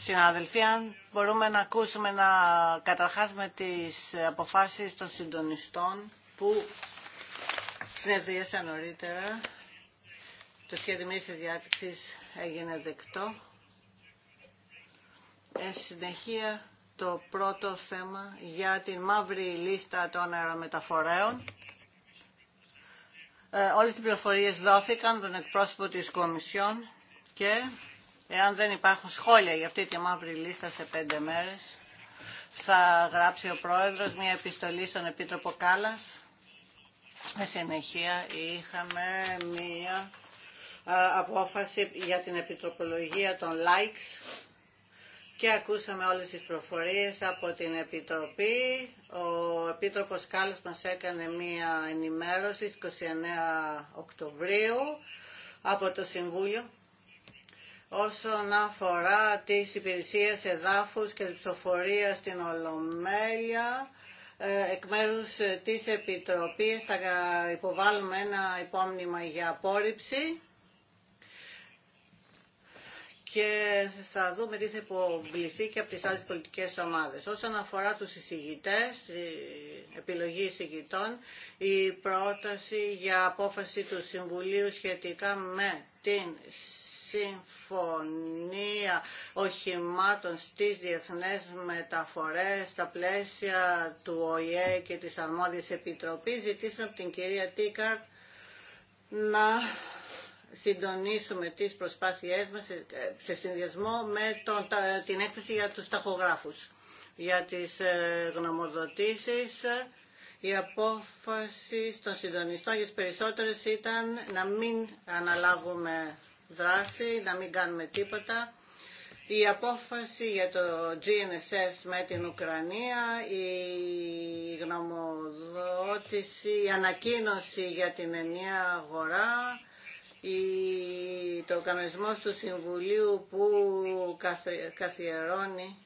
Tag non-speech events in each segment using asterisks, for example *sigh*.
Συναδελφοί, αν μπορούμε να ακούσουμε να καταρχάσουμε τις αποφάσεις των συντονιστών που συνεδρίασαν νωρίτερα. Το σχέδιο μίας διάτηξης έγινε δεκτό. Εν συνεχεία το πρώτο θέμα για την μαύρη λίστα των αερομεταφορέων. Ε, όλες οι πληροφορίες δόθηκαν τον εκπρόσωπο της Κομισιόν και εάν δεν υπάρχουν σχόλια για αυτή τη μαύρη λίστα σε πέντε μέρες θα γράψει ο Πρόεδρος μια επιστολή στον Επίτροπο Κάλλας. Με συνεχεία είχαμε μια ε, απόφαση για την επιτροπολογία των likes και ακούσαμε όλες τις προφορίες από την Επιτροπή. Ο Επίτροπος Κάλλος μας έκανε μία ενημέρωση στις 29 Οκτωβρίου από το Συμβούλιο όσον αφορά τις υπηρεσίες εδάφους και ψηφοφορία στην Ολομέλεια ε, εκ μέρους της Επιτροπής θα υποβάλουμε ένα υπόμνημα για απόρριψη και θα δούμε τι θα υποβληθεί και από τις άλλες πολιτικές ομάδες. Όσον αφορά τους εισηγητές, επιλογή εισηγητών, η πρόταση για απόφαση του Συμβουλίου σχετικά με την συμφωνία οχημάτων στις διεθνές μεταφορές στα πλαίσια του ΟΗΕ και της αρμόδιας επιτροπής ζητήσαμε από την κυρία Τίκαρτ να συντονίσουμε τις προσπάθειές μας σε συνδυασμό με την έκθεση για τους ταχογράφους, για τις ε, γνωμοδοτήσεις. Η απόφαση των συντονιστών για τις περισσότερες ήταν να μην αναλάβουμε δράση, να μην κάνουμε τίποτα. Η απόφαση για το GNSS με την Ουκρανία, η γνωμοδότηση, η ανακοίνωση για την ενιαία αγορά, το κανονισμό του Συμβουλίου που καθιερώνει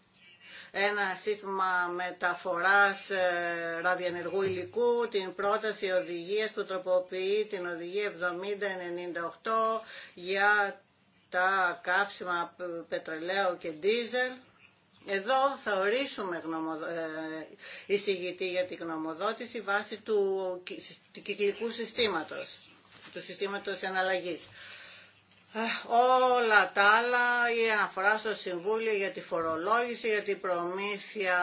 ένα σύστημα μεταφοράς ε, ραδιενεργού υλικού, την πρόταση οδηγίας που τροποποιεί την οδηγία 7098 για τα καύσιμα πετρελαίου και ντίζελ. Εδώ θα ορίσουμε ε, εισηγητή για την γνωμοδότηση βάσει του κυκλικού συστήματος του συστήματος εναλλαγής. Ε, όλα τα άλλα, η αναφορά στο Συμβούλιο για τη φορολόγηση, για την προμήθεια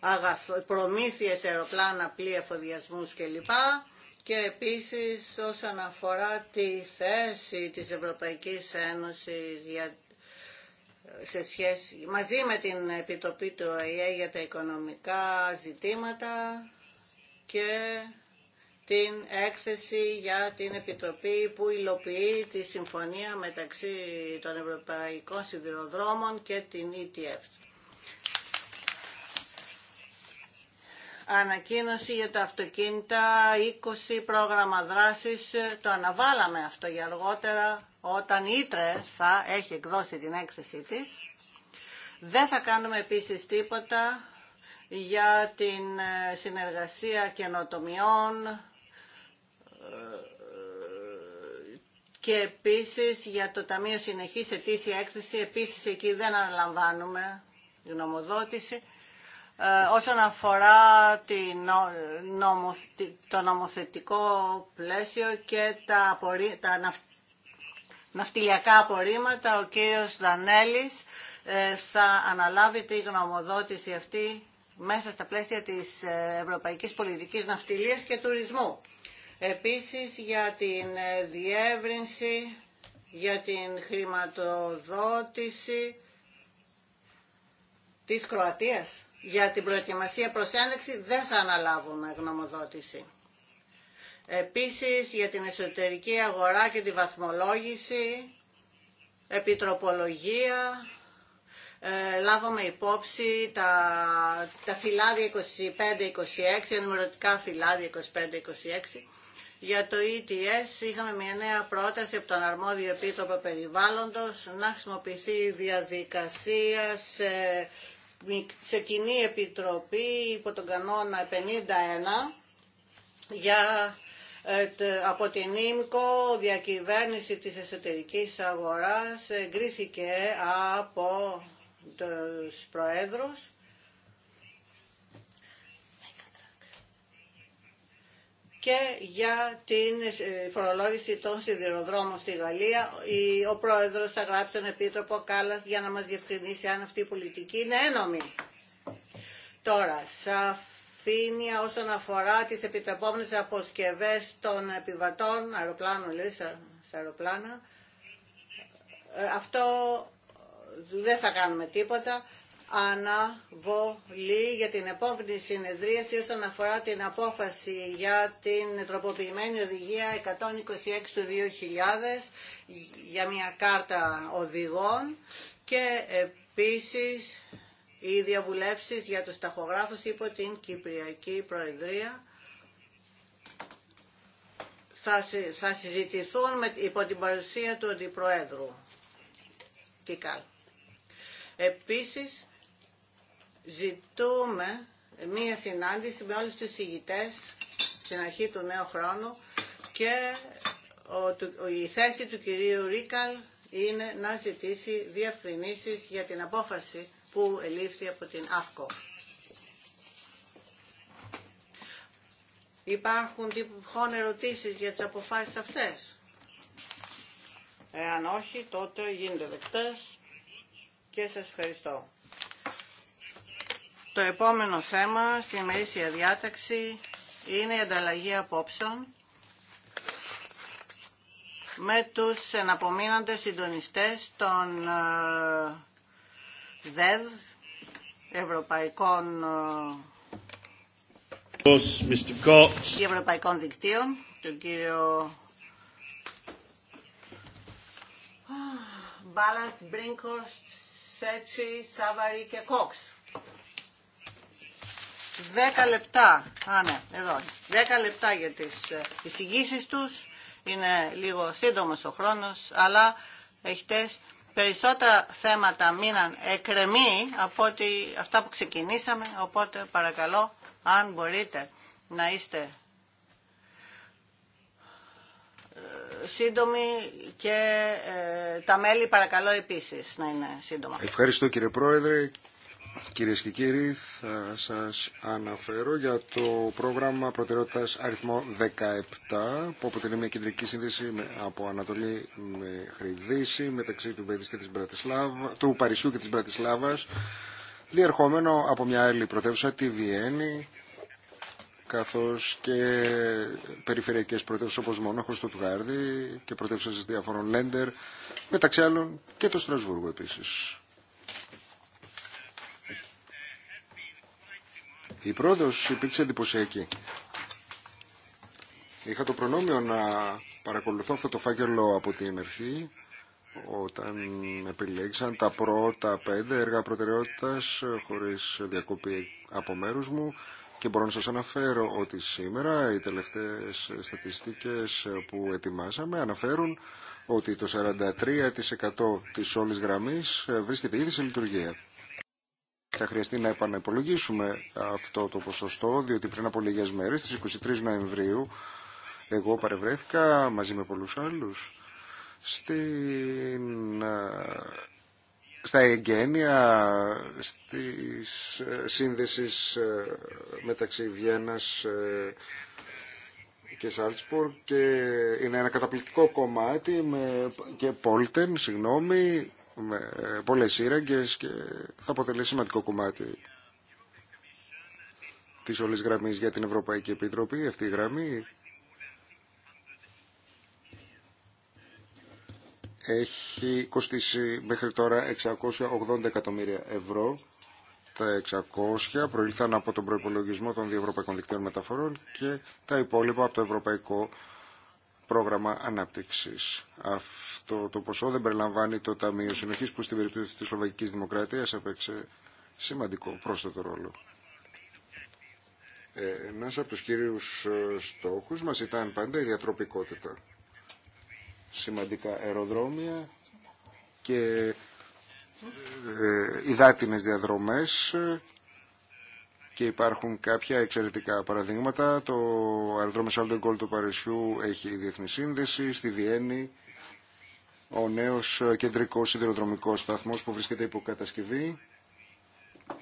αγαθο, προμήθειες αεροπλάνα, πλοία, φοδιασμούς κλπ. Και επίσης όσον αφορά τη θέση της Ευρωπαϊκής Ένωσης για, σε σχέση, μαζί με την επιτοπή του ΟΗΕ για τα οικονομικά ζητήματα και την έκθεση για την Επιτροπή που υλοποιεί τη συμφωνία μεταξύ των Ευρωπαϊκών Σιδηροδρόμων και την ETF. Ανακοίνωση για τα αυτοκίνητα, 20 πρόγραμμα δράσης, το αναβάλαμε αυτό για αργότερα όταν η Ήτρε θα έχει εκδώσει την έκθεση της. Δεν θα κάνουμε επίσης τίποτα για την συνεργασία καινοτομιών, και επίσης για το Ταμείο Συνεχής Ετήσια Έκθεση, επίσης εκεί δεν αναλαμβάνουμε γνωμοδότηση. Ε, όσον αφορά την, το νομοθετικό πλαίσιο και τα, τα ναυτιλιακά απορρίμματα, ο κύριος Δανέλης ε, θα αναλάβει τη γνωμοδότηση αυτή μέσα στα πλαίσια της ε, Ευρωπαϊκής Πολιτικής Ναυτιλίας και Τουρισμού. Επίσης για την ε, διεύρυνση, για την χρηματοδότηση της Κροατίας. Για την προετοιμασία προς δεν θα αναλάβουμε γνωμοδότηση. Επίσης για την εσωτερική αγορά και τη βαθμολόγηση, επιτροπολογία, ε, υπόψη τα, τα φυλάδια 25-26, ενημερωτικά φυλάδια 25-26 για το ETS είχαμε μια νέα πρόταση από τον αρμόδιο επίτροπο περιβάλλοντος να χρησιμοποιηθεί η διαδικασία σε, κοινή επιτροπή υπό τον κανόνα 51 για ε, από την ΙΜΚΟ διακυβέρνηση της εσωτερικής αγοράς εγκρίθηκε από τους προέδρους και για την ε, φορολόγηση των σιδηροδρόμων στη Γαλλία. Ο πρόεδρος θα γράψει τον Επίτροπο Κάλλας για να μας διευκρινίσει αν αυτή η πολιτική είναι ένομη. Τώρα, σαφήνεια όσον αφορά τις επιτρεπόμενες αποσκευές των επιβατών, αεροπλάνων λέει, σε αεροπλάνα, ε, αυτό δεν θα κάνουμε τίποτα αναβολή για την επόμενη συνεδρίαση όσον αφορά την απόφαση για την τροποποιημένη οδηγία 126 του 2000 για μια κάρτα οδηγών και επίσης οι διαβουλεύσεις για τους ταχογράφους υπό την Κυπριακή Προεδρία θα συζητηθούν με, υπό την παρουσία του Αντιπροέδρου Κικάλ. Επίσης, ζητούμε μία συνάντηση με όλους τους ηγητές στην αρχή του νέου χρόνου και η θέση του κυρίου Ρίκαλ είναι να ζητήσει διευκρινήσεις για την απόφαση που ελήφθη από την ΑΦΚΟ. Υπάρχουν τυχόν ερωτήσεις για τις αποφάσεις αυτές. Εάν όχι, τότε γίνονται δεκτές και σας ευχαριστώ. Το επόμενο θέμα στην ημερήσια διάταξη είναι η ανταλλαγή απόψεων με τους εναπομείνοντες συντονιστές των ε, ΔΕΔ, Ευρωπαϊκών, ε, Ευρωπαϊκών Δικτύων, τον κύριο Balance, Brinkhorst, Σέτσι, Σάβαρη και Κόξ. 10 λεπτά. Α, ναι, εδώ. 10 λεπτά για τις ε, εισηγήσει τους. Είναι λίγο σύντομος ο χρόνος, αλλά περισσότερα θέματα μείναν εκρεμή από ότι αυτά που ξεκινήσαμε, οπότε παρακαλώ αν μπορείτε να είστε ε, σύντομοι και ε, τα μέλη παρακαλώ επίσης να είναι σύντομα. Ευχαριστώ κύριε Πρόεδρε Κυρίες και κύριοι, θα σας αναφέρω για το πρόγραμμα προτεραιότητας αριθμό 17 που αποτελεί μια κεντρική σύνδεση από Ανατολή μέχρι Δύση μεταξύ του, και της του Παρισιού και της Μπρατισλάβας διερχόμενο από μια άλλη πρωτεύουσα, τη Βιέννη καθώς και περιφερειακές πρωτεύουσες όπως μόνο το Τουγάρδι και πρωτεύουσες διαφορών Λέντερ μεταξύ άλλων και το Στρασβούργο επίσης. Η πρόοδος υπήρξε εντυπωσιακή. Είχα το προνόμιο να παρακολουθώ αυτό το φάκελο από την αρχή όταν επιλέξαν τα πρώτα πέντε έργα προτεραιότητας χωρίς διακοπή από μέρους μου και μπορώ να σας αναφέρω ότι σήμερα οι τελευταίες στατιστικές που ετοιμάσαμε αναφέρουν ότι το 43% της όλης γραμμής βρίσκεται ήδη σε λειτουργία θα χρειαστεί να επαναυπολογίσουμε αυτό το ποσοστό, διότι πριν από λίγες μέρες, στις 23 Νοεμβρίου, εγώ παρευρέθηκα μαζί με πολλούς άλλους στην, ε, στα εγγένεια στις ε, σύνδεσης ε, μεταξύ Βιέννας και Σάλτσπορ και είναι ένα καταπληκτικό κομμάτι με, και Πόλτεν, συγγνώμη, με ε, πολλές σύραγγες και θα αποτελεί σημαντικό κομμάτι της όλης γραμμής για την Ευρωπαϊκή Επιτροπή. Αυτή η γραμμή έχει κοστίσει μέχρι τώρα 680 εκατομμύρια ευρώ. Τα 600 προήλθαν από τον προϋπολογισμό των Ευρωπαϊκών δικτύων μεταφορών και τα υπόλοιπα από το Ευρωπαϊκό πρόγραμμα ανάπτυξης. Αυτό το ποσό δεν περιλαμβάνει το Ταμείο Συνοχής που στην περίπτωση της Σλοβακικής Δημοκρατίας έπαιξε σημαντικό πρόσθετο ρόλο. Ε, Ένα από τους κύριους ε, στόχους μας ήταν πάντα η διατροπικότητα. Σημαντικά αεροδρόμια και ε, υδάτινες διαδρομές και υπάρχουν κάποια εξαιρετικά παραδείγματα. Το αεροδρόμιο Σάλντεγκόλ του Παρισιού έχει διεθνή σύνδεση. Στη Βιέννη ο νέος κεντρικός σιδηροδρομικός σταθμός που βρίσκεται υπό κατασκευή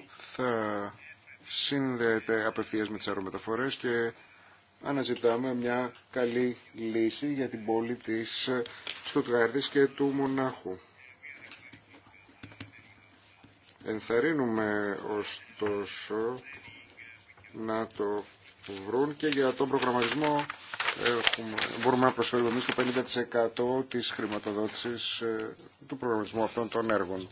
θα συνδέεται απευθείας με τις αερομεταφορές και αναζητάμε μια καλή λύση για την πόλη της Στουτγάρδης και του Μονάχου. Ενθαρρύνουμε ωστόσο να το βρουν και για τον προγραμματισμό έχουμε, μπορούμε να προσφέρουμε εμείς το 50% της χρηματοδότησης ε, του προγραμματισμού αυτών των έργων.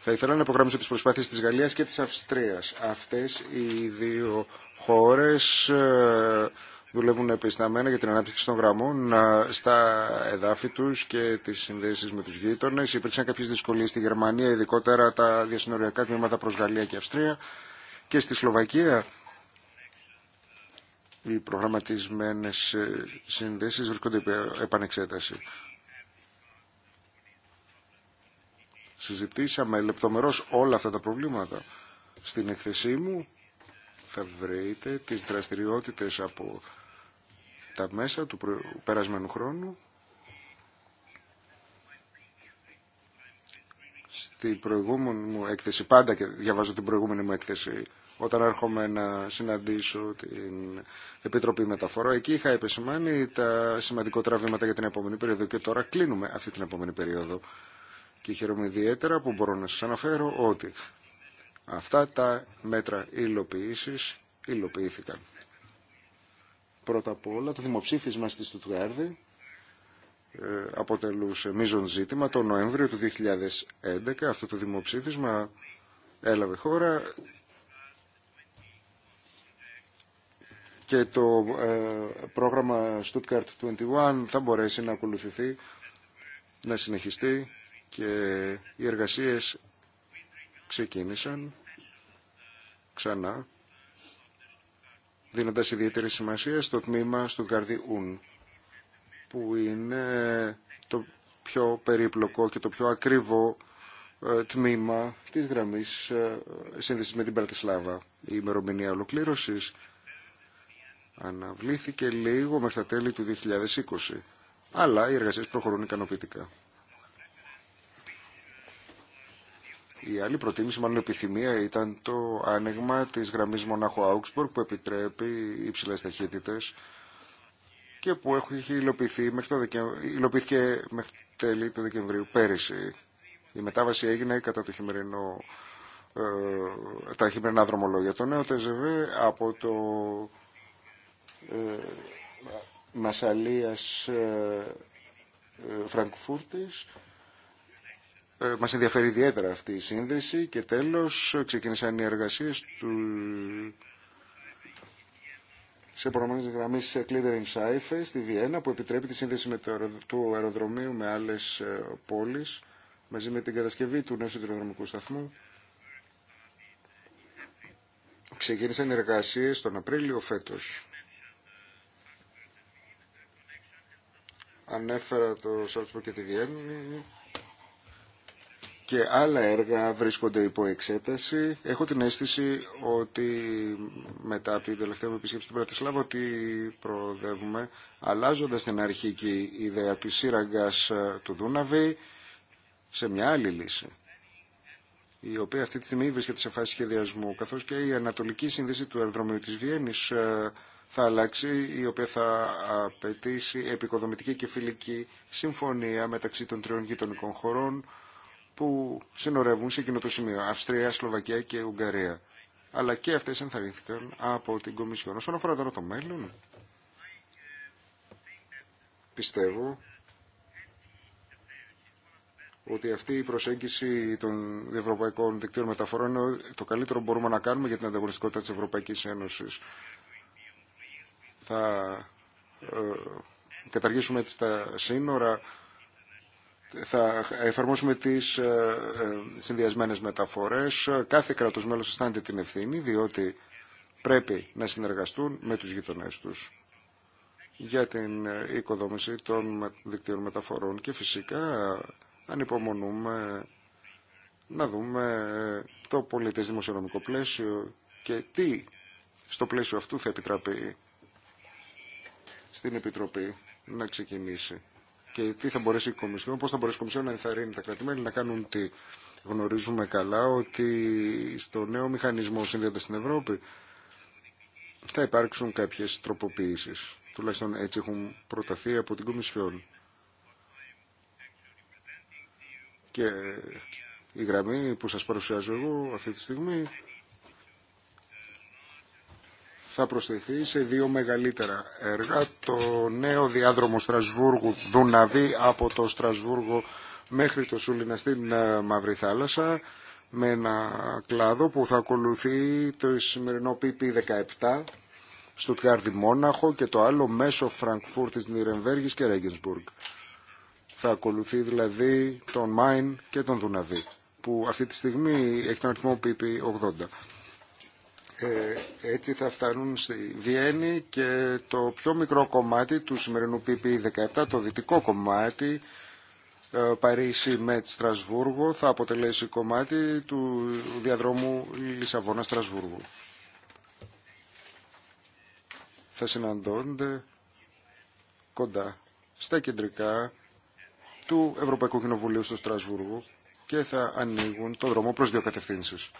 Θα ήθελα να υπογραμμίσω τις προσπάθειες της Γαλλίας και της Αυστρίας. Αυτές οι δύο χώρες ε, δουλεύουν επισταμένα για την ανάπτυξη των γραμμών ε, στα εδάφη του και τι συνδέσει με του γείτονε. Υπήρξαν κάποιε δυσκολίε στη Γερμανία, ειδικότερα τα διασυνοριακά τμήματα προ Γαλλία και Αυστρία. Και στη Σλοβακία οι προγραμματισμένε ε, συνδέσει βρίσκονται υπό επανεξέταση. Συζητήσαμε λεπτομερώς όλα αυτά τα προβλήματα στην εκθεσή μου θα βρείτε τις δραστηριότητες από τα μέσα του περασμένου χρόνου στην προηγούμενη μου έκθεση, πάντα και διαβάζω την προηγούμενη μου έκθεση, όταν έρχομαι να συναντήσω την Επιτροπή Μεταφορώ, εκεί είχα επισημάνει τα σημαντικότερα βήματα για την επόμενη περίοδο και τώρα κλείνουμε αυτή την επόμενη περίοδο. Και χαίρομαι ιδιαίτερα που μπορώ να σας αναφέρω ότι Αυτά τα μέτρα υλοποίησης υλοποιήθηκαν. Πρώτα απ' όλα το δημοψήφισμα στη Στουτγάρδη ε, αποτελούσε μείζον ζήτημα το Νοέμβριο του 2011. Αυτό το δημοψήφισμα έλαβε χώρα και το ε, πρόγραμμα Stuttgart 21 θα μπορέσει να ακολουθηθεί, να συνεχιστεί και οι εργασίες ξεκίνησαν ξανά δίνοντας ιδιαίτερη σημασία στο τμήμα στο καρδιούν που είναι το πιο περίπλοκο και το πιο ακριβό ε, τμήμα της γραμμής ε, σύνδεσης με την Πρατισλάβα. Η ημερομηνία ολοκλήρωσης αναβλήθηκε λίγο μέχρι τα τέλη του 2020, αλλά οι εργασίες προχωρούν ικανοποιητικά. Η άλλη προτίμηση, μάλλον επιθυμία, ήταν το άνοιγμα της γραμμής Μονάχου Augsburg που επιτρέπει ύψηλε ταχύτητε και που έχει υλοποιηθεί μέχρι το Δεκεμβρίου, υλοποιήθηκε μέχρι τέλη του Δεκεμβρίου πέρυσι. Η μετάβαση έγινε κατά το χειμερινό, ε, τα χειμερινά δρομολόγια. Το νέο ΤΖΒ από το ε, Μασαλίας ε, ε Μα ε, μας ενδιαφέρει ιδιαίτερα αυτή η σύνδεση και τέλος ξεκίνησαν οι εργασίες του... σε προγραμμένες γραμμή Clearing Saife στη Βιέννα που επιτρέπει τη σύνδεση με το αερο... του αεροδρομίου με άλλες ε, πόλεις μαζί με την κατασκευή του νέου συντηροδρομικού σταθμού. Ξεκίνησαν οι εργασίες τον Απρίλιο φέτος. Ανέφερα το Σάλτσπορ και τη Βιέννη και άλλα έργα βρίσκονται υπό εξέταση. Έχω την αίσθηση ότι μετά από την τελευταία μου επίσκεψη στην Πρατισλάβα ότι προοδεύουμε αλλάζοντας την αρχική ιδέα του σύραγγας ε, του Δούναβη σε μια άλλη λύση η οποία αυτή τη στιγμή βρίσκεται σε φάση σχεδιασμού καθώς και η ανατολική σύνδεση του αεροδρομίου της Βιέννης ε, θα αλλάξει, η οποία θα απαιτήσει επικοδομητική και φιλική συμφωνία μεταξύ των τριών γειτονικών χωρών που συνορεύουν σε εκείνο το σημείο, Αυστρία, Σλοβακία και Ουγγαρία. Αλλά και αυτές ενθαρρύνθηκαν από την Κομισιόν. Όσον αφορά τώρα το μέλλον, πιστεύω ότι αυτή η προσέγγιση των ευρωπαϊκών δικτύων μεταφορών είναι το καλύτερο που μπορούμε να κάνουμε για την ανταγωνιστικότητα της Ευρωπαϊκής Ένωσης. Θα ε, καταργήσουμε έτσι τα σύνορα, θα εφαρμόσουμε τις ε, ε, συνδυασμένες μεταφορές. Κάθε κράτος μέλος αισθάνεται την ευθύνη, διότι πρέπει να συνεργαστούν με τους γειτονές τους για την ε, οικοδόμηση των δικτύων μεταφορών και φυσικά ανυπομονούμε να δούμε το πολιτές δημοσιονομικό πλαίσιο και τι στο πλαίσιο αυτού θα επιτραπεί στην Επιτροπή να ξεκινήσει και τι θα μπορέσει η Κομισιόν, πώς θα μπορέσει η Κομισιόν να ενθαρρύνει τα κρατημέλη να κάνουν τι. Γνωρίζουμε καλά ότι στο νέο μηχανισμό συνδέοντας στην Ευρώπη θα υπάρξουν κάποιες τροποποιήσεις. Τουλάχιστον έτσι έχουν προταθεί από την Κομισιόν. Και η γραμμή που σας παρουσιάζω εγώ αυτή τη στιγμή θα προσθεθεί σε δύο μεγαλύτερα έργα. Το νέο διάδρομο Στρασβούργου-Δουναβή από το Στρασβούργο μέχρι το Σούλινα στην ε, Μαύρη Θάλασσα με ένα κλάδο που θα ακολουθεί το σημερινό PP17 στο τιαρδι Μόναχο και το άλλο μέσω Φραγκφούρτης Νιρεμβέργης και Ρέγγενσμπουργκ. Θα ακολουθεί δηλαδή τον Μάιν και τον Δουναβή που αυτή τη στιγμή έχει τον αριθμό PP80. Ε, έτσι θα φτάνουν στη Βιέννη και το πιο μικρό κομμάτι του σημερινού PP17, e το δυτικό κομμάτι, ε, Παρίσι με Στρασβούργο, θα αποτελέσει κομμάτι του διαδρόμου Λισαβόνα-Στρασβούργου. Θα συναντώνται κοντά στα κεντρικά του Ευρωπαϊκού Κοινοβουλίου στο Στρασβούργο και θα ανοίγουν το δρόμο προς δύο κατευθύνσεις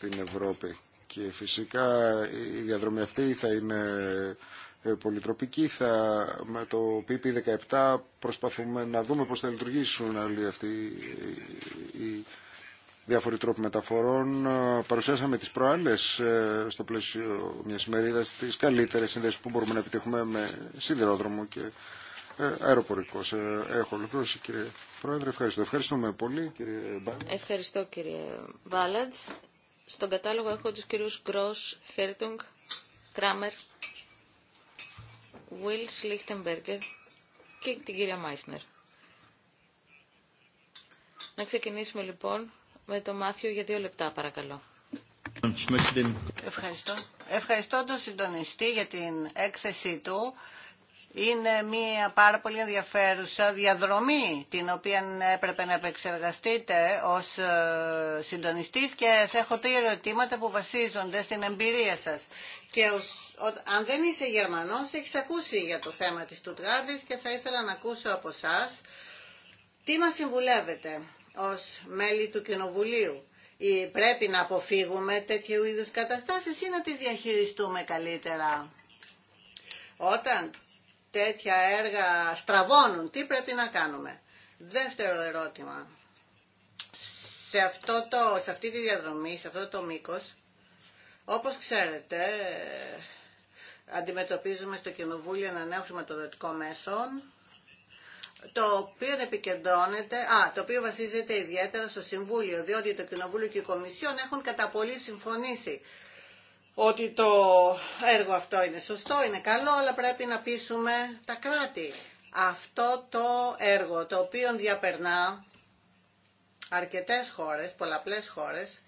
την Ευρώπη. Και φυσικά η διαδρομή αυτή θα είναι ε, πολυτροπική. Θα, με το PP17 προσπαθούμε να δούμε πώς θα λειτουργήσουν όλοι αυτοί οι διάφοροι τρόποι μεταφορών. Ε, παρουσιάσαμε τις προάλλες ε, στο πλαίσιο μιας ημερίδας τις καλύτερες συνδέσεις που μπορούμε να επιτύχουμε με σιδηρόδρομο και αεροπορικό. Έχω ολοκληρώσει κύριε Πρόεδρε. Ευχαριστώ. Ευχαριστούμε πολύ κύριε Μπάλαντς. Ευχαριστώ κύριε στον κατάλογο έχω τους κυρίους Gross, Χέρτουγκ, Κράμερ, Βίλ Λίχτεμπεργκερ και την κυρία Μάισνερ. Να ξεκινήσουμε λοιπόν με το Μάθιο για δύο λεπτά παρακαλώ. Ευχαριστώ. Ευχαριστώ τον συντονιστή για την έκθεσή του είναι μια πάρα πολύ ενδιαφέρουσα διαδρομή την οποία έπρεπε να επεξεργαστείτε ως ε, συντονιστής και σε έχω τρία ερωτήματα που βασίζονται στην εμπειρία σας. Και ως, αν δεν είσαι Γερμανός έχεις ακούσει για το θέμα της Τουτγάρδης και θα ήθελα να ακούσω από εσά τι μας συμβουλεύετε ως μέλη του Κοινοβουλίου. Ή πρέπει να αποφύγουμε τέτοιου είδους καταστάσεις ή να τις διαχειριστούμε καλύτερα. Όταν τέτοια έργα στραβώνουν. Τι πρέπει να κάνουμε. Δεύτερο ερώτημα. Σε, αυτό το, σε αυτή τη διαδρομή, σε αυτό το μήκος, όπως ξέρετε, αντιμετωπίζουμε στο Κοινοβούλιο ένα νέο χρηματοδοτικό μέσο, το οποίο επικεντρώνεται, α, το οποίο βασίζεται ιδιαίτερα στο Συμβούλιο, διότι το Κοινοβούλιο και η Κομισιόν έχουν κατά πολύ συμφωνήσει ότι το έργο αυτό είναι σωστό, είναι καλό, αλλά πρέπει να πείσουμε τα κράτη. Αυτό το έργο το οποίο διαπερνά αρκετές χώρες, πολλαπλές χώρες,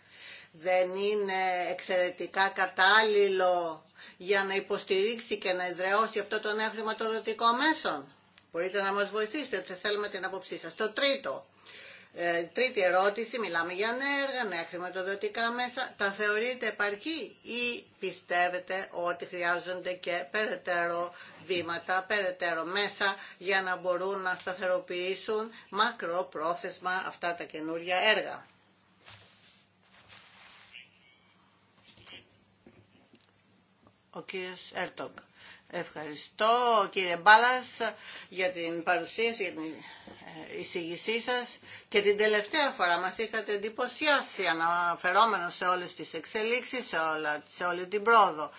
δεν είναι εξαιρετικά κατάλληλο για να υποστηρίξει και να εδραιώσει αυτό το νέο χρηματοδοτικό μέσο. Μπορείτε να μας βοηθήσετε, θα θέλουμε την άποψή σας. Το τρίτο, ε, τρίτη ερώτηση, μιλάμε για νέα έργα, νέα χρηματοδοτικά μέσα. Τα θεωρείτε επαρκή ή πιστεύετε ότι χρειάζονται και περαιτέρω βήματα, περαιτέρω μέσα για να μπορούν να σταθεροποιήσουν μακροπρόθεσμα αυτά τα καινούργια έργα. Ο κύριος Έρτογκ. Ευχαριστώ κύριε Μπάλας για την παρουσίαση, εισήγησή σας και την τελευταία φορά μας είχατε εντυπωσιάσει αναφερόμενο σε όλες τις εξελίξεις, σε, όλα, σε όλη την πρόοδο.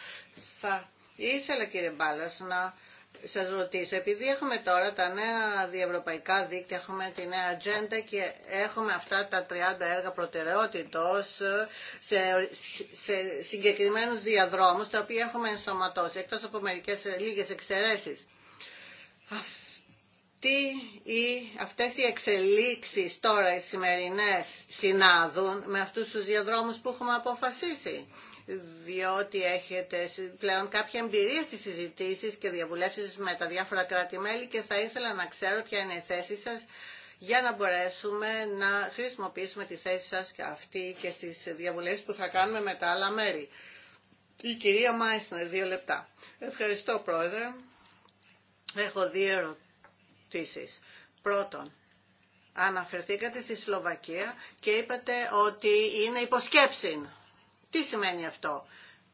Θα ήθελα κύριε Μπάλλας να σας ρωτήσω, επειδή έχουμε τώρα τα νέα διευρωπαϊκά δίκτυα, έχουμε τη νέα ατζέντα και έχουμε αυτά τα 30 έργα προτεραιότητος σε, σε συγκεκριμένους διαδρόμους, τα οποία έχουμε ενσωματώσει, εκτός από μερικές λίγες εξαιρέσεις τι οι, αυτές οι εξελίξεις τώρα οι σημερινές συνάδουν με αυτούς τους διαδρόμους που έχουμε αποφασίσει διότι έχετε πλέον κάποια εμπειρία στις συζητήσεις και διαβουλεύσεις με τα διάφορα κράτη-μέλη και θα ήθελα να ξέρω ποια είναι η θέση σας για να μπορέσουμε να χρησιμοποιήσουμε τη θέση σας και αυτή και στις διαβουλεύσεις που θα κάνουμε με τα άλλα μέρη. Η κυρία Μάισνερ, δύο λεπτά. Ευχαριστώ, Πρόεδρε. Έχω δύο ερωτήσεις ερωτήσεις. Πρώτον, αναφερθήκατε στη Σλοβακία και είπατε ότι είναι υποσκέψη. Τι σημαίνει αυτό.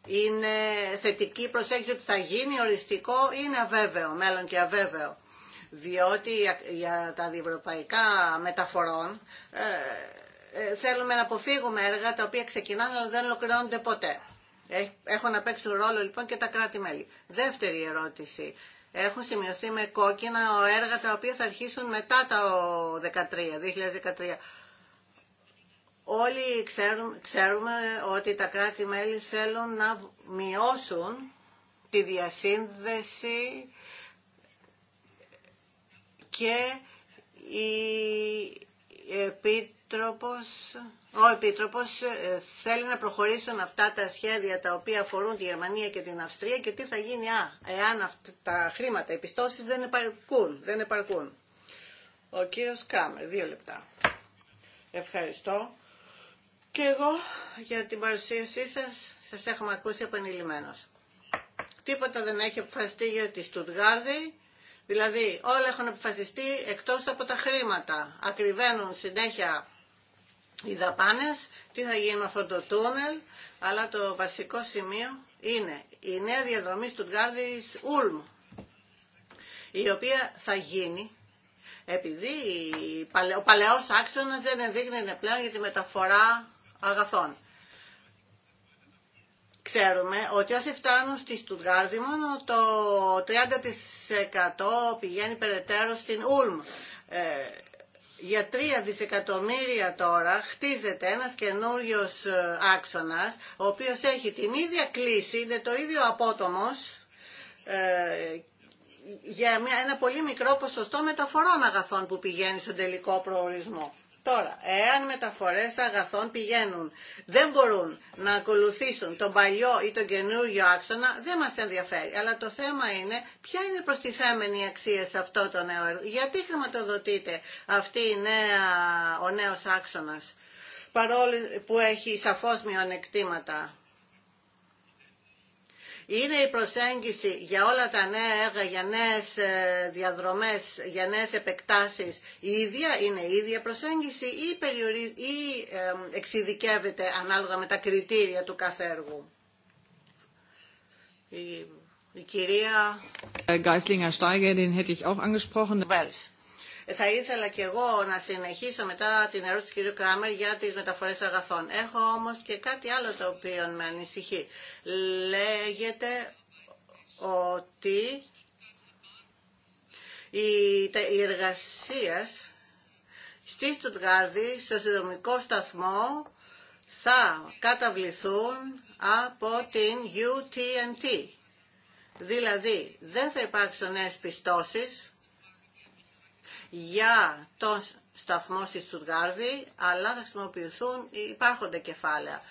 Είναι θετική προσέγγιση ότι θα γίνει οριστικό ή είναι αβέβαιο, μέλλον και αβέβαιο. Διότι για τα διευρωπαϊκά μεταφορών ε, ε, θέλουμε να αποφύγουμε έργα τα οποία ξεκινάνε αλλά δεν ολοκληρώνονται ποτέ. Ε, Έχουν να παίξουν ρόλο λοιπόν και τα κράτη-μέλη. Δεύτερη ερώτηση έχουν σημειωθεί με κόκκινα έργα τα οποία θα αρχίσουν μετά το 2013. 2013. Όλοι ξέρουμε, ξέρουμε ότι τα κράτη-μέλη θέλουν να μειώσουν τη διασύνδεση και η Επίτροπος ο Επίτροπος ε, θέλει να προχωρήσουν αυτά τα σχέδια τα οποία αφορούν τη Γερμανία και την Αυστρία και τι θα γίνει α, εάν αυτά τα χρήματα, οι πιστώσεις δεν επαρκούν. Δεν επαρκούν. Ο κύριος Κράμερ, δύο λεπτά. Ευχαριστώ. Και εγώ για την παρουσίασή σας, σας έχουμε ακούσει επανειλημμένος. Τίποτα δεν έχει αποφασιστεί για τη Στουτγάρδη, δηλαδή όλα έχουν αποφασιστεί εκτός από τα χρήματα. Ακριβένουν συνέχεια οι δαπάνες, τι θα γίνει με αυτό το τούνελ, αλλά το βασικό σημείο είναι η νέα διαδρομή Στουτγκάρδης Ούλμ, η οποία θα γίνει επειδή ο παλαιός άξονας δεν ενδείχνει πλέον για τη μεταφορά αγαθών. Ξέρουμε ότι όσοι φτάνουν στη Στουτγάρδη μόνο το 30% πηγαίνει περαιτέρω στην Ούλμ για τρία δισεκατομμύρια τώρα χτίζεται ένας καινούριος ε, άξονας, ο οποίος έχει την ίδια κλίση, είναι το ίδιο απότομος, ε, για μια, ένα πολύ μικρό ποσοστό μεταφορών αγαθών που πηγαίνει στον τελικό προορισμό. Τώρα, εάν μεταφορές αγαθών πηγαίνουν, δεν μπορούν να ακολουθήσουν τον παλιό ή τον καινούριο άξονα, δεν μας ενδιαφέρει. Αλλά το θέμα είναι ποια είναι προστιθέμενη αξία σε αυτό το νέο έργο. Γιατί χρηματοδοτείται αυτή η νέα, ο νέος άξονας, παρόλο που έχει σαφώς μειονεκτήματα είναι η προσέγγιση για όλα τα νέα έργα, για νέες ε, διαδρομές, για νέες επεκτάσεις η ίδια, είναι η ίδια προσέγγιση ή, περιορι... ή εξειδικεύεται ανάλογα με τα κριτήρια του κάθε έργου. Η, κυρία... Geislinger Steiger, hätte ich auch angesprochen. Θα ήθελα και εγώ να συνεχίσω μετά την ερώτηση του κ. Κράμερ για τις μεταφορές αγαθών. Έχω όμως και κάτι άλλο το οποίο με ανησυχεί. Λέγεται ότι η εργασία στη Στουτγάρδη, στο συνδρομικό σταθμό, θα καταβληθούν από την UTNT. Δηλαδή, δεν θα υπάρξουν νέες πιστώσεις για τον σταθμό στη Στουτγάρδη, αλλά θα χρησιμοποιηθούν υπάρχοντα κεφάλαια.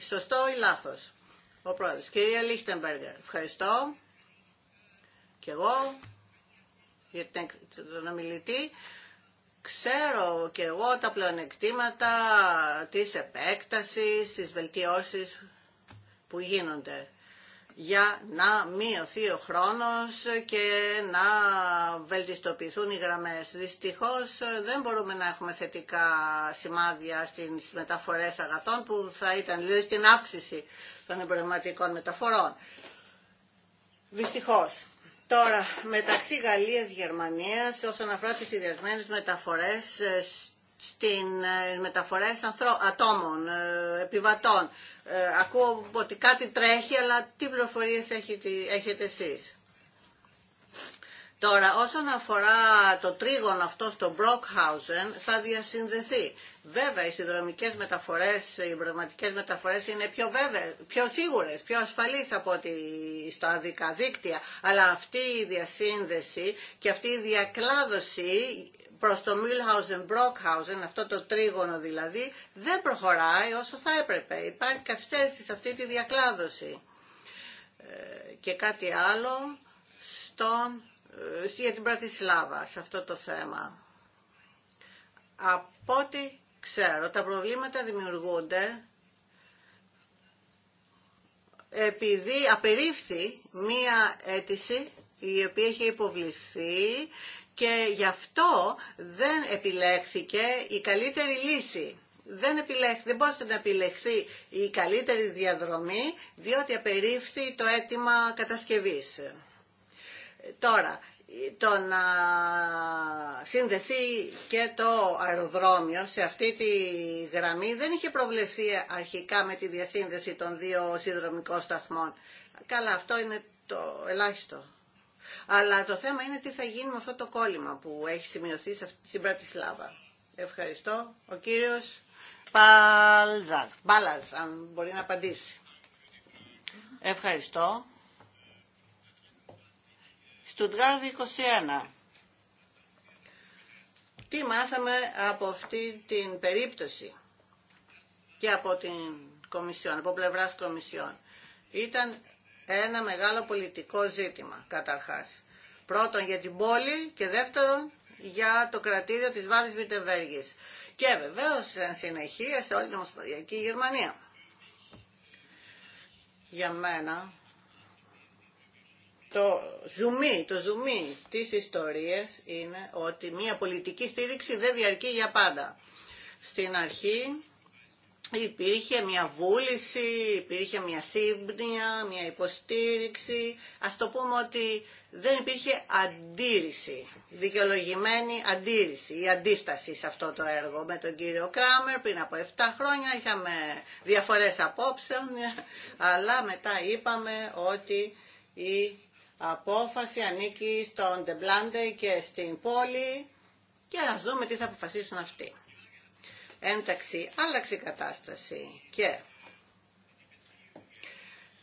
Σωστό ή λάθος. Ο πρόεδρος. Κυρία Λίχτεμπεργκερ, ευχαριστώ. Και εγώ για τον ομιλητή. Ξέρω και εγώ τα πλεονεκτήματα της επέκτασης, της βελτιώσεις που γίνονται για να μειωθεί ο χρόνος και να βελτιστοποιηθούν οι γραμμές. Δυστυχώς ε, δεν μπορούμε να έχουμε θετικά σημάδια στις μεταφορές αγαθών που θα ήταν, δηλαδή στην αύξηση των εμπορευματικών μεταφορών. Δυστυχώς. Τώρα, μεταξύ Γαλλίας-Γερμανίας, όσον αφορά τις ιδιασμένες μεταφορές ε, στην ε, μεταφορές ατόμων, ε, επιβατών. Ε, ακούω ότι κάτι τρέχει, αλλά τι πληροφορίες έχετε εσείς. Τώρα, όσον αφορά το τρίγωνο αυτό στο Brockhausen, θα διασυνδεθεί. Βέβαια, οι συνδρομικές μεταφορές, οι πραγματικές μεταφορές είναι πιο, βέβαιες, πιο σίγουρες, πιο ασφαλείς από ότι στο αδικά δίκτυα. Αλλά αυτή η διασύνδεση και αυτή η διακλάδωση προς το Milhausen-Brockhausen, αυτό το τρίγωνο δηλαδή, δεν προχωράει όσο θα έπρεπε. Υπάρχει καθυστέρηση σε αυτή τη διακλάδωση. Ε, και κάτι άλλο στον, ε, για την Πρατισλάβα, σε αυτό το θέμα. Από ό,τι ξέρω, τα προβλήματα δημιουργούνται επειδή απερίφθη μία αίτηση η οποία έχει υποβληθεί και γι' αυτό δεν επιλέχθηκε η καλύτερη λύση. Δεν, επιλέχθη, δεν μπορούσε να επιλεχθεί η καλύτερη διαδρομή διότι απερίφθη το αίτημα κατασκευής. Τώρα, το να συνδεθεί και το αεροδρόμιο σε αυτή τη γραμμή δεν είχε προβλεφθεί αρχικά με τη διασύνδεση των δύο συνδρομικών σταθμών. Καλά, αυτό είναι το ελάχιστο αλλά το θέμα είναι τι θα γίνει με αυτό το κόλλημα που έχει σημειωθεί στην Πρατισλάβα. Ευχαριστώ. Ο κύριος Παλζάς, αν μπορεί να απαντήσει. Ευχαριστώ. Στουτγάρδη 21. Τι μάθαμε από αυτή την περίπτωση και από την Κομισιόν, από πλευράς Κομισιόν. Ήταν ένα μεγάλο πολιτικό ζήτημα καταρχάς. Πρώτον για την πόλη και δεύτερον για το κρατήριο της Βάδης Βιτεβέργης. Και βεβαίως εν συνεχεία σε όλη την Ομοσπονδιακή Γερμανία. Για μένα το ζουμί, το ζουμί της ιστορίας είναι ότι μια πολιτική στήριξη δεν διαρκεί για πάντα. Στην αρχή υπήρχε μια βούληση, υπήρχε μια σύμπνοια, μια υποστήριξη. Ας το πούμε ότι δεν υπήρχε αντίρρηση, δικαιολογημένη αντίρρηση ή αντίσταση σε αυτό το έργο. Με τον κύριο Κράμερ πριν από 7 χρόνια είχαμε διαφορές απόψεων, αλλά μετά είπαμε ότι η απόφαση ανήκει στον Τεμπλάντε και στην πόλη και ας δούμε τι θα αποφασίσουν αυτοί ένταξη άλλαξη κατάσταση και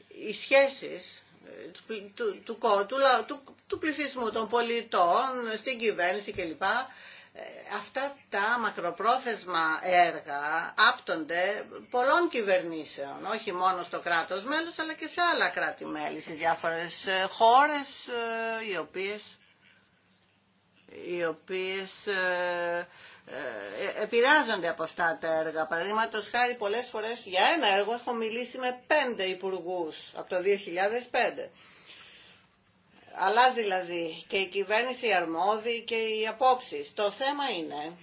οι σχέσεις ε, του, του, του, του, πληθυσμού των πολιτών στην κυβέρνηση κλπ. Ε, αυτά τα μακροπρόθεσμα έργα άπτονται πολλών κυβερνήσεων, όχι μόνο στο κράτος μέλος, αλλά και σε άλλα κράτη-μέλη, στις διάφορες ε, χώρες οι οποίες, οι οποίες ε, ε, επηρεάζονται από αυτά τα έργα. Παραδείγματο χάρη πολλές φορές για ένα έργο έχω μιλήσει με πέντε υπουργού από το 2005. Αλλάζει δηλαδή και η κυβέρνηση η αρμόδη και οι απόψεις. Το θέμα είναι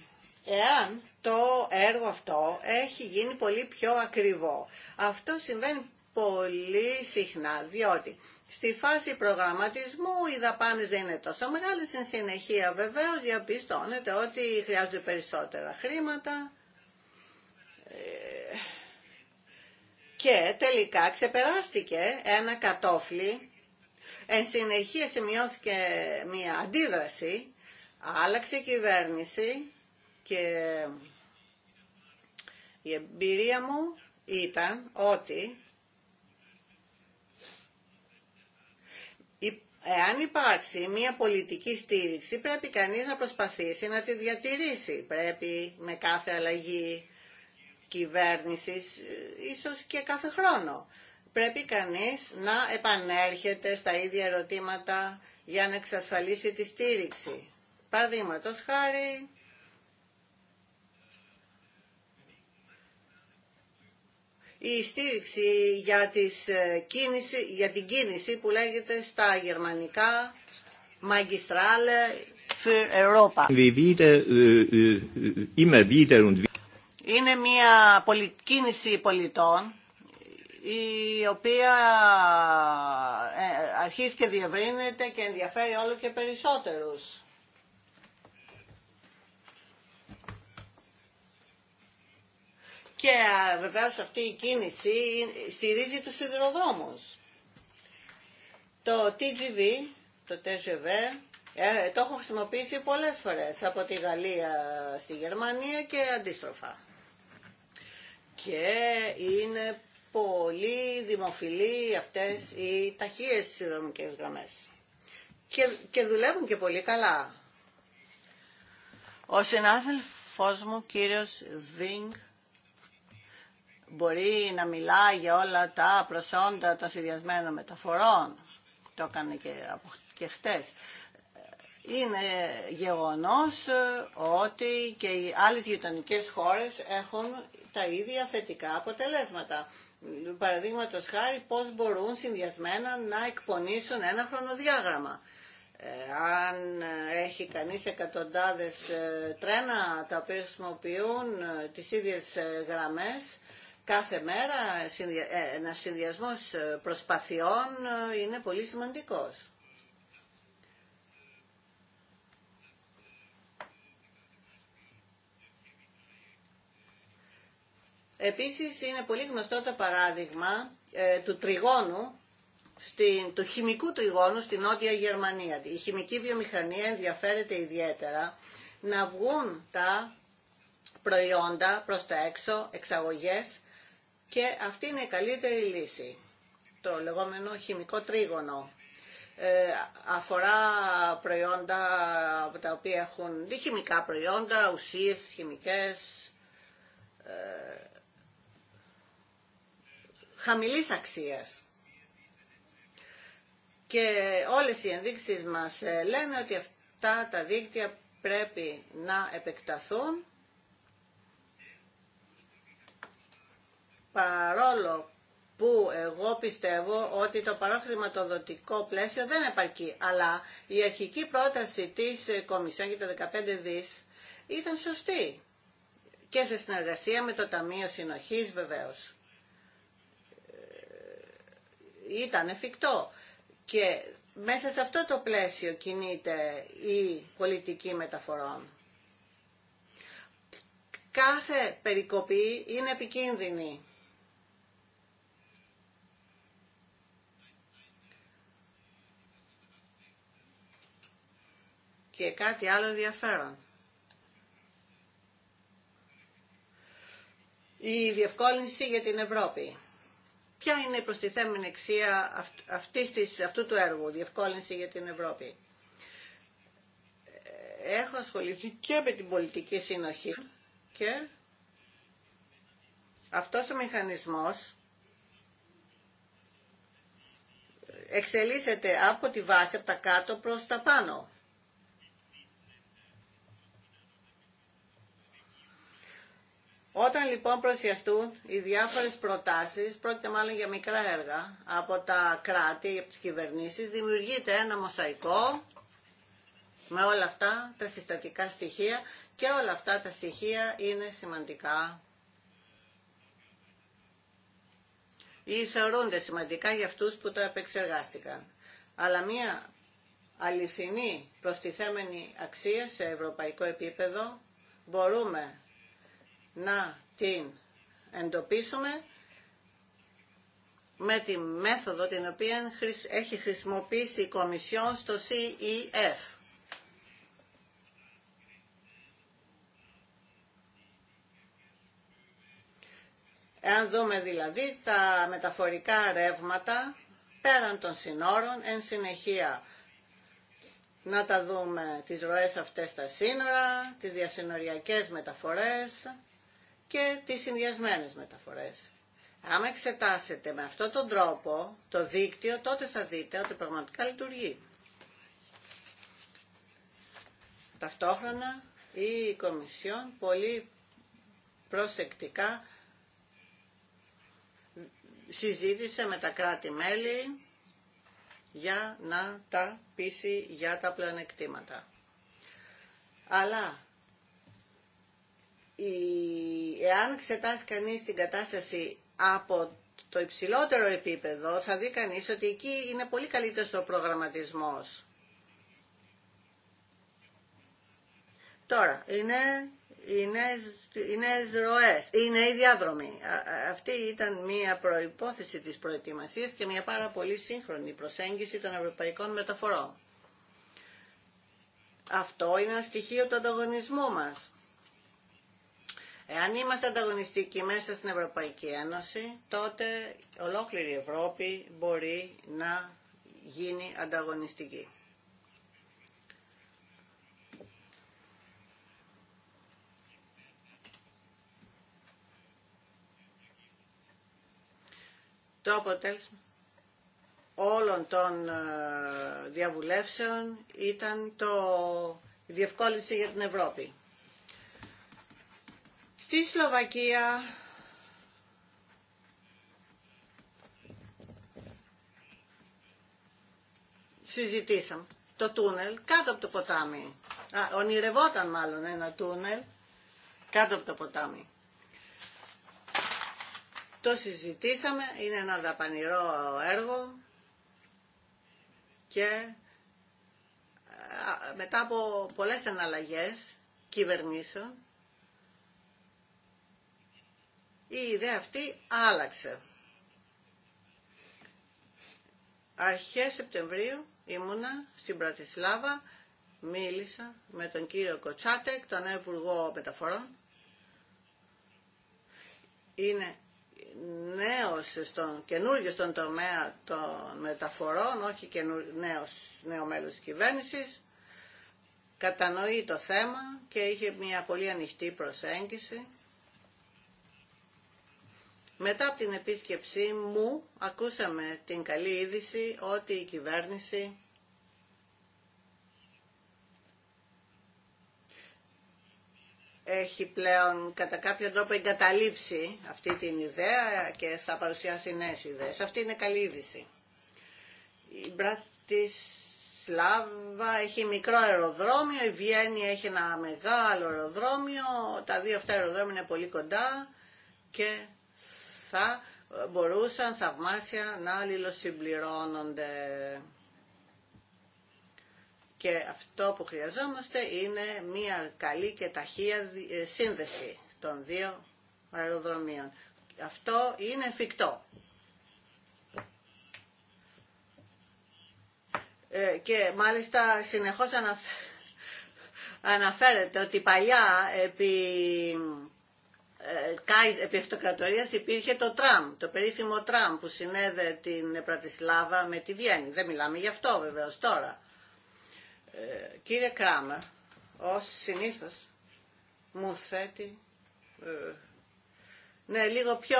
εάν το έργο αυτό έχει γίνει πολύ πιο ακριβό. Αυτό συμβαίνει πολύ συχνά, διότι στη φάση προγραμματισμού οι δαπάνε δεν είναι τόσο μεγάλε. Στην συνεχεία βεβαίω διαπιστώνεται ότι χρειάζονται περισσότερα χρήματα ε, και τελικά ξεπεράστηκε ένα κατόφλι. Εν συνεχεία σημειώθηκε μια αντίδραση, άλλαξε η κυβέρνηση και η εμπειρία μου ήταν ότι Εάν υπάρξει μια πολιτική στήριξη πρέπει κανείς να προσπαθήσει να τη διατηρήσει. Πρέπει με κάθε αλλαγή κυβέρνησης, ε, ίσως και κάθε χρόνο. Πρέπει κανείς να επανέρχεται στα ίδια ερωτήματα για να εξασφαλίσει τη στήριξη. Παραδείγματο χάρη η στήριξη για, τις ε, κίνηση, για την κίνηση που λέγεται στα γερμανικά Magistrale für Europa. Äh, äh, Είναι μια κίνηση πολιτών η οποία ε, αρχίζει και διευρύνεται και ενδιαφέρει όλο και περισσότερους. Και σε αυτή η κίνηση στηρίζει τους σιδηροδρόμους. Το TGV, το TGV, ε, το έχω χρησιμοποιήσει πολλές φορές από τη Γαλλία στη Γερμανία και αντίστροφα. Και είναι πολύ δημοφιλή αυτές οι ταχείες συνδρομικές γραμμές. Και, και δουλεύουν και πολύ καλά. Ο συνάδελφός μου, κύριος Βίνγκ, μπορεί να μιλά για όλα τα προσόντα των συνδυασμένων μεταφορών. Το έκανε και, και χτες. Είναι γεγονός ε, ότι και οι άλλες γειτονικέ χώρες έχουν τα ίδια θετικά αποτελέσματα. Παραδείγματος χάρη πώς μπορούν συνδυασμένα να εκπονήσουν ένα χρονοδιάγραμμα. Ε, αν ε, έχει κανείς εκατοντάδες τρένα τα οποία χρησιμοποιούν τις ίδιες γραμμές, κάθε μέρα ε, ένα συνδυασμό ε, προσπαθειών ε, είναι πολύ σημαντικός. Επίσης είναι πολύ γνωστό το παράδειγμα του τριγώνου, στην, του χημικού τριγώνου στην Νότια Γερμανία. Η χημική βιομηχανία ενδιαφέρεται ιδιαίτερα να βγουν τα προϊόντα προς τα έξω, εξαγωγές, και αυτή είναι η καλύτερη λύση, το λεγόμενο χημικό τρίγωνο. Ε, αφορά προϊόντα τα οποία έχουν χημικά προϊόντα, ουσίες χημικές, ε, χαμηλής αξίας. Και όλες οι ενδείξεις μας ε, λένε ότι αυτά τα δίκτυα πρέπει να επεκταθούν παρόλο που εγώ πιστεύω ότι το το πλαίσιο δεν επαρκεί, αλλά η αρχική πρόταση της Κομισιόν για τα 15 δις ήταν σωστή και σε συνεργασία με το Ταμείο Συνοχής βεβαίως. Ε, ήταν εφικτό και μέσα σε αυτό το πλαίσιο κινείται η πολιτική μεταφορών. Κάθε περικοπή είναι επικίνδυνη και κάτι άλλο ενδιαφέρον. Η διευκόλυνση για την Ευρώπη. Ποια είναι η προστιθέμενη αξία της, αυτού του έργου, διευκόλυνση για την Ευρώπη. Έχω ασχοληθεί και με την πολιτική συνοχή και αυτός ο μηχανισμός εξελίσσεται από τη βάση, από τα κάτω προς τα πάνω. Όταν λοιπόν προσιαστούν οι διάφορες προτάσεις, πρόκειται μάλλον για μικρά έργα, από τα κράτη, από τις κυβερνήσεις, δημιουργείται ένα μοσαϊκό με όλα αυτά τα συστατικά στοιχεία και όλα αυτά τα στοιχεία είναι σημαντικά ή θεωρούνται σημαντικά για αυτούς που τα επεξεργάστηκαν. Αλλά μία αληθινή προστιθέμενη αξία σε ευρωπαϊκό επίπεδο μπορούμε να την εντοπίσουμε με τη μέθοδο την οποία έχει χρησιμοποιήσει η Κομισιόν στο CEF. Εάν δούμε δηλαδή τα μεταφορικά ρεύματα πέραν των συνόρων, εν συνεχεία να τα δούμε τις ροές αυτές τα σύνορα, τις διασυνοριακές μεταφορές, και τις συνδυασμένες μεταφορές. Άμα εξετάσετε με αυτόν τον τρόπο το δίκτυο, τότε θα δείτε ότι πραγματικά λειτουργεί. Ταυτόχρονα η Κομισιόν πολύ προσεκτικά συζήτησε με τα κράτη-μέλη για να τα πείσει για τα πλεονεκτήματα. Αλλά εάν εξετάσει κανείς την κατάσταση από το υψηλότερο επίπεδο, θα δει κανείς ότι εκεί είναι πολύ καλύτερος ο προγραμματισμός. Τώρα, είναι είναι είναι οι είναι οι διάδρομοι. Αυτή ήταν μία προϋπόθεση της προετοιμασίας και μία πάρα πολύ σύγχρονη προσέγγιση των ευρωπαϊκών μεταφορών. Αυτό είναι ένα στοιχείο του ανταγωνισμού μας. Εάν είμαστε ανταγωνιστικοί μέσα στην Ευρωπαϊκή Ένωση, τότε ολόκληρη η Ευρώπη μπορεί να γίνει ανταγωνιστική. Το αποτέλεσμα όλων των ε, διαβουλεύσεων ήταν το διευκόλυνση για την Ευρώπη. Στη Σλοβακία συζητήσαμε το τούνελ κάτω από το ποτάμι. Α, ονειρευόταν μάλλον ένα τούνελ κάτω από το ποτάμι. Το συζητήσαμε, είναι ένα δαπανηρό έργο και μετά από πολλές αναλλαγές κυβερνήσεων η ιδέα αυτή άλλαξε. Αρχές Σεπτεμβρίου ήμουνα στην Πρατισλάβα, μίλησα με τον κύριο Κοτσάτεκ, τον Υπουργό Μεταφορών. Είναι νέος στον, καινούργιος στον τομέα των μεταφορών, όχι νέος, νέο μέλος της κυβέρνησης. Κατανοεί το θέμα και είχε μια πολύ ανοιχτή προσέγγιση μετά από την επίσκεψή μου ακούσαμε την καλή είδηση ότι η κυβέρνηση έχει πλέον κατά κάποιο τρόπο εγκαταλείψει αυτή την ιδέα και θα παρουσιάσει νέες ιδέες. Αυτή είναι καλή είδηση. Η Μπρατισλάβα έχει μικρό αεροδρόμιο, η Βιέννη έχει ένα μεγάλο αεροδρόμιο, τα δύο αυτά αεροδρόμια είναι πολύ κοντά και θα μπορούσαν θαυμάσια να αλληλοσυμπληρώνονται. Και αυτό που χρειαζόμαστε είναι μια καλή και ταχεία ε, σύνδεση των δύο αεροδρομίων. Αυτό είναι εφικτό. Ε, και μάλιστα συνεχώς αναφέρεται ότι παλιά επί Κάις επί αυτοκρατορίας υπήρχε το τραμ, το περίφημο τραμ που συνέδε την Πρατισλάβα με τη Βιέννη. Δεν μιλάμε γι' αυτό βεβαίως τώρα. Ε, κύριε Κράμα, ως συνήθως μου θέτει... Ε, ναι, λίγο πιο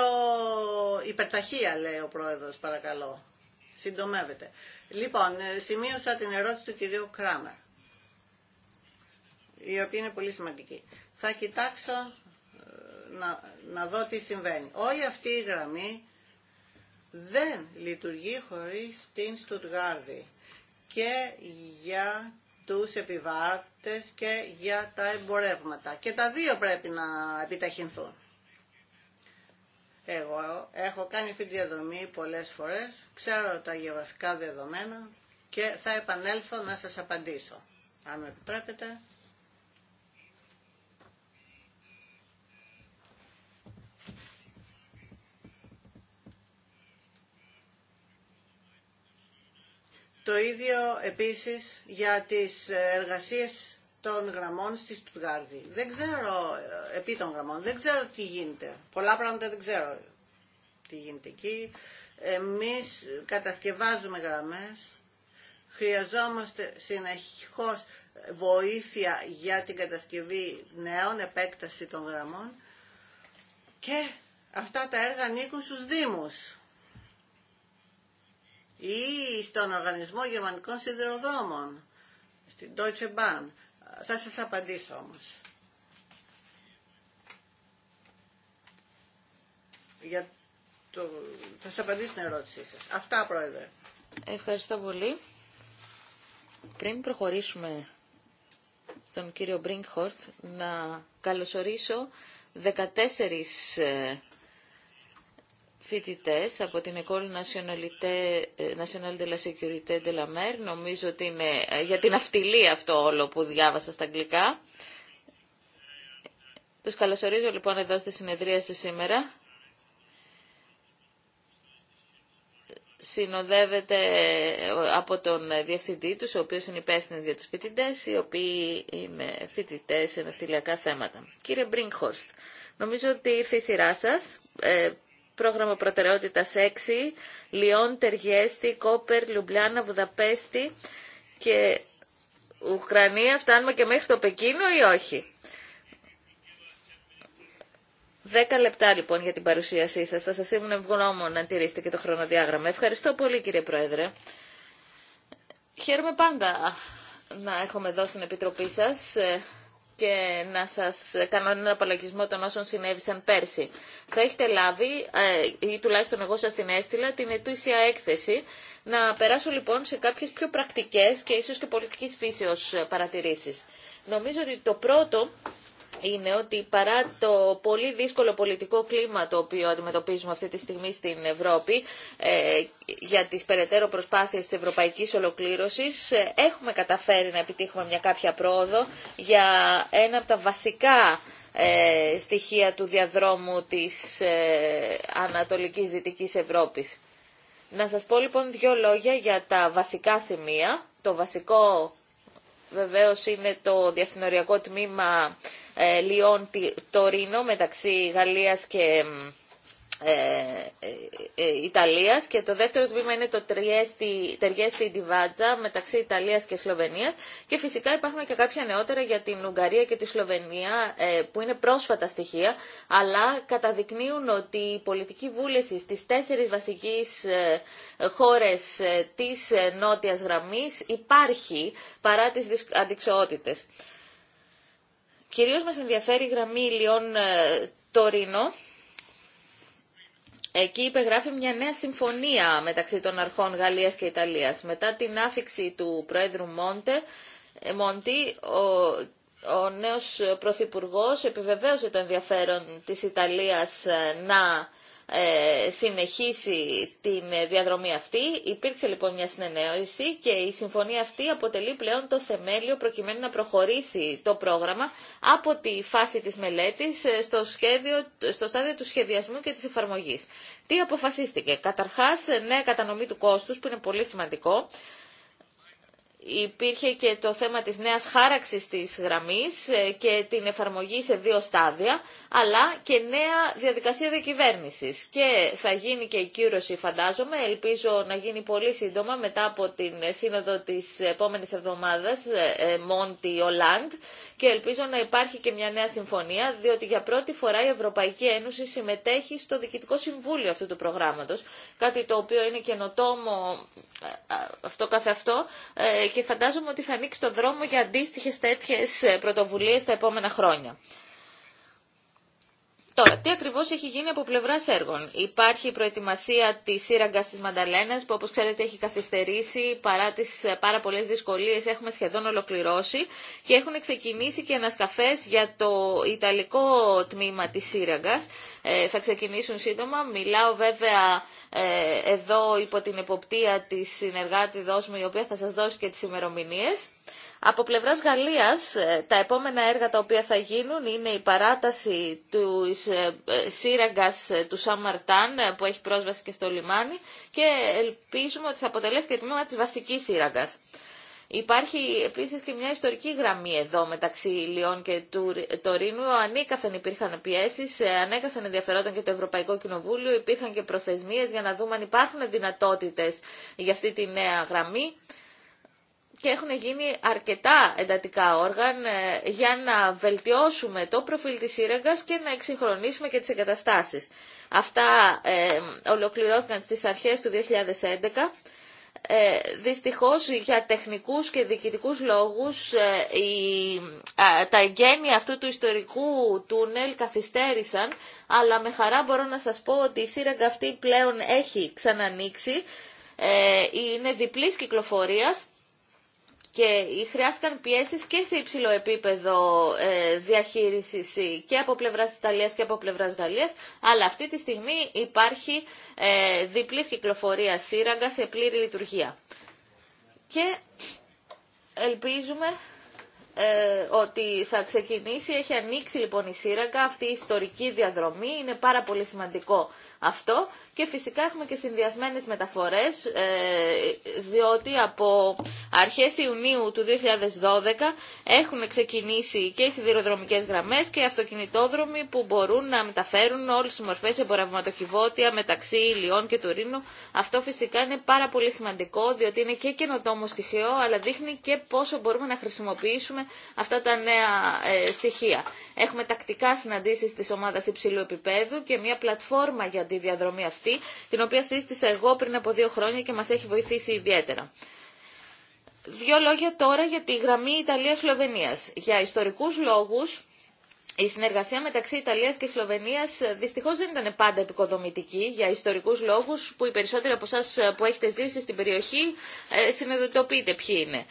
υπερταχεία λέει ο πρόεδρος παρακαλώ. Συντομεύεται. Λοιπόν, ε, σημείωσα την ερώτηση του κυρίου Κράμερ, η οποία είναι πολύ σημαντική. Θα κοιτάξω να, να δω τι συμβαίνει. Όλη αυτή η γραμμή δεν λειτουργεί χωρίς την Στουτγάρδη και για τους επιβάτες και για τα εμπορεύματα. Και τα δύο πρέπει να επιταχυνθούν. Εγώ έχω κάνει αυτή τη διαδρομή πολλές φορές, ξέρω τα γεωγραφικά δεδομένα και θα επανέλθω να σας απαντήσω. Αν με επιτρέπετε. Το ίδιο επίσης για τις εργασίες των γραμμών στη Στουτγάρδη. Δεν ξέρω, επί των γραμμών, δεν ξέρω τι γίνεται. Πολλά πράγματα δεν ξέρω τι γίνεται εκεί. Εμείς κατασκευάζουμε γραμμές, χρειαζόμαστε συνεχώς βοήθεια για την κατασκευή νέων, επέκταση των γραμμών και αυτά τα έργα ανήκουν στους Δήμους ή στον Οργανισμό Γερμανικών Σιδηροδρόμων, στην Deutsche Bahn. Θα σας απαντήσω όμως. Για το... Θα σας απαντήσω την ερώτησή σας. Αυτά, Πρόεδρε. Ευχαριστώ πολύ. Πριν προχωρήσουμε στον κύριο Μπρίνκχορτ, να καλωσορίσω 14 φοιτητέ από την École ε, Nationale de la Sécurité de la Mer. Νομίζω ότι είναι ε, για την αυτιλή αυτό όλο που διάβασα στα αγγλικά. Τους καλωσορίζω λοιπόν εδώ στη συνεδρίαση σήμερα. Συνοδεύεται ε, από τον διευθυντή τους, ο οποίος είναι υπεύθυνος για τους φοιτητέ, οι οποίοι είναι φοιτητέ σε ναυτιλιακά θέματα. Κύριε Μπρίγχορστ, νομίζω ότι ήρθε η σειρά σας. Ε, πρόγραμμα προτεραιότητας 6, Λιόν, Τεργέστη, Κόπερ, Λουμπλιάνα, Βουδαπέστη και Ουκρανία φτάνουμε και μέχρι το Πεκίνο ή όχι. Δέκα λεπτά λοιπόν για την παρουσίασή σας. Θα σας ήμουν ευγνώμων να τηρήσετε και το χρονοδιάγραμμα. Ευχαριστώ πολύ κύριε Πρόεδρε. Χαίρομαι πάντα να έχουμε εδώ στην Επιτροπή σας ε, και να σας κάνω έναν απαλλαγισμό των όσων συνέβησαν πέρσι θα έχετε λάβει, ε, ή τουλάχιστον εγώ σας την έστειλα, την ετήσια έκθεση. Να περάσω λοιπόν σε κάποιες πιο πρακτικές και ίσως και πολιτικής φύσεως ε, παρατηρήσεις. Νομίζω ότι το πρώτο είναι ότι παρά το πολύ δύσκολο πολιτικό κλίμα το οποίο αντιμετωπίζουμε αυτή τη στιγμή στην Ευρώπη ε, για τις περαιτέρω προσπάθειες της ευρωπαϊκής ολοκλήρωσης έχουμε καταφέρει να επιτύχουμε μια κάποια πρόοδο για ένα από τα βασικά ε, στοιχεία του διαδρόμου της ε, Ανατολικής Δυτικής Ευρώπης. Να σας πω λοιπόν δύο λόγια για τα βασικά σημεία. Το βασικό βεβαίως είναι το διασυνοριακό τμήμα ε, Λιών Τωρίνο μεταξύ Γαλλίας και ε, ε, ε, Ιταλίας και το δεύτερο τμήμα είναι το Τεριέστη Ιντιβάτζα μεταξύ Ιταλίας και Σλοβενίας και φυσικά υπάρχουν και κάποια νεότερα για την Ουγγαρία και τη Σλοβενία που είναι πρόσφατα στοιχεία αλλά καταδεικνύουν ότι η πολιτική βούληση στις τέσσερις βασικές χώρες της νότιας γραμμής υπάρχει παρά τις αντικσοότητες. Κυρίως μας ενδιαφέρει η γραμμή Λιών Τωρίνο Εκεί υπεγράφει μια νέα συμφωνία μεταξύ των αρχών Γαλλίας και Ιταλίας. Μετά την άφηξη του Πρόεδρου Μόντε, ε, Μόντι, ο, ο νέος Πρωθυπουργός επιβεβαίωσε το ενδιαφέρον της Ιταλίας ε, να ε, συνεχίσει την διαδρομή αυτή. Υπήρξε λοιπόν μια συνεννόηση και η συμφωνία αυτή αποτελεί πλέον το θεμέλιο προκειμένου να προχωρήσει το πρόγραμμα από τη φάση της μελέτης ε, στο, σχέδιο, στο στάδιο του σχεδιασμού και της εφαρμογής. Τι αποφασίστηκε. Καταρχάς, ε, νέα κατανομή του κόστους που είναι πολύ σημαντικό υπήρχε και το θέμα της νέας χάραξης της γραμμής ε, και την εφαρμογή σε δύο στάδια, αλλά και νέα διαδικασία διακυβέρνησης. Και θα γίνει και η κύρωση, φαντάζομαι, ελπίζω να γίνει πολύ σύντομα μετά από την σύνοδο της επόμενης εβδομάδας, Μόντι ε, Ολάντ, ε, και ελπίζω να υπάρχει και μια νέα συμφωνία, διότι για πρώτη φορά η Ευρωπαϊκή Ένωση συμμετέχει στο Διοικητικό Συμβούλιο αυτού του προγράμματος, κάτι το οποίο είναι καινοτόμο αυτό καθε αυτό και φαντάζομαι ότι θα ανοίξει τον δρόμο για αντίστοιχε τέτοιε πρωτοβουλίε τα επόμενα χρόνια. Τώρα, τι ακριβώ έχει γίνει από πλευρά έργων. Υπάρχει η προετοιμασία τη σύραγγα τη Μανταλένα, που όπω ξέρετε έχει καθυστερήσει παρά τι πάρα πολλέ δυσκολίε. Έχουμε σχεδόν ολοκληρώσει και έχουν ξεκινήσει και ανασκαφέ για το ιταλικό τμήμα τη σύραγγα. Ε, θα ξεκινήσουν σύντομα. Μιλάω βέβαια ε, εδώ υπό την εποπτεία τη συνεργάτη μου η οποία θα σα δώσει και τι ημερομηνίε. Από πλευράς Γαλλίας, ε, τα επόμενα έργα τα οποία θα γίνουν είναι η παράταση ε, ε, του σύραγγα του Σαμαρτάν που έχει πρόσβαση και στο λιμάνι και ελπίζουμε ότι θα αποτελέσει και τμήμα της βασικής σύραγγα. Υπάρχει επίσης και μια ιστορική γραμμή εδώ μεταξύ Λιών και του Τωρίνου. Ανέκαθεν υπήρχαν πιέσεις, ανέκαθεν ενδιαφερόταν και το Ευρωπαϊκό Κοινοβούλιο, υπήρχαν και προθεσμίες για να δούμε αν υπάρχουν δυνατότητες για αυτή τη νέα γραμμή και έχουν γίνει αρκετά εντατικά όργαν ε, για να βελτιώσουμε το προφίλ της σύραγγας και να εξυγχρονίσουμε και τις εγκαταστάσεις. Αυτά ε, ολοκληρώθηκαν στις αρχές του 2011. Ε, δυστυχώς για τεχνικούς και διοικητικούς λόγους ε, η, τα εγκαίνια αυτού του ιστορικού τούνελ καθυστέρησαν αλλά με χαρά μπορώ να σας πω ότι η σύραγγα αυτή πλέον έχει ξανανοίξει, είναι διπλής κυκλοφορίας και χρειάστηκαν πιέσεις και σε υψηλό επίπεδο ε, διαχείρισης και από πλευράς Ιταλίας και από πλευράς Γαλλίας, αλλά αυτή τη στιγμή υπάρχει ε, διπλή κυκλοφορία σύραγγα σε πλήρη λειτουργία. Και ελπίζουμε ε, ότι θα ξεκινήσει, έχει ανοίξει λοιπόν η σύραγγα, αυτή η ιστορική διαδρομή, είναι πάρα πολύ σημαντικό αυτό και φυσικά έχουμε και συνδυασμένες μεταφορές ε, διότι από αρχές Ιουνίου του 2012 έχουν ξεκινήσει και οι σιδηροδρομικές γραμμές και οι αυτοκινητόδρομοι που μπορούν να μεταφέρουν όλες τις μορφές εμπορευματοκιβώτια μεταξύ Λιών και Τουρίνου. Αυτό φυσικά είναι πάρα πολύ σημαντικό διότι είναι και καινοτόμο στοιχείο αλλά δείχνει και πόσο μπορούμε να χρησιμοποιήσουμε αυτά τα νέα ε, στοιχεία. Έχουμε τακτικά συναντήσεις της ομάδας υψηλού επίπεδου και μια πλατφόρμα για τη διαδρομή αυτή, την οποία σύστησα εγώ πριν από δύο χρόνια και μας έχει βοηθήσει ιδιαίτερα. Δύο λόγια τώρα για τη γραμμή Ιταλία-Σλοβενία. Για ιστορικούς λόγους, η συνεργασία μεταξύ Ιταλίας και Σλοβενίας ε, δυστυχώς δεν ήταν πάντα επικοδομητική για ιστορικούς λόγους που οι περισσότεροι από εσά ε, που έχετε ζήσει στην περιοχή ε, συνειδητοποιείτε ποιοι είναι.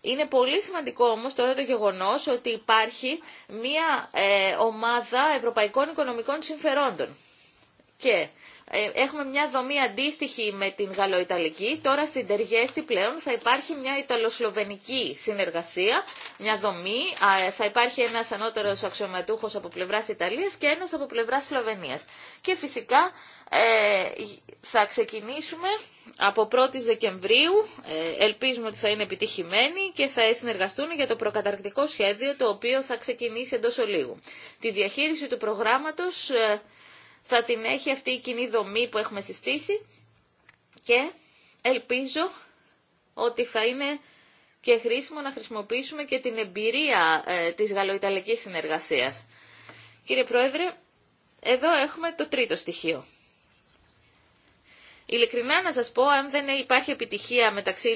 Είναι πολύ σημαντικό όμως τώρα το γεγονός ότι υπάρχει μια ομάδα ευρωπαϊκών οικονομικών συμφερόντων. Και ε, έχουμε μια δομή αντίστοιχη με την γαλλοϊταλική. Τώρα στην Τεργέστη πλέον θα υπάρχει μια ιταλοσλοβενική συνεργασία, μια δομή. Ε, θα υπάρχει ένα ανώτερο αξιωματούχο από πλευρά Ιταλία και ένα από πλευρά Σλοβενία. Και φυσικά ε, θα ξεκινήσουμε από 1η Δεκεμβρίου. Ελπίζουμε ότι θα είναι επιτυχημένοι και θα συνεργαστούν για το προκαταρκτικό σχέδιο το οποίο θα ξεκινήσει εντό ολίγου. Τη διαχείριση του προγράμματος θα την έχει αυτή η κοινή δομή που έχουμε συστήσει και ελπίζω ότι θα είναι και χρήσιμο να χρησιμοποιήσουμε και την εμπειρία ε, της γαλλοϊταλικής συνεργασίας. Κύριε Πρόεδρε, εδώ έχουμε το τρίτο στοιχείο. Ειλικρινά να σας πω, αν δεν υπάρχει επιτυχία μεταξύ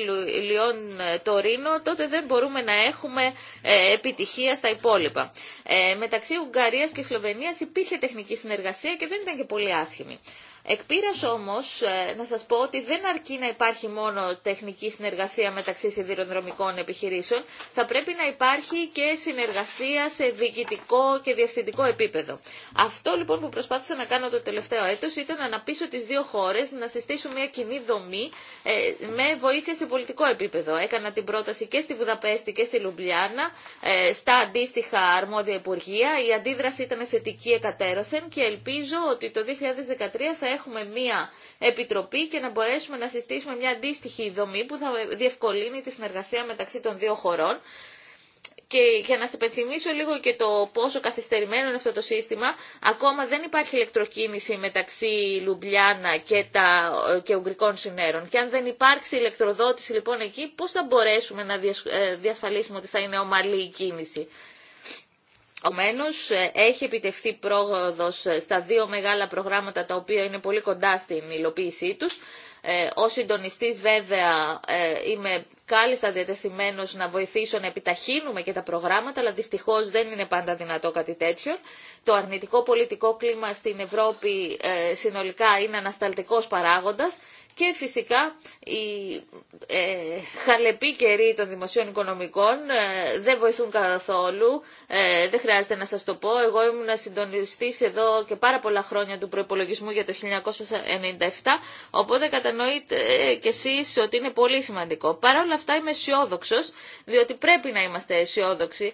Λιών ε, Τωρίνο, τότε δεν μπορούμε να έχουμε ε, επιτυχία στα υπόλοιπα. Ε, μεταξύ Ουγγαρίας και Σλοβενίας υπήρχε τεχνική συνεργασία και δεν ήταν και πολύ άσχημη. Εκπήρας όμως ε, να σας πω ότι δεν αρκεί να υπάρχει μόνο τεχνική συνεργασία μεταξύ σιδηροδρομικών επιχειρήσεων, θα πρέπει να υπάρχει και συνεργασία σε διοικητικό και διευθυντικό επίπεδο. Αυτό λοιπόν που προσπάθησα να κάνω το τελευταίο έτος ήταν να αναπτύσσω τις δύο χώρες, να συστήσουν μια κοινή δομή ε, με βοήθεια σε πολιτικό επίπεδο. Έκανα την πρόταση και στη Βουδαπέστη και στη Λουμπλιάνα, ε, στα αντίστοιχα αρμόδια υπουργεία. Η αντίδραση ήταν θετική εκατέρωθεν και ελπίζω ότι το 2013 θα έχουμε μία επιτροπή και να μπορέσουμε να συστήσουμε μια αντίστοιχη δομή που θα διευκολύνει τη συνεργασία μεταξύ των δύο χωρών. Και για να σε υπενθυμίσω λίγο και το πόσο καθυστερημένο είναι αυτό το σύστημα, ακόμα δεν υπάρχει ηλεκτροκίνηση μεταξύ Λουμπλιάνα και, τα, και Ουγγρικών συνέρων. Και αν δεν υπάρξει ηλεκτροδότηση λοιπόν εκεί, πώς θα μπορέσουμε να ε, διασφαλίσουμε ότι θα είναι ομαλή η κίνηση. Επομένω, ε, έχει επιτευχθεί πρόοδος ε, στα δύο μεγάλα προγράμματα τα οποία είναι πολύ κοντά στην υλοποίησή τους. Ε, ως συντονιστής βέβαια ε, είμαι κάλλιστα να βοηθήσω να επιταχύνουμε και τα προγράμματα, αλλά δυστυχώς δεν είναι πάντα δυνατό κάτι τέτοιο. Το αρνητικό πολιτικό κλίμα στην Ευρώπη ε, συνολικά είναι ανασταλτικός παράγοντας και φυσικά οι ε, των δημοσίων οικονομικών ε, δεν βοηθούν καθόλου. Ε, δεν χρειάζεται να σας το πω. Εγώ ήμουν συντονιστής εδώ και πάρα πολλά χρόνια του προϋπολογισμού για το 1997, οπότε κατανοείτε ε, κι εσείς ότι είναι πολύ σημαντικό. Παρ' όλα αυτά είμαι αισιόδοξο, διότι πρέπει να είμαστε αισιόδοξοι.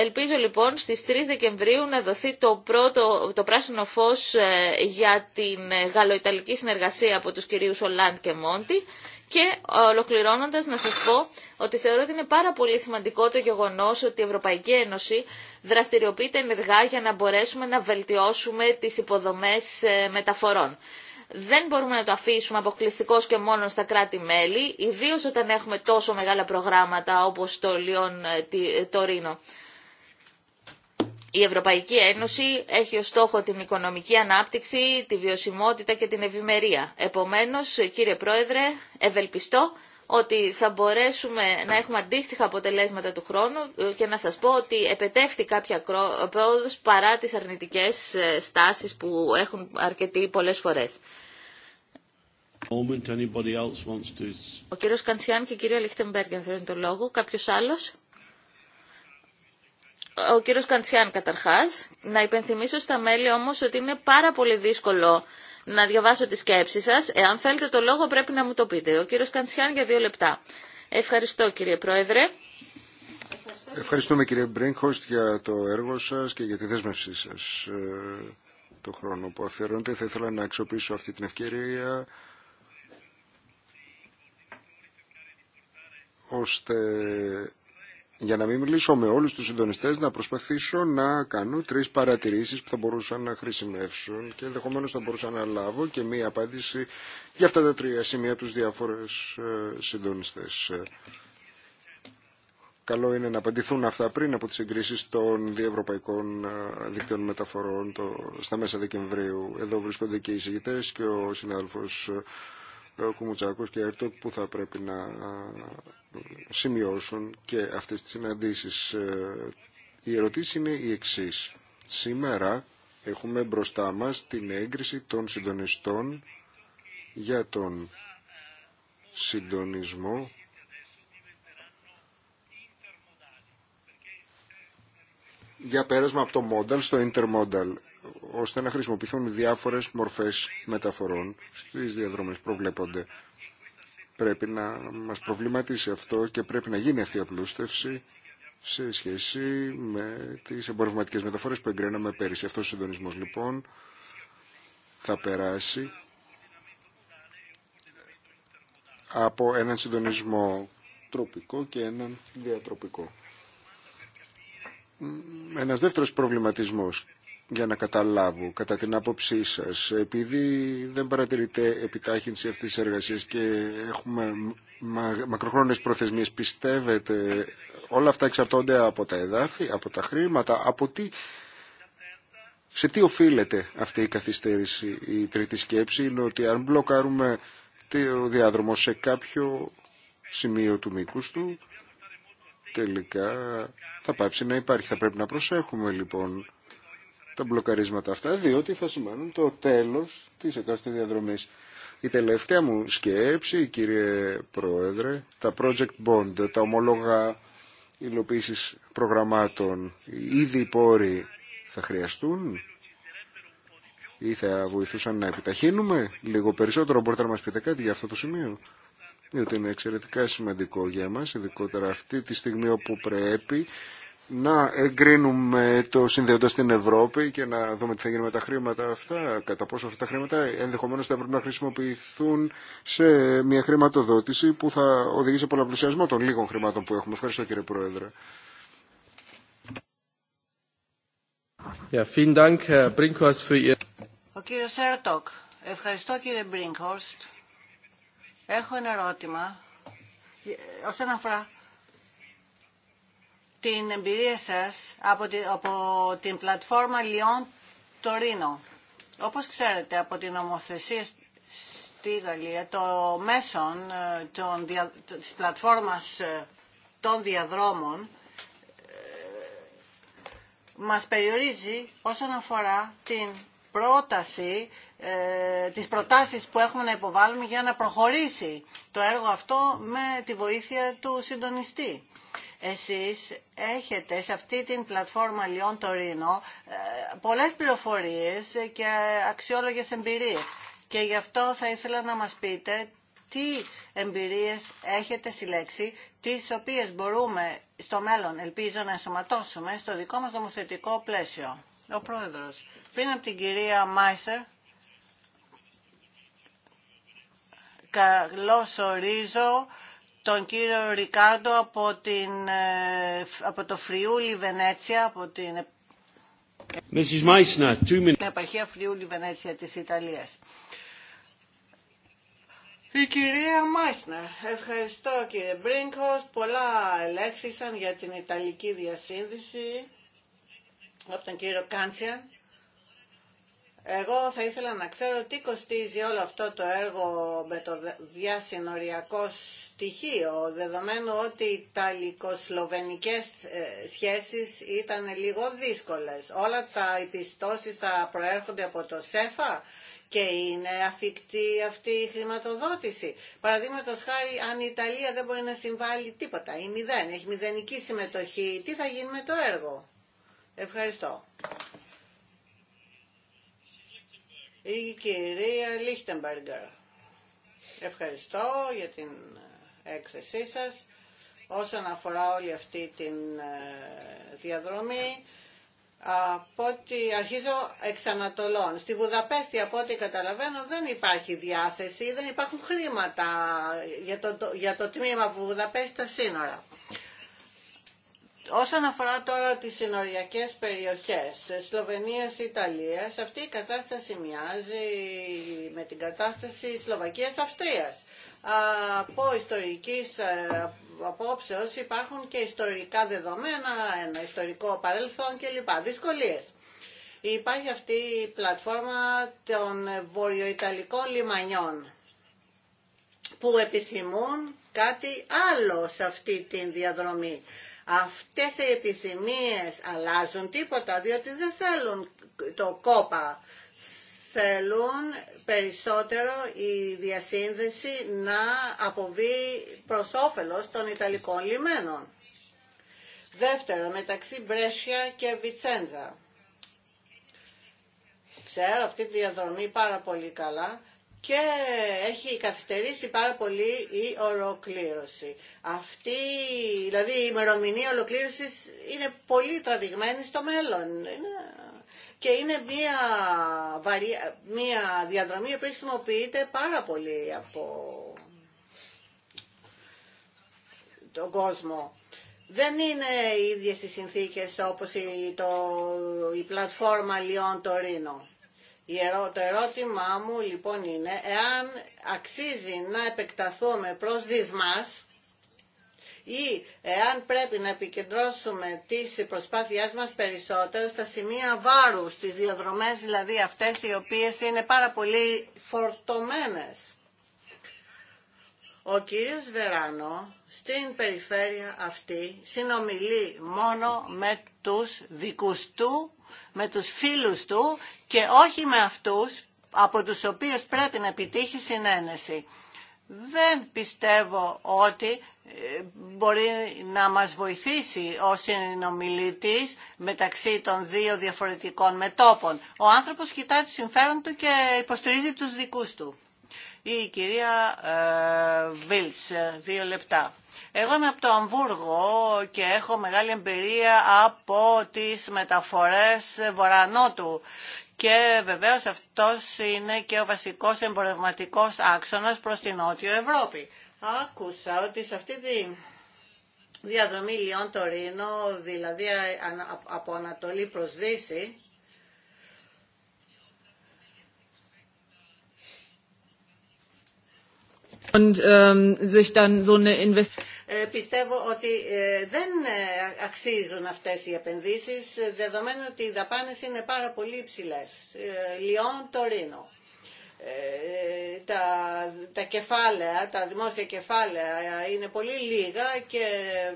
ελπίζω λοιπόν στις 3 Δεκεμβρίου να δοθεί το, πρώτο, το πράσινο φως για την γαλλοϊταλική συνεργασία από τους κυρίους ο Ολάντ και Μόντι. Και ε, ολοκληρώνοντα να σα πω ότι θεωρώ ότι είναι πάρα πολύ σημαντικό το γεγονός ότι η Ευρωπαϊκή Ένωση δραστηριοποιείται ενεργά για να μπορέσουμε να βελτιώσουμε τις υποδομές ε, μεταφορών. Δεν μπορούμε να το αφήσουμε αποκλειστικώ και μόνο στα κράτη-μέλη, ιδίω όταν έχουμε τόσο μεγάλα προγράμματα όπω το Λιόν ε, το Ρήνο. Η Ευρωπαϊκή Ένωση έχει ως στόχο την οικονομική ανάπτυξη, τη βιωσιμότητα και την ευημερία. Επομένως, κύριε Πρόεδρε, ευελπιστώ ότι θα μπορέσουμε να έχουμε αντίστοιχα αποτελέσματα του χρόνου και να σας πω ότι επετεύχθη κάποια πρόοδος παρά τις αρνητικές ε, στάσεις που έχουν αρκετοί πολλές φορές. Ο κύριος Κανσιάν και η κυρία Λιχτεμπέργεν θέλουν το λόγο. Κάποιος άλλος ο κύριο Καντσιάν καταρχάς. Να υπενθυμίσω στα μέλη όμω ότι είναι πάρα πολύ δύσκολο να διαβάσω τις σκέψει σα. Εάν θέλετε το λόγο πρέπει να μου το πείτε. Ο κύριο Καντσιάν για δύο λεπτά. Ευχαριστώ κύριε Πρόεδρε. Ευχαριστούμε κύριε Μπρίνκχοστ για το έργο σας και για τη δέσμευσή σας ε, το χρόνο που αφιερώνετε. Θα ήθελα να αξιοποιήσω αυτή την ευκαιρία ώστε για να μην μιλήσω με όλους τους συντονιστέ, να προσπαθήσω να κάνω τρεις παρατηρήσεις που θα μπορούσαν να χρησιμεύσουν και ενδεχομένω θα μπορούσα να λάβω και μία απάντηση για αυτά τα τρία σημεία τους διάφορες ε, συντονιστέ. Ε, καλό είναι να απαντηθούν αυτά πριν από τι εγκρίσεις των διευρωπαϊκών ε, δικτύων μεταφορών στα μέσα Δεκεμβρίου. Εδώ βρίσκονται και οι συγητές και ο συνάδελφο. Κουμουτσάκος και Έρτοκ που θα πρέπει να σημειώσουν και αυτές τις συναντήσεις. Ε, η ερωτήση είναι η εξής. Σήμερα έχουμε μπροστά μας την έγκριση των συντονιστών για τον συντονισμό για πέρασμα από το modal στο intermodal ώστε να χρησιμοποιηθούν διάφορες μορφές μεταφορών στις διαδρομές προβλέπονται. Πρέπει να μας προβληματίσει αυτό και πρέπει να γίνει αυτή η απλούστευση σε σχέση με τις εμπορευματικές μεταφορές που εγκρίναμε πέρυσι. Αυτός ο συντονισμός λοιπόν θα περάσει από έναν συντονισμό τροπικό και έναν διατροπικό. Ένας δεύτερος προβληματισμός για να καταλάβω κατά την άποψή σας επειδή δεν παρατηρείται επιτάχυνση αυτής της εργασίας και έχουμε μακροχρόνιες προθεσμίες πιστεύετε όλα αυτά εξαρτώνται από τα εδάφη, από τα χρήματα από τι σε τι οφείλεται αυτή η καθυστέρηση η τρίτη σκέψη είναι ότι αν μπλοκάρουμε το διάδρομο σε κάποιο σημείο του μήκους του τελικά θα πάψει να υπάρχει θα πρέπει να προσέχουμε λοιπόν τα μπλοκαρίσματα αυτά, διότι θα σημαίνουν το τέλος της εκάστοτε διαδρομής. Η τελευταία μου σκέψη, κύριε Πρόεδρε, τα project bond, τα ομολόγα υλοποίησης προγραμμάτων, ήδη οι πόροι θα χρειαστούν ή θα βοηθούσαν να επιταχύνουμε λίγο περισσότερο. Μπορείτε να μας πείτε κάτι για αυτό το σημείο. Διότι είναι εξαιρετικά σημαντικό για μας, ειδικότερα αυτή τη στιγμή όπου πρέπει να εγκρίνουμε το συνδέοντα στην Ευρώπη και να δούμε τι θα γίνει με τα χρήματα αυτά, κατά πόσο αυτά τα χρήματα ενδεχομένω θα πρέπει να χρησιμοποιηθούν σε μια χρηματοδότηση που θα οδηγεί σε πολλαπλουσιασμό των λίγων χρημάτων που έχουμε. Ευχαριστώ κύριε Πρόεδρε. Ο κύριος Ερτοκ. Ευχαριστώ κύριε Έχω ένα ερώτημα ε, όσον αφορά την εμπειρία σας από την, πλατφόρμα Λιόν Τωρίνο. Όπως ξέρετε από την νομοθεσία στη Γαλλία, το μέσον ε, των, της πλατφόρμας ε, των διαδρόμων ε, μας περιορίζει όσον αφορά την πρόταση, τις προτάσεις που έχουμε να υποβάλουμε για να προχωρήσει το έργο αυτό με τη βοήθεια του συντονιστή. Εσείς έχετε σε αυτή την πλατφόρμα Λιόν Τωρίνο ε, πολλές πληροφορίες και αξιόλογες εμπειρίες. Και γι' αυτό θα ήθελα να μας πείτε τι εμπειρίες έχετε συλλέξει, τις οποίες μπορούμε στο μέλλον, ελπίζω, να ενσωματώσουμε στο δικό μας νομοθετικό πλαίσιο. Ο Πρόεδρος, πριν από την κυρία Μάισερ, καλώς ορίζω τον κύριο Ρικάρντο από, ε, από το Φριούλι Βενέτσια, από την, Mrs. Ε, Meissner, two minutes. την επαρχία Φριούλι Βενέτσια της Ιταλίας. Η κυρία Μάισνερ, ευχαριστώ κύριε Μπρίνκος, πολλά ελέγχθησαν για την Ιταλική διασύνδεση από τον κύριο Κάντσια. Εγώ θα ήθελα να ξέρω τι κοστίζει όλο αυτό το έργο με το διασυνοριακό στοιχείο, δεδομένου ότι οι ταλικοσλοβενικές ε, σχέσεις ήταν λίγο δύσκολες. Όλα τα επιστώσεις θα προέρχονται από το ΣΕΦΑ και είναι αφικτή αυτή η χρηματοδότηση. Παραδείγματο χάρη, αν η Ιταλία δεν μπορεί να συμβάλλει τίποτα ή μηδέν, έχει μηδενική συμμετοχή, τι θα γίνει με το έργο. Ευχαριστώ η κυρία Λίχτεμπεργκερ. Ευχαριστώ για την ε, έκθεσή σας. Όσον αφορά όλη αυτή την ε, διαδρομή, από ότι αρχίζω εξανατολών. Στη Βουδαπέστη, από ό,τι καταλαβαίνω, δεν υπάρχει διάθεση, δεν υπάρχουν χρήματα για το, για το τμήμα που Βουδαπέστη τα σύνορα. Όσον αφορά τώρα τις συνοριακές περιοχές Σλοβενίας Ιταλίας, αυτή η κατάσταση μοιάζει με την κατάσταση Σλοβακίας Αυστρίας. Από ιστορικής ε, απόψεως υπάρχουν και ιστορικά δεδομένα, ένα ιστορικό παρελθόν κλπ. Δυσκολίες. Υπάρχει αυτή η πλατφόρμα των βορειοϊταλικών λιμανιών που επισημούν κάτι άλλο σε αυτή την διαδρομή. Αυτές οι επιθυμίες αλλάζουν τίποτα διότι δεν θέλουν το κόπα. Θέλουν περισσότερο η διασύνδεση να αποβεί προς όφελος των Ιταλικών λιμένων. Δεύτερο, μεταξύ Μπρέσια και Βιτσέντζα. Ξέρω αυτή τη διαδρομή πάρα πολύ καλά και έχει καθυστερήσει πάρα πολύ η ολοκλήρωση. Αυτή, δηλαδή η ημερομηνία ολοκλήρωσης είναι πολύ τραβηγμένη στο μέλλον. Και είναι μια, μια διαδρομή που χρησιμοποιείται πάρα πολύ από τον κόσμο. Δεν είναι οι ίδιες οι συνθήκες όπως η, το, η πλατφόρμα Λιόν Τωρίνο. Το ερώτημά μου λοιπόν είναι εάν αξίζει να επεκταθούμε προς μας ή εάν πρέπει να επικεντρώσουμε τις προσπάθειές μας περισσότερο στα σημεία βάρου στις διαδρομές δηλαδή αυτές οι οποίες είναι πάρα πολύ φορτωμένες. Ο κύριος Βεράνο στην περιφέρεια αυτή συνομιλεί μόνο με τους δικούς του, με τους φίλους του και όχι με αυτούς από τους οποίους πρέπει να επιτύχει συνένεση. Δεν πιστεύω ότι ε, μπορεί να μας βοηθήσει ο συνομιλητής μεταξύ των δύο διαφορετικών μετόπων. Ο άνθρωπος κοιτάει το συμφέρον του και υποστηρίζει τους δικούς του. Η κυρία ε, Βίλς, δύο λεπτά. Εγώ είμαι από το Αμβούργο και έχω μεγάλη εμπειρία από τις μεταφορές βορανότου και βεβαίως αυτός είναι και ο βασικός εμπορευματικός άξονας προς την Νότιο Ευρώπη. Άκουσα ότι σε αυτή τη διαδρομή Λιόν Τωρίνο, δηλαδή από Ανατολή προς Δύση, Ähm, ε, πιστεύω ότι ε, δεν ε, αξίζουν αυτές οι επενδύσεις, δεδομένου ότι οι δαπάνες είναι πάρα πολύ υψηλές. Λιόν, Τωρίνο. Τα, τα κεφάλαια, τα δημόσια κεφάλαια είναι πολύ λίγα και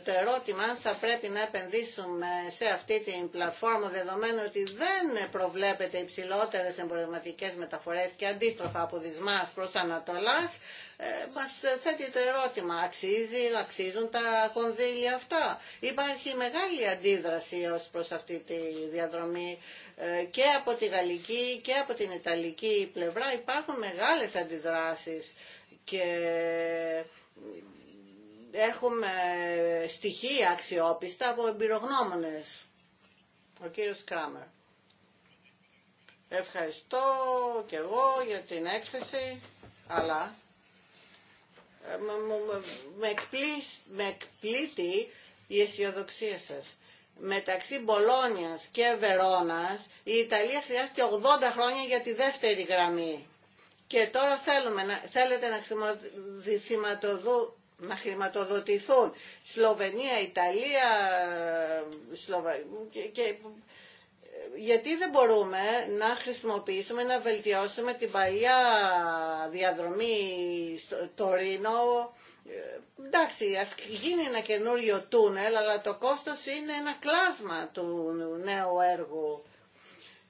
το ερώτημα αν θα πρέπει να επενδύσουμε σε αυτή την πλατφόρμα δεδομένου ότι δεν προβλέπεται υψηλότερες εμπορευματικές μεταφορές και αντίστροφα από δυσμάς προς Ανατολάς μας θέτει το ερώτημα, αξίζει, αξίζουν τα κονδύλια αυτά. Υπάρχει μεγάλη αντίδραση ως προς αυτή τη διαδρομή ε, και από τη γαλλική και από την ιταλική πλευρά υπάρχουν μεγάλες αντιδράσεις και έχουμε στοιχεία αξιόπιστα από εμπειρογνώμονες. Ο κύριος Κράμερ. Ευχαριστώ και εγώ για την έκθεση, αλλά με, εκπλήσει, εκπλήττει η αισιοδοξία σας. Μεταξύ Μπολόνιας και Βερόνας η Ιταλία χρειάστηκε 80 χρόνια για τη δεύτερη γραμμή. Και τώρα θέλουμε, να, θέλετε να, να χρηματοδοτηθούν Σλοβενία, Ιταλία, ε, Σλοβα... και, γιατί δεν μπορούμε να χρησιμοποιήσουμε, να βελτιώσουμε την παλιά διαδρομή στο Ρίνο. Ε, εντάξει, ας γίνει ένα καινούριο τούνελ, αλλά το κόστος είναι ένα κλάσμα του νέου έργου.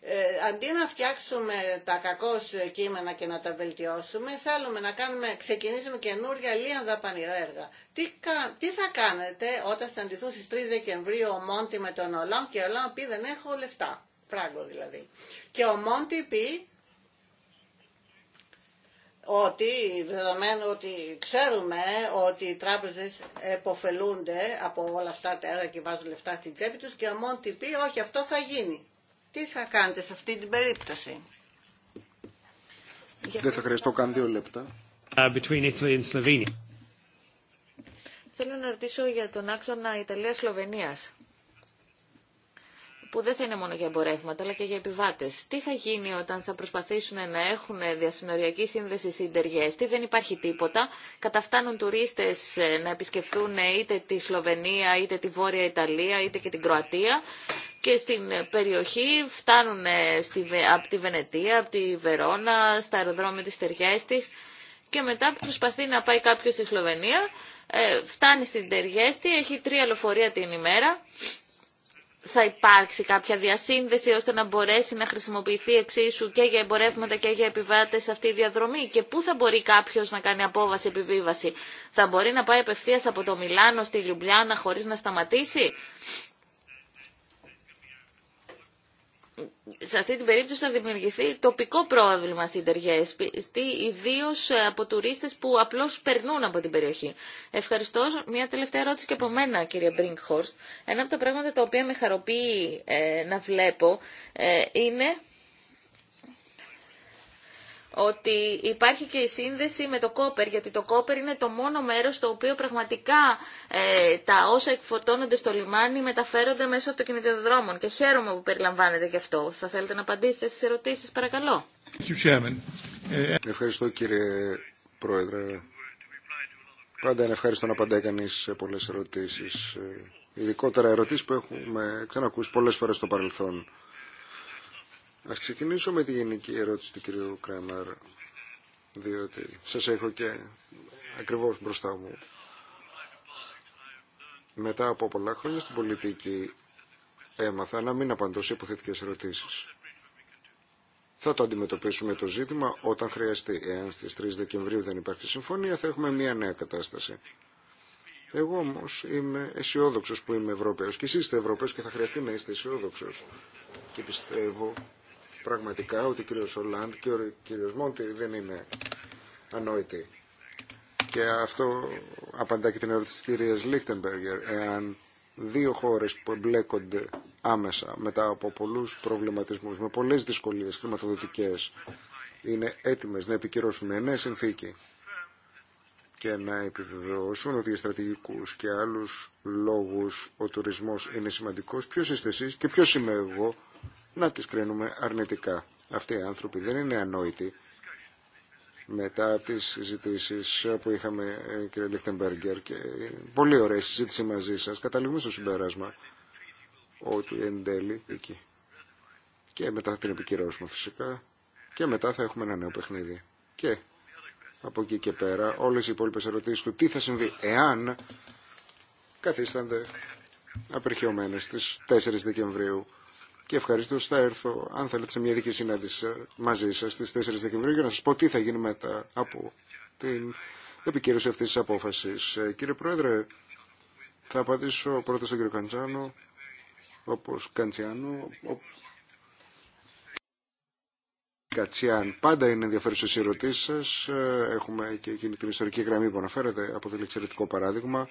Ε, αντί να φτιάξουμε τα κακώς κείμενα και να τα βελτιώσουμε, θέλουμε να κάνουμε, ξεκινήσουμε καινούρια λίγα δαπανηρά έργα. Τι, τι θα κάνετε όταν συναντηθούν στις 3 Δεκεμβρίου ο Μόντι με τον Ολόν και ο Ολόν πει δεν έχω λεφτά φράγκο δηλαδή. Και ο Μόντι πει ότι, δεδομένου ότι ξέρουμε ότι οι τράπεζες εποφελούνται από όλα αυτά τα έργα και βάζουν λεφτά στην τσέπη τους και ο Μόντι πει όχι αυτό θα γίνει. Τι θα κάνετε σε αυτή την περίπτωση. Δεν θα χρειαστώ καν δύο λεπτά. Uh, between and Slovenia. Θέλω να ρωτήσω για τον άξονα Ιταλία-Σλοβενίας που δεν θα είναι μόνο για εμπορεύματα αλλά και για επιβάτες. Τι θα γίνει όταν θα προσπαθήσουν να έχουν διασυνοριακή σύνδεση συντεριές, τι δεν υπάρχει τίποτα, καταφτάνουν τουρίστες ε, να επισκεφθούν ε, είτε τη Σλοβενία, είτε τη Βόρεια Ιταλία, είτε και την Κροατία και στην ε, περιοχή φτάνουν στη, από τη Βενετία, από τη Βερόνα, στα αεροδρόμια της Τεριέστης και μετά προσπαθεί να πάει κάποιος στη Σλοβενία, φτάνει στην Τεριέστη, έχει τρία λεωφορεία την ημέρα θα υπάρξει κάποια διασύνδεση ώστε να μπορέσει να χρησιμοποιηθεί εξίσου και για εμπορεύματα και για επιβάτες αυτή η διαδρομή και πού θα μπορεί κάποιος να κάνει απόβαση επιβίβαση. Θα μπορεί να πάει απευθείας από το Μιλάνο στη Λιουμπλιάνα χωρίς να σταματήσει. σε αυτή την περίπτωση θα δημιουργηθεί τοπικό πρόβλημα στην Τεργέσπη, ιδίω ε, από τουρίστε που απλώς περνούν από την περιοχή. Ευχαριστώ. Μια τελευταία ερώτηση και από μένα, κύριε Μπρίνκχορστ. Ένα από τα πράγματα τα οποία με χαροποιεί ε, να βλέπω ε, είναι ότι υπάρχει και η σύνδεση με το κόπερ, γιατί το κόπερ είναι το μόνο μέρος στο οποίο πραγματικά ε, τα όσα εκφορτώνονται στο λιμάνι μεταφέρονται μέσω αυτοκινητοδρόμων και χαίρομαι που περιλαμβάνεται γι' αυτό. Θα θέλετε να απαντήσετε στις ερωτήσεις, παρακαλώ. Ε, ευχαριστώ κύριε Πρόεδρε. Πάντα είναι ευχαριστώ να απαντάει κανείς σε πολλές ερωτήσεις, ε, ειδικότερα ερωτήσεις που έχουμε ξανακούσει πολλές φορές στο παρελθόν. Ας ξεκινήσω με τη γενική ερώτηση του κυρίου Κράμαρ, διότι σας έχω και ακριβώς μπροστά μου. Μετά από πολλά χρόνια στην πολιτική έμαθα να μην απαντώ σε υποθετικές ερωτήσεις. Θα το αντιμετωπίσουμε το ζήτημα όταν χρειαστεί. Εάν στις 3 Δεκεμβρίου δεν υπάρχει συμφωνία θα έχουμε μια νέα κατάσταση. Εγώ όμω είμαι αισιόδοξο που είμαι Ευρωπαίος και εσείς είστε Ευρωπαίος και θα χρειαστεί να είστε αισιόδοξο. Και πιστεύω πραγματικά ότι ο κ. Ολάντ και ο κ. Μόντι δεν είναι ανόητοι. Και αυτό απαντά και την ερώτηση της κυρίας Λίχτεμπεργκερ. Εάν δύο χώρες που εμπλέκονται άμεσα μετά από πολλούς προβληματισμούς, με πολλές δυσκολίες χρηματοδοτικές, είναι έτοιμες να επικυρώσουν με νέα συνθήκη και να επιβεβαιώσουν ότι για στρατηγικούς και άλλους λόγους ο τουρισμός είναι σημαντικός, ποιος είστε εσείς και ποιος είμαι εγώ να τις κρίνουμε αρνητικά. Αυτοί οι άνθρωποι δεν είναι ανόητοι. Μετά από τις συζητήσει που είχαμε, ε, κύριε Λίχτεμπεργκερ, και πολύ ωραία συζήτηση μαζί σας, καταλήγουμε στο συμπέρασμα ότι εν τέλει εκεί. Και μετά θα την επικυρώσουμε φυσικά και μετά θα έχουμε ένα νέο παιχνίδι. Και από εκεί και πέρα όλες οι υπόλοιπες ερωτήσεις του τι θα συμβεί εάν καθίστανται απερχαιωμένες στις 4 Δεκεμβρίου και ευχαριστώ θα έρθω αν θέλετε σε μια δική συνάντηση ε, μαζί σα στις 4 Δεκεμβρίου για να σα πω τι θα γίνει μετά από την επικύρωση αυτή τη απόφαση. Ε, κύριε Πρόεδρε, θα απαντήσω πρώτα στον κύριο Καντζάνο, όπω Καντζιάνο. Κατσιάν. Πάντα είναι ενδιαφέρουσε οι ερωτήσει σα. Ε, έχουμε και εκείνη την ιστορική γραμμή που αναφέρατε. Αποτελεί εξαιρετικό παράδειγμα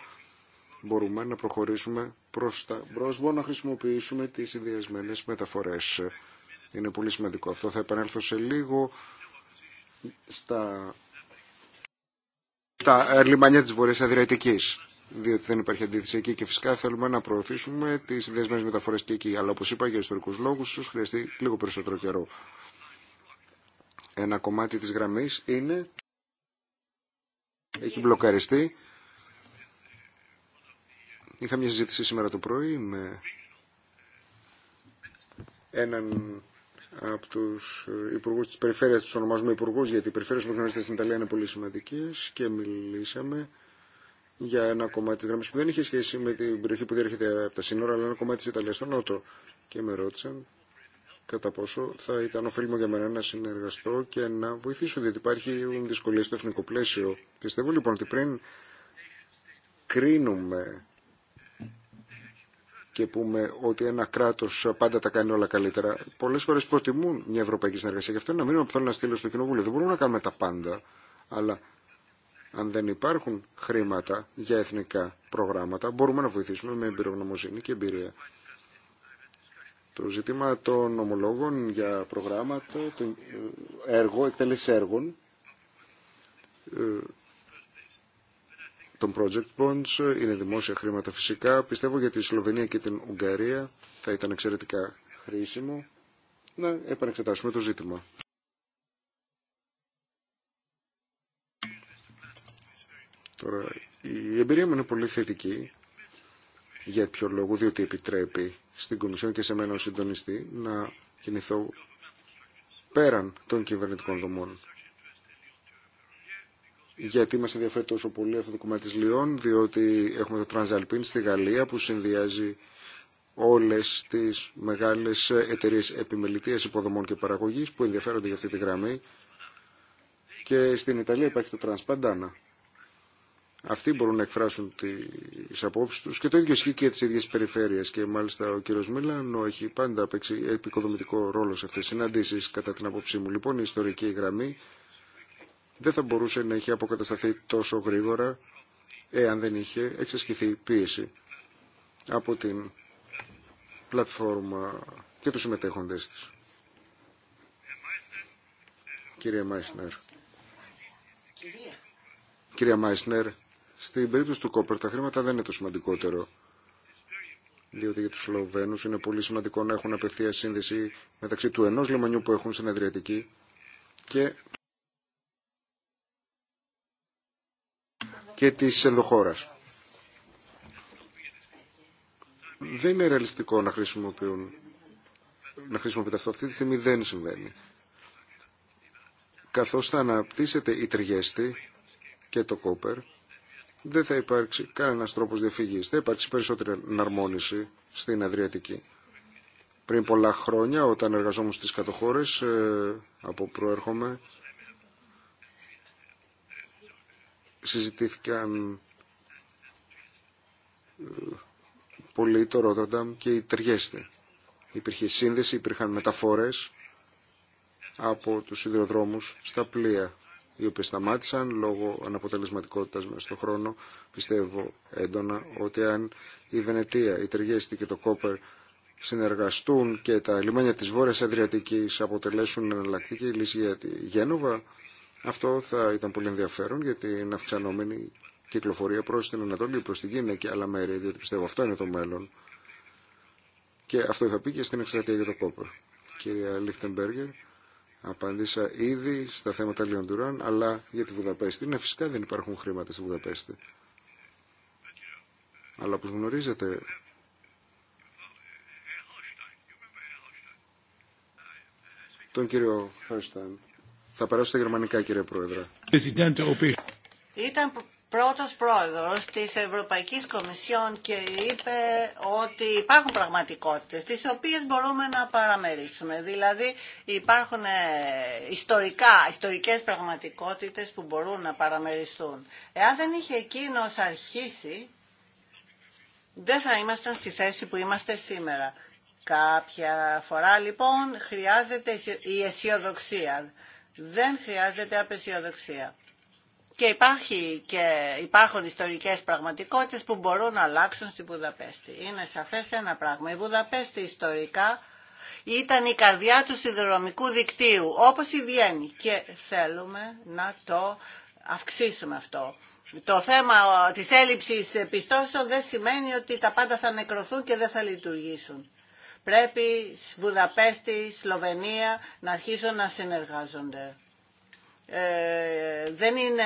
μπορούμε να προχωρήσουμε προς τα μπρόσβο να χρησιμοποιήσουμε τις συνδυασμένε μεταφορές. Είναι πολύ σημαντικό αυτό. Θα επανέλθω σε λίγο στα, στα ε, λιμανιά της Βορειάς Αδριατικής διότι δεν υπάρχει αντίθεση εκεί και φυσικά θέλουμε να προωθήσουμε τις συνδυασμένε μεταφορές και εκεί. Αλλά όπω είπα για ιστορικούς λόγου, ίσω χρειαστεί λίγο περισσότερο καιρό. Ένα κομμάτι της γραμμή είναι. Έχει μπλοκαριστεί Είχα μια συζήτηση σήμερα το πρωί με έναν από του υπουργού τη περιφέρεια, του ονομάζουμε υπουργού, γιατί οι περιφέρειε που γνωρίζετε στην Ιταλία είναι πολύ σημαντικέ και μιλήσαμε για ένα κομμάτι τη γραμμή που δεν είχε σχέση με την περιοχή που διέρχεται από τα σύνορα, αλλά ένα κομμάτι τη Ιταλία στο Νότο. Και με ρώτησαν κατά πόσο θα ήταν ωφέλιμο για μένα να συνεργαστώ και να βοηθήσω, διότι υπάρχουν δυσκολίε στο εθνικό πλαίσιο. Πιστεύω λοιπόν ότι πριν κρίνουμε και πούμε ότι ένα κράτο πάντα τα κάνει όλα καλύτερα. Πολλέ φορέ προτιμούν μια ευρωπαϊκή συνεργασία. Γι' αυτό είναι ένα μήνυμα που θέλω να στείλω στο Κοινοβούλιο. Δεν μπορούμε να κάνουμε τα πάντα, αλλά αν δεν υπάρχουν χρήματα για εθνικά προγράμματα, μπορούμε να βοηθήσουμε με εμπειρογνωμοσύνη και εμπειρία. Το ζήτημα των ομολόγων για προγράμματα, έργο, εκτέλεση έργων, ε, των project bonds, είναι δημόσια χρήματα φυσικά. Πιστεύω για τη Σλοβενία και την Ουγγαρία θα ήταν εξαιρετικά χρήσιμο να επανεξετάσουμε το ζήτημα. Τώρα, η εμπειρία μου είναι πολύ θετική. Για ποιο λόγο, διότι επιτρέπει στην Κομισιόν και σε μένα ως συντονιστή να κινηθώ πέραν των κυβερνητικών δομών γιατί μας ενδιαφέρει τόσο πολύ αυτό το κομμάτι της Λιών, διότι έχουμε το Transalpine στη Γαλλία που συνδυάζει όλες τις μεγάλες εταιρείες επιμελητίας υποδομών και παραγωγής που ενδιαφέρονται για αυτή τη γραμμή και στην Ιταλία υπάρχει το Transpandana. Αυτοί μπορούν να εκφράσουν τις απόψεις τους και το ίδιο ισχύει και για τις ίδιες περιφέρειες και μάλιστα ο κύριος Μίλανο έχει πάντα παίξει επικοδομητικό ρόλο σε αυτές τις συναντήσεις κατά την απόψή μου. Λοιπόν η ιστορική γραμμή δεν θα μπορούσε να έχει αποκατασταθεί τόσο γρήγορα εάν δεν είχε εξασκηθεί πίεση από την πλατφόρμα και τους συμμετέχοντες της. Κύριε Μάισνερ. Μάισνερ, στην περίπτωση του Κόπερ τα χρήματα δεν είναι το σημαντικότερο. Διότι για τους Σλοβαίνους είναι πολύ σημαντικό να έχουν απευθεία σύνδεση μεταξύ του ενός λιμανιού που έχουν στην Αδριατική και και της ενδοχώρα. Δεν είναι ρεαλιστικό να, χρησιμοποιούν, να χρησιμοποιείται αυτό. Αυτή τη στιγμή δεν συμβαίνει. Καθώς θα αναπτύσσεται η τριγέστη και το κόπερ, δεν θα υπάρξει κανένας τρόπος διαφυγής. Θα υπάρξει περισσότερη εναρμόνιση στην Αδριατική. Πριν πολλά χρόνια, όταν εργαζόμουν στις κατοχώρες, ε, από προέρχομαι, συζητήθηκαν ε, πολύ το Ρότερνταμ και η Τεργέστη. Υπήρχε σύνδεση, υπήρχαν μεταφορές από τους σιδηροδρόμους στα πλοία, οι οποίες σταμάτησαν λόγω αναποτελεσματικότητας μέσα στον χρόνο. Πιστεύω έντονα ότι αν η Βενετία, η Τεργέστη και το Κόπερ συνεργαστούν και τα λιμάνια της Βόρειας Αδριατικής αποτελέσουν εναλλακτική λύση για τη Γένοβα, αυτό θα ήταν πολύ ενδιαφέρον για την αυξανόμενη κυκλοφορία προς την Ανατολή, προς την Κίνα και άλλα μέρη, διότι πιστεύω αυτό είναι το μέλλον. Και αυτό είχα πει και στην εκστρατεία για το κόπερ. Κυρία Λίχτεμπεργκερ, απάντησα ήδη στα θέματα Λιοντουράν, αλλά για τη Βουδαπέστη. Ναι, φυσικά δεν υπάρχουν χρήματα στη Βουδαπέστη. Αλλά όπως γνωρίζετε, τον κύριο Χέρσταν, θα περάσω στα γερμανικά κύριε Πρόεδρε. Ήταν πρώτος πρόεδρος της Ευρωπαϊκής Κομισιόν και είπε ότι υπάρχουν πραγματικότητες τις οποίες μπορούμε να παραμερίσουμε. Δηλαδή υπάρχουν ε, ιστορικά, ιστορικές πραγματικότητες που μπορούν να παραμεριστούν. Εάν δεν είχε εκείνος αρχίσει, δεν θα ήμασταν στη θέση που είμαστε σήμερα. Κάποια φορά λοιπόν χρειάζεται η αισιοδοξία. Δεν χρειάζεται απεσιοδοξία. Και υπάρχει και υπάρχουν ιστορικές πραγματικότητες που μπορούν να αλλάξουν στη Βουδαπέστη. Είναι σαφές ένα πράγμα. Η Βουδαπέστη ιστορικά ήταν η καρδιά του σιδηροδρομικού δικτύου, όπως η Βιέννη. Και θέλουμε να το αυξήσουμε αυτό. Το θέμα της έλλειψης πιστώσεων δεν σημαίνει ότι τα πάντα θα νεκρωθούν και δεν θα λειτουργήσουν πρέπει Βουδαπέστη, Σλοβενία να αρχίσουν να συνεργάζονται. Ε, δεν είναι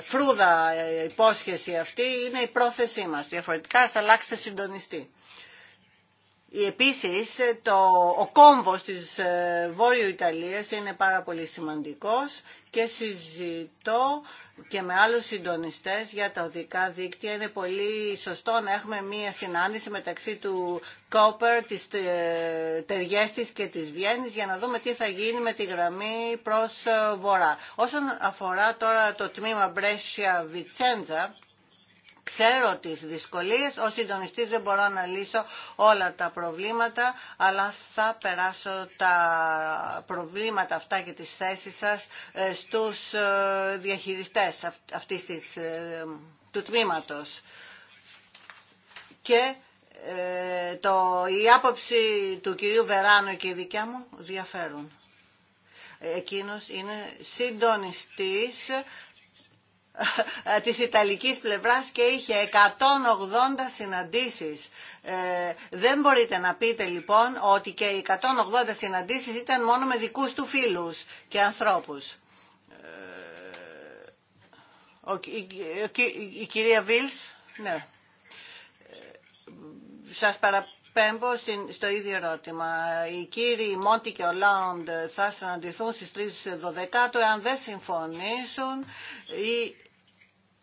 φρούδα η υπόσχεση αυτή, είναι η πρόθεσή μας. Διαφορετικά, ας αλλάξετε συντονιστή. Επίσης, το, ο κόμβος της ε, Βόρειου Ιταλίας είναι πάρα πολύ σημαντικός και συζητώ και με άλλους συντονιστές για τα οδικά δίκτυα. Είναι πολύ σωστό να έχουμε μία συνάντηση μεταξύ του Κόπερ, της ε, Τεργέστης και της Βιέννης για να δούμε τι θα γίνει με τη γραμμή προς ε, Βορρά. Όσον αφορά τώρα το τμήμα Μπρέσια Βιτσέντζα, Ξέρω τις δυσκολίες, ως συντονιστής δεν μπορώ να λύσω όλα τα προβλήματα, αλλά θα περάσω τα προβλήματα αυτά και τις θέσεις σας ε, στους ε, διαχειριστές αυτής της, ε, του τμήματος. Και το, η άποψη του κυρίου Βεράνου και η δικιά μου διαφέρουν. Εκείνος είναι συντονιστής *laughs* της Ιταλικής πλευράς και είχε 180 συναντήσεις. Ε, δεν μπορείτε να πείτε λοιπόν ότι και οι 180 συναντήσεις ήταν μόνο με δικούς του φίλους και ανθρώπους. Ε, η, κυρία Βίλς, ναι. Ε, σας παραπέμπω στο ίδιο ερώτημα. Οι κύριοι Μόντι και Λάοντ θα συναντηθούν στις 3.12 εάν δεν συμφωνήσουν ή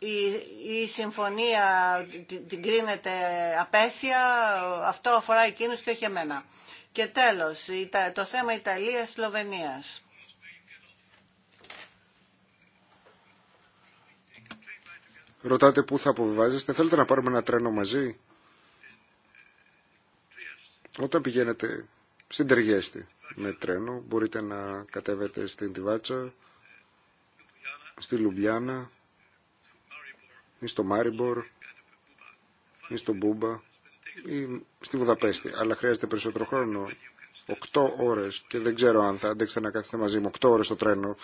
η, συμφωνία την κρίνεται απέσια, αυτό αφορά εκείνους και όχι εμένα. Και τέλος, το θέμα Ιταλίας-Σλοβενίας. Ρωτάτε πού θα αποβιβάζεστε. Θέλετε να πάρουμε ένα τρένο μαζί. Όταν πηγαίνετε στην Τεργέστη με τρένο, μπορείτε να κατέβετε στην Τιβάτσα, στη Λουμπλιάνα ή στο Μάριμπορ ή στο Μπούμπα ή στη Βουδαπέστη. Αλλά χρειάζεται περισσότερο χρόνο. Οκτώ ώρε και δεν ξέρω αν θα αντέξετε να κάθεστε μαζί μου. 8 ώρε στο τρένο.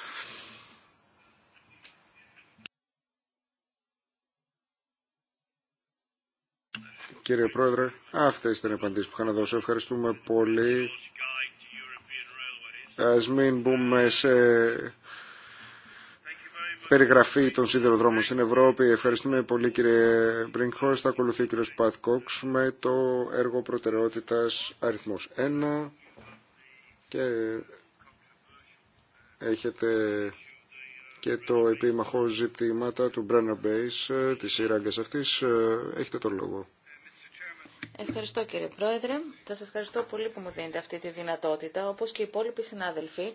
Κύριε Πρόεδρε, αυτές ήταν οι απαντήσει που είχα να δώσω. Ευχαριστούμε πολύ. Ας μην μπούμε σε περιγραφή των σιδηροδρόμων στην Ευρώπη. Ευχαριστούμε πολύ κύριε Μπρινκχόρς. Θα ακολουθεί ο κύριος Πατ Κόξ με το έργο προτεραιότητας αριθμός 1 και έχετε και το επίμαχο ζητήματα του Brenner Base ε, της σύραγγας αυτής. Ε, έχετε το λόγο. Ευχαριστώ κύριε Πρόεδρε. Σα ευχαριστώ πολύ που μου δίνετε αυτή τη δυνατότητα. Όπω και οι υπόλοιποι συνάδελφοι,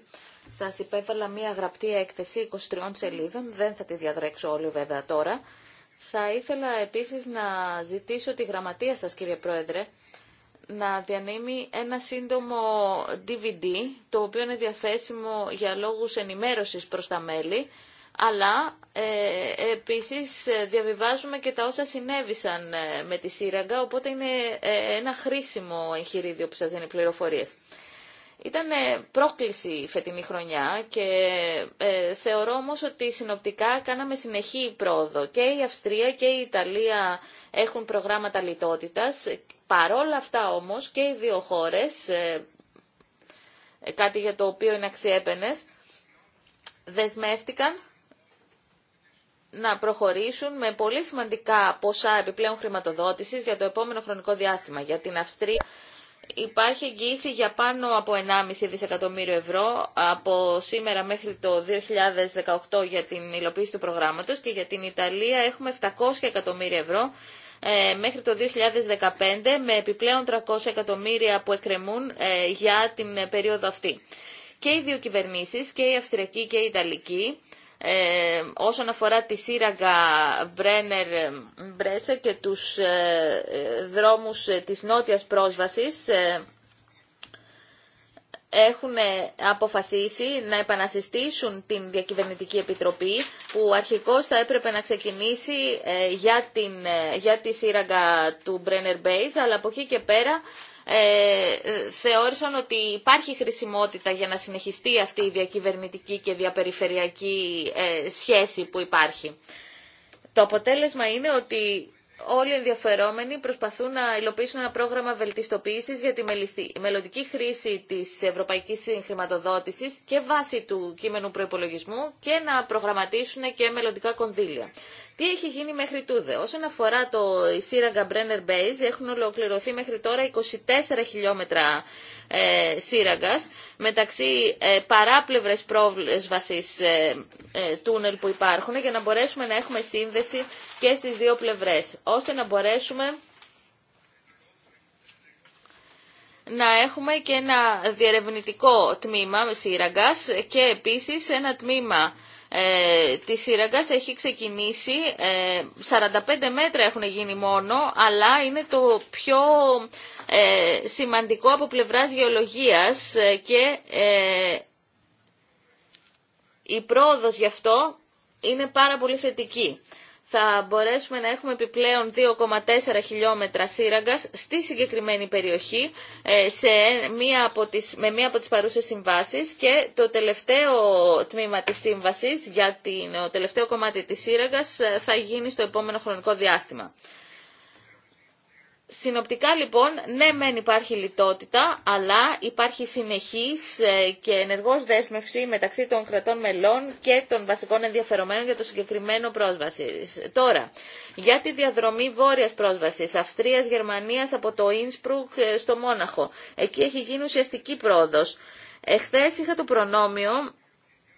σα υπέβαλα μία γραπτή έκθεση 23 σελίδων. Δεν θα τη διαδρέξω όλη βέβαια τώρα. Θα ήθελα επίση να ζητήσω τη γραμματεία σα κύριε Πρόεδρε να διανύμει ένα σύντομο DVD, το οποίο είναι διαθέσιμο για λόγους ενημέρωσης προς τα μέλη, αλλά ε, επίσης ε, διαβιβάζουμε και τα όσα συνέβησαν ε, με τη σύραγγα, οπότε είναι ε, ένα χρήσιμο εγχειρίδιο που σας δίνει πληροφορίες. Ήταν πρόκληση η φετινή χρονιά και θεωρώ όμως ότι συνοπτικά κάναμε συνεχή πρόοδο. Και η Αυστρία και η Ιταλία έχουν προγράμματα λιτότητας. Παρόλα αυτά όμως και οι δύο χώρες, κάτι για το οποίο είναι αξιέπαινες, δεσμεύτηκαν να προχωρήσουν με πολύ σημαντικά ποσά επιπλέον χρηματοδότησης για το επόμενο χρονικό διάστημα. Για την Αυστρία υπάρχει εγγύηση για πάνω από 1,5 δισεκατομμύριο ευρώ από σήμερα μέχρι το 2018 για την υλοποίηση του προγράμματος και για την Ιταλία έχουμε 700 εκατομμύρια ευρώ ε, μέχρι το 2015 με επιπλέον 300 εκατομμύρια που εκκρεμούν ε, για την περίοδο αυτή. Και οι δύο κυβερνήσεις, και η Αυστριακή και η Ιταλική, ε, όσον αφορά τη σύραγγα Μπρένερ ε, Μπρέσε και τους ε, ε δρόμους της νότιας πρόσβασης έχουν αποφασίσει να επανασυστήσουν την Διακυβερνητική Επιτροπή που αρχικώς θα έπρεπε να ξεκινήσει για, την, για τη σύραγγα του Brenner Base αλλά από εκεί και πέρα ε, θεώρησαν ότι υπάρχει χρησιμότητα για να συνεχιστεί αυτή η διακυβερνητική και διαπεριφερειακή ε, σχέση που υπάρχει. Το αποτέλεσμα είναι ότι όλοι οι ενδιαφερόμενοι προσπαθούν να υλοποιήσουν ένα πρόγραμμα βελτιστοποίησης για τη μελλοντική χρήση της ευρωπαϊκής χρηματοδότησης και βάση του κείμενου προϋπολογισμού και να προγραμματίσουν και μελλοντικά κονδύλια. Τι έχει γίνει μέχρι τούδε. Όσον αφορά το η σύραγγα Brenner Base έχουν ολοκληρωθεί μέχρι τώρα 24 χιλιόμετρα ε, σύραγγας μεταξύ ε, παράπλευρες πρόσβασης ε, ε, τούνελ που υπάρχουν για να μπορέσουμε να έχουμε σύνδεση και στις δύο πλευρές, ώστε να μπορέσουμε να έχουμε και ένα διερευνητικό τμήμα σύραγγας και επίσης ένα τμήμα ε, της έχει ξεκινήσει, 45 ε, μέτρα έχουν γίνει μόνο, αλλά είναι το πιο ε, σημαντικό από πλευράς γεωλογίας ε, και η πρόοδος γι' αυτό είναι πάρα πολύ θετική θα μπορέσουμε να έχουμε επιπλέον 2,4 χιλιόμετρα σύραγγας στη συγκεκριμένη περιοχή ε, σε μία από τις, με μία από τις παρούσες συμβάσεις και το τελευταίο τμήμα της σύμβασης για το τελευταίο κομμάτι της σύραγγας ε, θα γίνει στο επόμενο χρονικό διάστημα. Συνοπτικά λοιπόν, ναι μεν υπάρχει λιτότητα, αλλά υπάρχει συνεχής ε, και ενεργός δέσμευση μεταξύ των κρατών μελών και των βασικών ενδιαφερομένων για το συγκεκριμένο πρόσβαση. Τώρα, για τη διαδρομή βόρειας πρόσβασης Αυστρίας-Γερμανίας από το Ίνσπρουκ ε, στο Μόναχο. Εκεί έχει γίνει ουσιαστική πρόοδος. Εχθές είχα το προνόμιο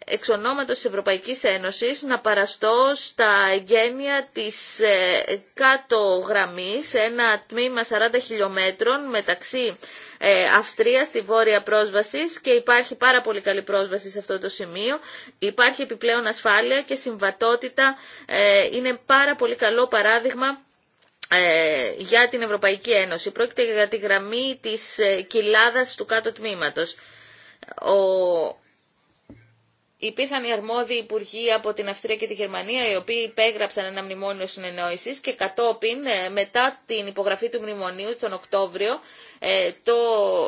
εξ ονόματος της Ευρωπαϊκής Ένωσης να παραστώ στα εγγένεια της ε, κάτω γραμμής, ένα τμήμα 40 χιλιόμετρων μεταξύ ε, Αυστρία στη βόρεια πρόσβαση και υπάρχει πάρα πολύ καλή πρόσβαση σε αυτό το σημείο. Υπάρχει επιπλέον ασφάλεια και συμβατότητα. Ε, είναι πάρα πολύ καλό παράδειγμα ε, για την Ευρωπαϊκή Ένωση. Πρόκειται για τη γραμμή της κοιλάδας του κάτω τμήματος. Ο υπήρχαν οι αρμόδιοι υπουργοί από την Αυστρία και τη Γερμανία οι οποίοι υπέγραψαν ένα μνημόνιο συνεννόησης και κατόπιν ε, μετά την υπογραφή του μνημονίου τον Οκτώβριο ε, το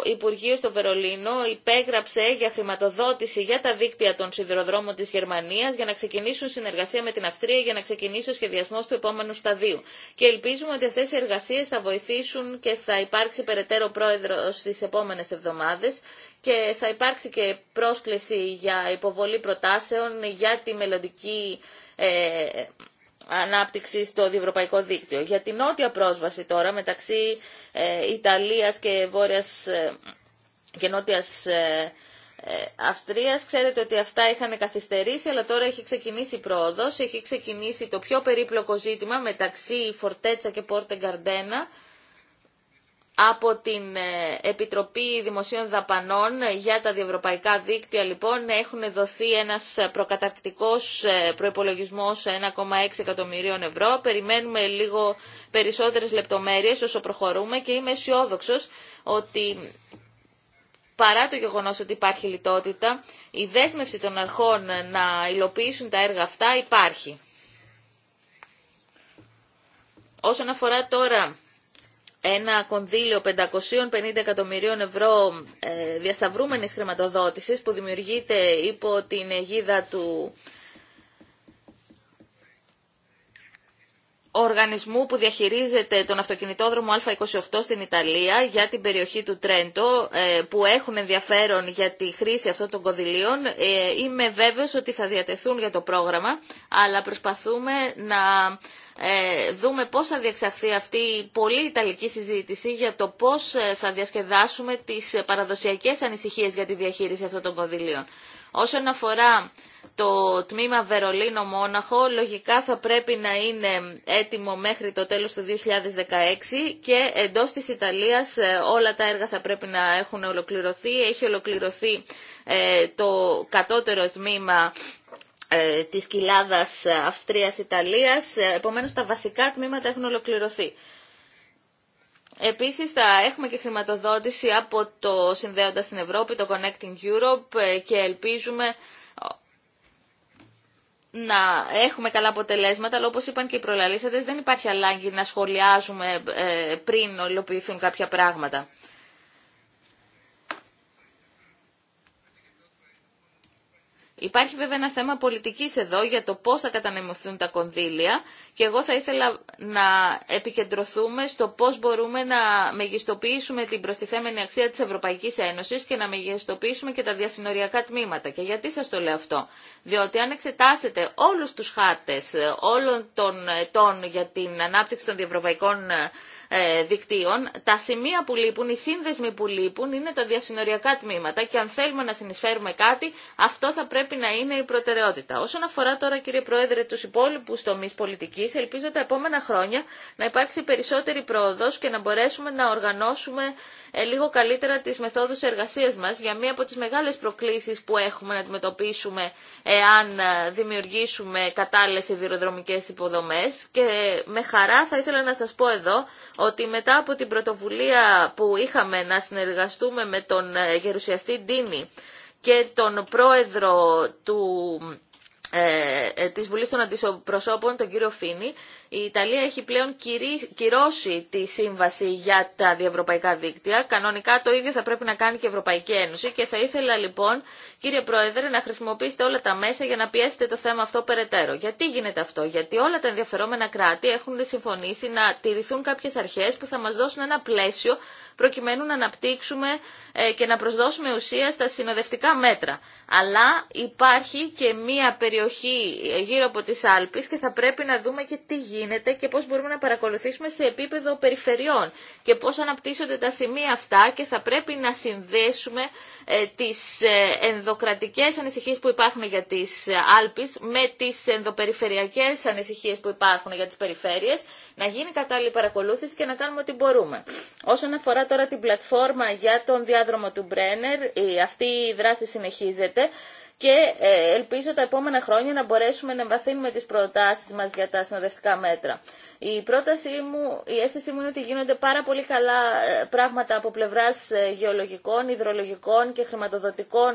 Υπουργείο στο Βερολίνο υπέγραψε για χρηματοδότηση για τα δίκτυα των σιδηροδρόμων τη Γερμανία, για να ξεκινήσουν συνεργασία με την Αυστρία για να ξεκινήσει ο σχεδιασμό του επόμενου σταδίου. Και ελπίζουμε ότι αυτέ οι εργασίε θα βοηθήσουν και θα υπάρξει περαιτέρω πρόεδρο στι επόμενε εβδομάδε και θα υπάρξει και πρόσκληση για υποβολή προτάσεων για τη μελλοντική ε, ανάπτυξη στο διευρωπαϊκό δίκτυο. Για την νότια πρόσβαση τώρα μεταξύ ε, Ιταλίας και Βόρειας ε, και Νότιας ε, ε, Αυστρίας, ξέρετε ότι αυτά είχαν καθυστερήσει, αλλά τώρα έχει ξεκινήσει η πρόοδος, έχει ξεκινήσει το πιο περίπλοκο ζήτημα μεταξύ Φορτέτσα και Πόρτε Γκαρντένα, από την ε, Επιτροπή Δημοσίων Δαπανών για τα διευρωπαϊκά δίκτυα λοιπόν έχουν δοθεί ένας προκαταρκτικός ε, προϋπολογισμός 1,6 εκατομμυρίων ευρώ. Περιμένουμε λίγο περισσότερες λεπτομέρειες όσο προχωρούμε και είμαι αισιόδοξο ότι παρά το γεγονός ότι υπάρχει λιτότητα, η δέσμευση των αρχών να υλοποιήσουν τα έργα αυτά υπάρχει. Όσον αφορά τώρα ένα κονδύλιο 550 εκατομμυρίων ευρώ ε, διασταυρούμενης χρηματοδότησης που δημιουργείται υπό την αιγίδα του οργανισμού που διαχειρίζεται τον αυτοκινητόδρομο Α28 στην Ιταλία για την περιοχή του Τρέντο ε, που έχουν ενδιαφέρον για τη χρήση αυτών των κονδυλίων. Ε, είμαι βέβαιος ότι θα διατεθούν για το πρόγραμμα, αλλά προσπαθούμε να ε, δούμε πώς θα διεξαχθεί αυτή η πολύ ιταλική συζήτηση για το πώς ε, θα διασκεδάσουμε τις παραδοσιακές ανησυχίες για τη διαχείριση αυτών των κονδυλίων. Όσον αφορά το τμήμα Βερολίνο-Μόναχο, λογικά θα πρέπει να είναι έτοιμο μέχρι το τέλος του 2016 και εντός της Ιταλίας ε, όλα τα έργα θα πρέπει να έχουν ολοκληρωθεί. Έχει ολοκληρωθεί το κατώτερο τμήμα ε, της κοιλάδας ε, Αυστρίας-Ιταλίας, ε, επομένως τα βασικά τμήματα έχουν ολοκληρωθεί. Επίσης θα έχουμε και χρηματοδότηση από το Συνδέοντα στην Ευρώπη, το Connecting Europe και ελπίζουμε να έχουμε καλά αποτελέσματα, αλλά όπως είπαν και οι προλαλήσατες δεν υπάρχει ανάγκη να σχολιάζουμε πριν ολοποιηθούν κάποια πράγματα. Υπάρχει βέβαια ένα θέμα πολιτικής εδώ για το πώς θα κατανεμωθούν τα κονδύλια και εγώ θα ήθελα να επικεντρωθούμε στο πώς μπορούμε να μεγιστοποιήσουμε την προστιθέμενη αξία της Ευρωπαϊκής Ένωσης και να μεγιστοποιήσουμε και τα διασυνοριακά τμήματα. Και γιατί σας το λέω αυτό. Διότι αν εξετάσετε όλους τους χάρτες ε, όλων των ετών για την ανάπτυξη των διευρωπαϊκών ε, ε, δικτύων, τα σημεία που λείπουν, οι σύνδεσμοι που λείπουν είναι τα διασυνοριακά τμήματα και αν θέλουμε να συνεισφέρουμε κάτι, αυτό θα πρέπει να είναι η προτεραιότητα. Όσον αφορά τώρα, κύριε Πρόεδρε, του υπόλοιπου τομεί πολιτική, ελπίζω τα επόμενα χρόνια να υπάρξει περισσότερη πρόοδο και να μπορέσουμε να οργανώσουμε ε, λίγο καλύτερα τις μεθόδους εργασίας μας για μία από τις μεγάλες προκλήσεις που έχουμε να αντιμετωπίσουμε εάν ε, δημιουργήσουμε κατάλληλες ιδιοδρομικές υποδομές και ε, με χαρά θα ήθελα να σας πω εδώ ότι μετά από την πρωτοβουλία που είχαμε να συνεργαστούμε με τον γερουσιαστή Ντίνη και τον πρόεδρο του ε, ε, της Βουλής των Αντιπροσώπων, τον κύριο Φίνη. Η Ιταλία έχει πλέον κυρώσει τη σύμβαση για τα διευρωπαϊκά δίκτυα. Κανονικά το ίδιο θα πρέπει να κάνει και η Ευρωπαϊκή Ένωση και θα ήθελα λοιπόν, κύριε Πρόεδρε, να χρησιμοποιήσετε όλα τα μέσα για να πιέσετε το θέμα αυτό περαιτέρω. Γιατί γίνεται αυτό, Γιατί όλα τα ενδιαφερόμενα κράτη έχουν συμφωνήσει να τηρηθούν κάποιε αρχέ που θα μα δώσουν ένα πλαίσιο προκειμένου να αναπτύξουμε ε, και να προσδώσουμε ουσία στα συνοδευτικά μέτρα. Αλλά υπάρχει και μία περιοχή ε, γύρω από τις Άλπεις και θα πρέπει να δούμε και τι γίνεται και πώς μπορούμε να παρακολουθήσουμε σε επίπεδο περιφερειών και πώς αναπτύσσονται τα σημεία αυτά και θα πρέπει να συνδέσουμε ε, τις ε, ενδοκρατικές ανησυχίες που υπάρχουν για τις ε, Άλπεις με τις ενδοπεριφερειακές ανησυχίες που υπάρχουν για τις περιφέρειες, να γίνει κατάλληλη παρακολούθηση και να κάνουμε ό,τι μπορούμε. Όσον αφορά τώρα την πλατφόρμα για τον διάδρομο του Μπρένερ, αυτή η δράση συνεχίζεται και ε, ελπίζω τα επόμενα χρόνια να μπορέσουμε να εμβαθύνουμε τις προτάσεις μας για τα συνοδευτικά μέτρα. Η πρότασή μου, η αίσθησή μου είναι ότι γίνονται πάρα πολύ καλά ε, πράγματα από πλευράς ε, γεωλογικών, υδρολογικών και χρηματοδοτικών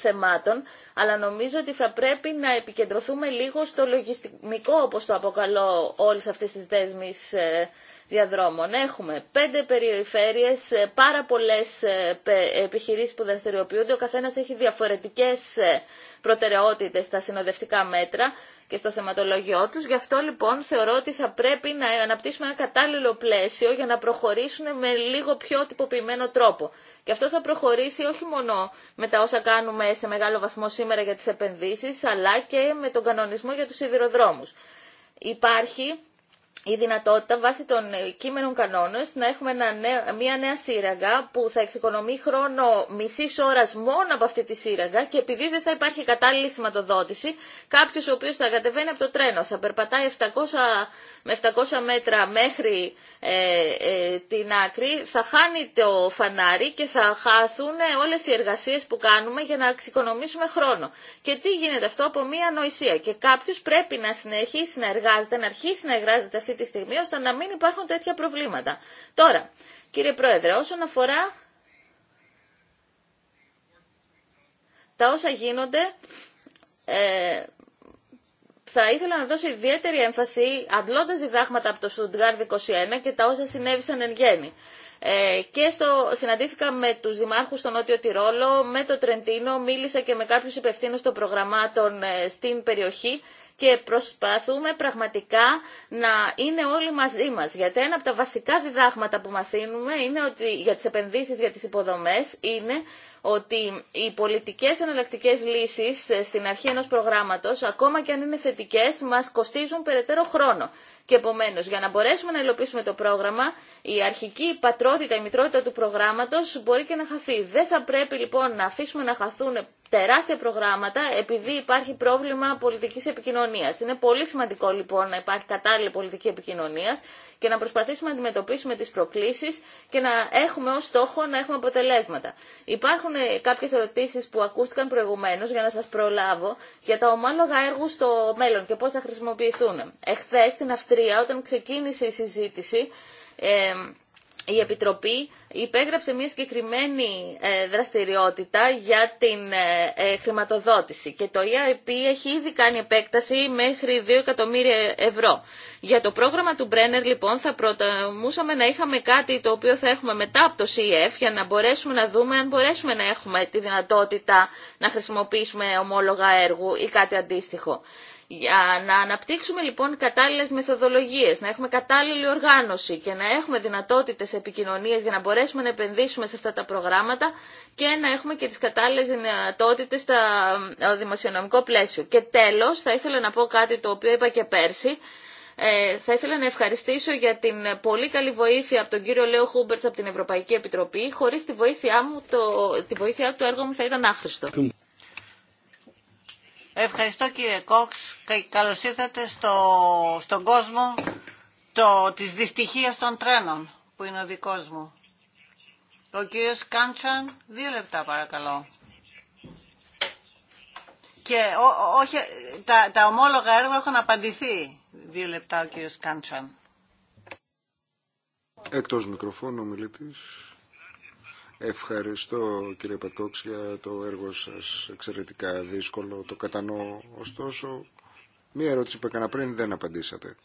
θεμάτων, αλλά νομίζω ότι θα πρέπει να επικεντρωθούμε λίγο στο λογιστικό, όπως το αποκαλώ αυτές τις δέσμεις ε, διαδρόμων. Έχουμε πέντε περιφέρειες, ε, πάρα πολλές ε, επιχειρήσεις που δραστηριοποιούνται. Ο καθένας έχει διαφορετικές ε, προτεραιότητες στα συνοδευτικά μέτρα και στο θεματολόγιο τους. Γι' αυτό λοιπόν θεωρώ ότι θα πρέπει να αναπτύσσουμε ένα κατάλληλο πλαίσιο για να προχωρήσουν με λίγο πιο τυποποιημένο τρόπο. Και αυτό θα προχωρήσει όχι μόνο με τα όσα κάνουμε σε μεγάλο βαθμό σήμερα για τις επενδύσεις, αλλά και με τον κανονισμό για τους σιδηροδρόμους. Υπάρχει η δυνατότητα βάσει των ε, κείμενων κανόνων να έχουμε μια νέα σύραγγα που θα εξοικονομεί χρόνο μισή ώρα μόνο από αυτή τη σύραγγα και επειδή δεν θα υπάρχει κατάλληλη σηματοδότηση, κάποιο ο οποίο θα κατεβαίνει από το τρένο, θα περπατάει 700 με 700 μέτρα μέχρι ε, ε, την άκρη, θα χάνει το φανάρι και θα χάθουν όλες οι εργασίες που κάνουμε για να εξοικονομήσουμε χρόνο. Και τι γίνεται αυτό από μία νοησία. Και κάποιος πρέπει να συνεχίσει να εργάζεται, να αρχίσει να εργάζεται αυτή τη στιγμή, ώστε να μην υπάρχουν τέτοια προβλήματα. Τώρα, κύριε Πρόεδρε, όσον αφορά τα όσα γίνονται ε, θα ήθελα να δώσω ιδιαίτερη έμφαση, αντλώντας διδάγματα από το Στοντγκάρ 21 και τα όσα συνέβησαν εν γέννη. Ε, και στο, συναντήθηκα με τους δημάρχους στο Νότιο Τυρόλο, με το Τρεντίνο, μίλησα και με κάποιους υπευθύνους των προγραμμάτων ε, στην περιοχή και προσπαθούμε πραγματικά να είναι όλοι μαζί μας. Γιατί ένα από τα βασικά διδάγματα που μαθαίνουμε είναι ότι για τις επενδύσεις, για τις υποδομές είναι ότι οι πολιτικές εναλλακτικές λύσεις ε, στην αρχή ενός προγράμματος, ακόμα και αν είναι θετικές, μας κοστίζουν περαιτέρω χρόνο. Και επομένω, για να μπορέσουμε να υλοποιήσουμε το πρόγραμμα, η αρχική πατρότητα, η μητρότητα του προγράμματο μπορεί και να χαθεί. Δεν θα πρέπει λοιπόν να αφήσουμε να χαθούν τεράστια προγράμματα επειδή υπάρχει πρόβλημα πολιτική επικοινωνία. Είναι πολύ σημαντικό λοιπόν να υπάρχει κατάλληλη πολιτική επικοινωνία και να προσπαθήσουμε να αντιμετωπίσουμε τις προκλήσεις και να έχουμε ως στόχο να έχουμε αποτελέσματα. Υπάρχουν ε, κάποιες ερωτήσεις που ακούστηκαν προηγουμένως για να σας προλάβω για τα ομάλογα έργου στο μέλλον και πώς θα χρησιμοποιηθούν. Εχθές στην Αυστρία όταν ξεκίνησε η συζήτηση ε, η Επιτροπή υπέγραψε μια συγκεκριμένη ε, δραστηριότητα για την ε, ε, χρηματοδότηση και το EIP έχει ήδη κάνει επέκταση μέχρι 2 εκατομμύρια ευρώ. Για το πρόγραμμα του Brenner λοιπόν θα προτιμούσαμε να είχαμε κάτι το οποίο θα έχουμε μετά από το CEF για να μπορέσουμε να δούμε αν μπορέσουμε να έχουμε τη δυνατότητα να χρησιμοποιήσουμε ομόλογα έργου ή κάτι αντίστοιχο. Για να αναπτύξουμε λοιπόν κατάλληλες μεθοδολογίες, να έχουμε κατάλληλη οργάνωση και να έχουμε δυνατότητες επικοινωνίας για να μπορέσουμε να επενδύσουμε σε αυτά τα προγράμματα και να έχουμε και τις κατάλληλες δυνατότητες στο ε, δημοσιονομικό πλαίσιο. Και τέλος, θα ήθελα να πω κάτι το οποίο είπα και πέρσι, ε, θα ήθελα να ευχαριστήσω για την πολύ καλή βοήθεια από τον κύριο Λέο Χούμπερτ από την Ευρωπαϊκή Επιτροπή. Χωρίς τη βοήθειά μου, το, τη του έργο μου θα ήταν άχρηστο. Ευχαριστώ κύριε Κόξ και καλώς ήρθατε στο, στον κόσμο το, της δυστυχίας των τρένων που είναι ο δικός μου. Ο κύριος Κάντσαν, δύο λεπτά παρακαλώ. Και όχι, τα, τα ομόλογα έργα έχουν απαντηθεί. Δύο λεπτά ο κύριος Κάντσαν. Εκτός μικροφώνου ο μιλήτης. Ευχαριστώ κύριε Πατκόξ για το έργο σας εξαιρετικά δύσκολο. Το κατανοώ ωστόσο. Μία ερώτηση που έκανα πριν δεν απαντήσατε.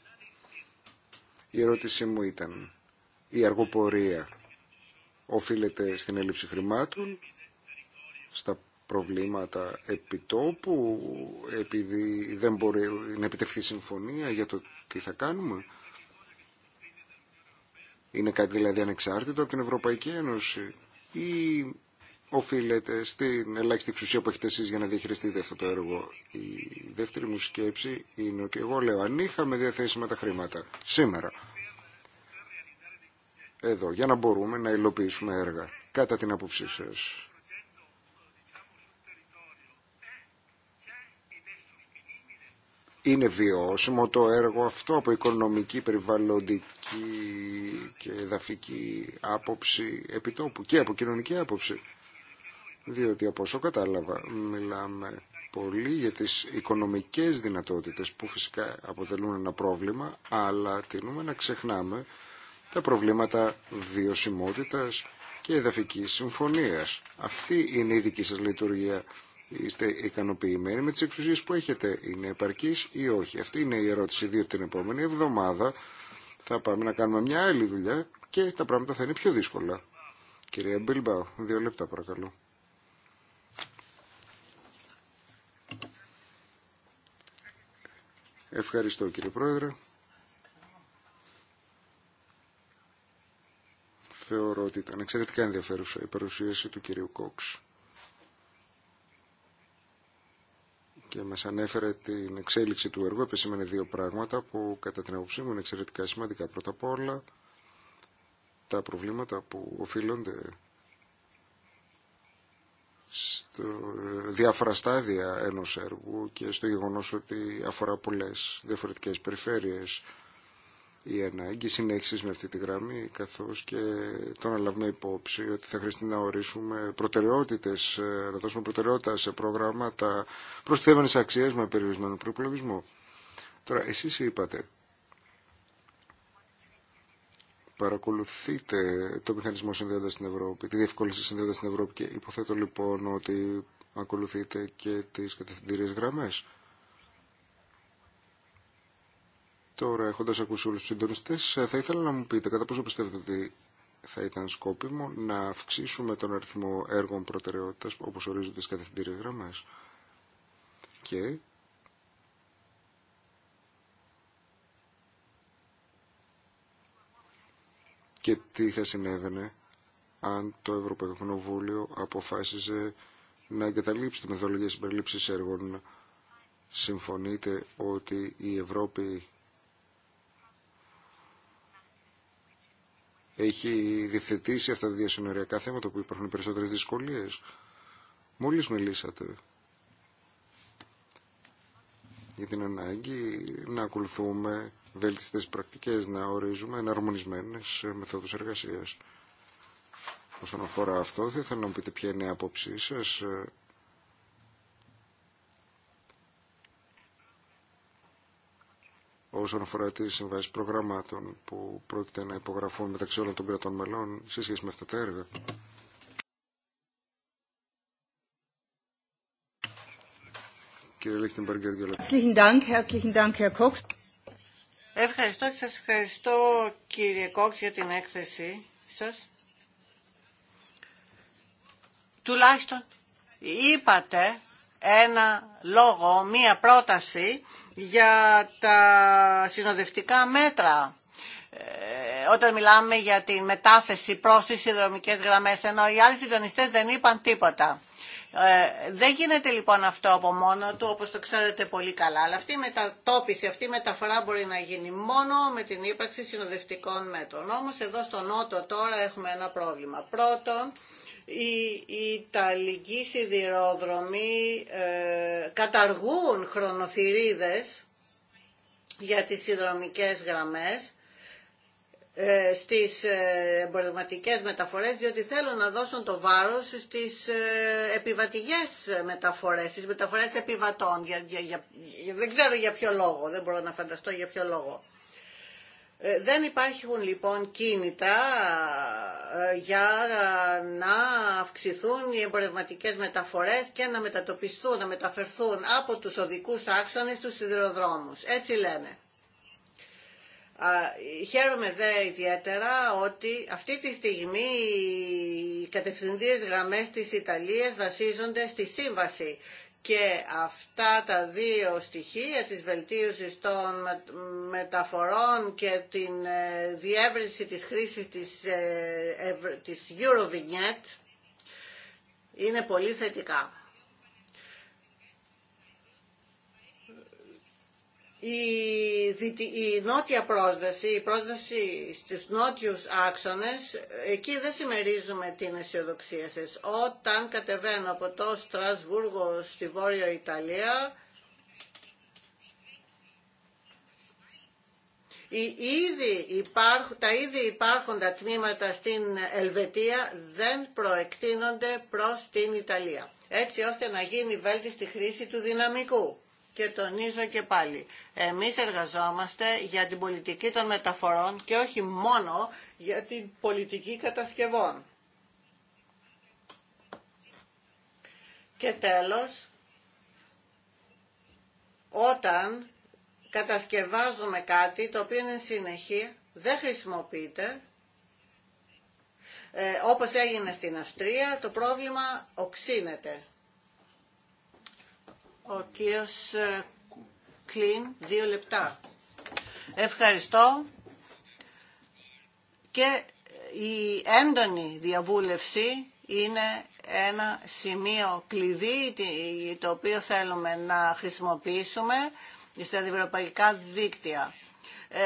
Η ερώτησή μου ήταν η αργοπορία οφείλεται στην έλλειψη χρημάτων, στα προβλήματα επιτόπου, επειδή δεν μπορεί να επιτευχθεί συμφωνία για το τι θα κάνουμε. Είναι κάτι δηλαδή ανεξάρτητο από την Ευρωπαϊκή Ένωση ή οφείλεται στην ελάχιστη εξουσία που έχετε εσεί για να διαχειριστείτε αυτό το έργο. Η δεύτερη μου σκέψη είναι ότι εγώ λέω αν είχαμε διαθέσιμα τα χρήματα σήμερα εδώ για να μπορούμε να υλοποιήσουμε έργα κατά την άποψή σας είναι βιώσιμο το έργο αυτό από οικονομική, περιβαλλοντική και εδαφική άποψη επιτόπου και από κοινωνική άποψη. Διότι από όσο κατάλαβα μιλάμε πολύ για τις οικονομικές δυνατότητες που φυσικά αποτελούν ένα πρόβλημα αλλά τείνουμε να ξεχνάμε τα προβλήματα βιωσιμότητας και εδαφικής συμφωνίας. Αυτή είναι η δική σας λειτουργία Είστε ικανοποιημένοι με τις εξουσίες που έχετε, είναι επαρκείς ή όχι. Αυτή είναι η ερώτηση, διότι την επόμενη εβδομάδα θα πάμε να κάνουμε μια άλλη δουλειά και τα πράγματα θα είναι πιο δύσκολα. Κυρία Μπιλμπάου, δύο λεπτά παρακαλώ. Ευχαριστώ κύριε Πρόεδρε. Θεωρώ ότι ήταν εξαιρετικά ενδιαφέρουσα η παρουσίαση του κυρίου Κόξ. και μας ανέφερε την εξέλιξη του έργου, επεσήμανε δύο πράγματα που κατά την άποψή μου είναι εξαιρετικά σημαντικά. Πρώτα απ' όλα τα προβλήματα που οφείλονται στο ε, διάφορα στάδια ενός έργου και στο γεγονός ότι αφορά πολλές διαφορετικές περιφέρειες η ανάγκη συνέχιση με αυτή τη γραμμή, καθώ και το να λάβουμε υπόψη ότι θα χρειαστεί να ορίσουμε προτεραιότητε, ε, να δώσουμε προτεραιότητα σε προγράμματα προσθέμενες αξία με περιορισμένο προπολογισμό. Τώρα, εσεί είπατε, παρακολουθείτε το μηχανισμό συνδέοντα στην Ευρώπη, τη διευκόλυνση συνδέοντα στην Ευρώπη και υποθέτω λοιπόν ότι ακολουθείτε και τι κατευθυντήριε γραμμέ. Τώρα, έχοντα ακούσει όλου του συντονιστέ, ε, θα ήθελα να μου πείτε κατά πόσο πιστεύετε ότι θα ήταν σκόπιμο να αυξήσουμε τον αριθμό έργων προτεραιότητας όπως ορίζονται στι κατευθυντήριες γραμμέ. Και και τι θα συνέβαινε αν το Ευρωπαϊκό Κοινοβούλιο αποφάσιζε να εγκαταλείψει τη Μεθολογία συμπεριλήψης έργων. Συμφωνείτε ότι η Ευρώπη έχει διευθετήσει αυτά τα διασυνοριακά θέματα που υπάρχουν περισσότερες δυσκολίες. Μόλις μιλήσατε για την ανάγκη να ακολουθούμε βέλτιστες πρακτικές, να ορίζουμε εναρμονισμένες μεθόδους εργασίας. Όσον αφορά αυτό, θα ήθελα να μου πείτε ποια είναι η άποψή σας όσον αφορά τι συμβάσει προγραμμάτων που πρόκειται να υπογραφούν μεταξύ όλων των κρατών μελών σε σχέση με αυτά τα έργα. Κύριε Ευχαριστώ και σας ευχαριστώ κύριε Κόξ για την έκθεση σας. Τουλάχιστον είπατε ένα λόγο, μία πρόταση για τα συνοδευτικά μέτρα ε, όταν μιλάμε για τη μετάθεση προς τις συνδρομικές γραμμές, ενώ οι άλλοι συντονιστέ δεν είπαν τίποτα. Ε, δεν γίνεται λοιπόν αυτό από μόνο του, όπως το ξέρετε πολύ καλά, αλλά αυτή η μετατόπιση, αυτή η μεταφορά μπορεί να γίνει μόνο με την ύπαρξη συνοδευτικών μέτρων. Όμως εδώ στο Νότο τώρα έχουμε ένα πρόβλημα. Πρώτον, οι Ιταλικοί σιδηρόδρομοι ε, καταργούν χρονοθυρίδες για τις σιδηρομικές γραμμές ε, στις ε, εμπορευματικές μεταφορές διότι θέλουν να δώσουν το βάρος στις ε, μεταφορές, στις μεταφορές επιβατών. δεν ξέρω για ποιο λόγο, δεν μπορώ να φανταστώ για ποιο λόγο. Ε, δεν υπάρχουν λοιπόν κίνητα ε, για να αυξηθούν οι εμπορευματικές μεταφορές και να μετατοπιστούν, να μεταφερθούν από τους οδικούς άξονες στους σιδηροδρόμους. Έτσι λένε. Χαίρομαι δε ιδιαίτερα ότι αυτή τη στιγμή οι κατευθυντήριες γραμμές της Ιταλίας βασίζονται στη σύμβαση και αυτά τα δύο στοιχεία της βελτίωσης των μεταφορών και την ε, διεύρυνση της χρήσης της, ε, της Eurovignette είναι πολύ θετικά. η, νότια πρόσβαση, η πρόσβαση στις νότιους άξονες, εκεί δεν συμμερίζουμε την αισιοδοξία σας. Όταν κατεβαίνω από το Στρασβούργο στη Βόρεια Ιταλία, Οι ήδη υπάρχ, τα ήδη υπάρχοντα τμήματα στην Ελβετία δεν προεκτείνονται προς την Ιταλία, έτσι ώστε να γίνει βέλτιστη χρήση του δυναμικού. Και τονίζω και πάλι, εμείς εργαζόμαστε για την πολιτική των μεταφορών και όχι μόνο για την πολιτική κατασκευών. Και τέλος, όταν κατασκευάζουμε κάτι το οποίο είναι συνεχή, δεν χρησιμοποιείται, ε, όπως έγινε στην Αυστρία, το πρόβλημα οξύνεται. Ο κύριος ε, δύο λεπτά. Ευχαριστώ. Και η έντονη διαβούλευση είναι ένα σημείο κλειδί το οποίο θέλουμε να χρησιμοποιήσουμε στα ευρωπαϊκά δίκτυα. Ε,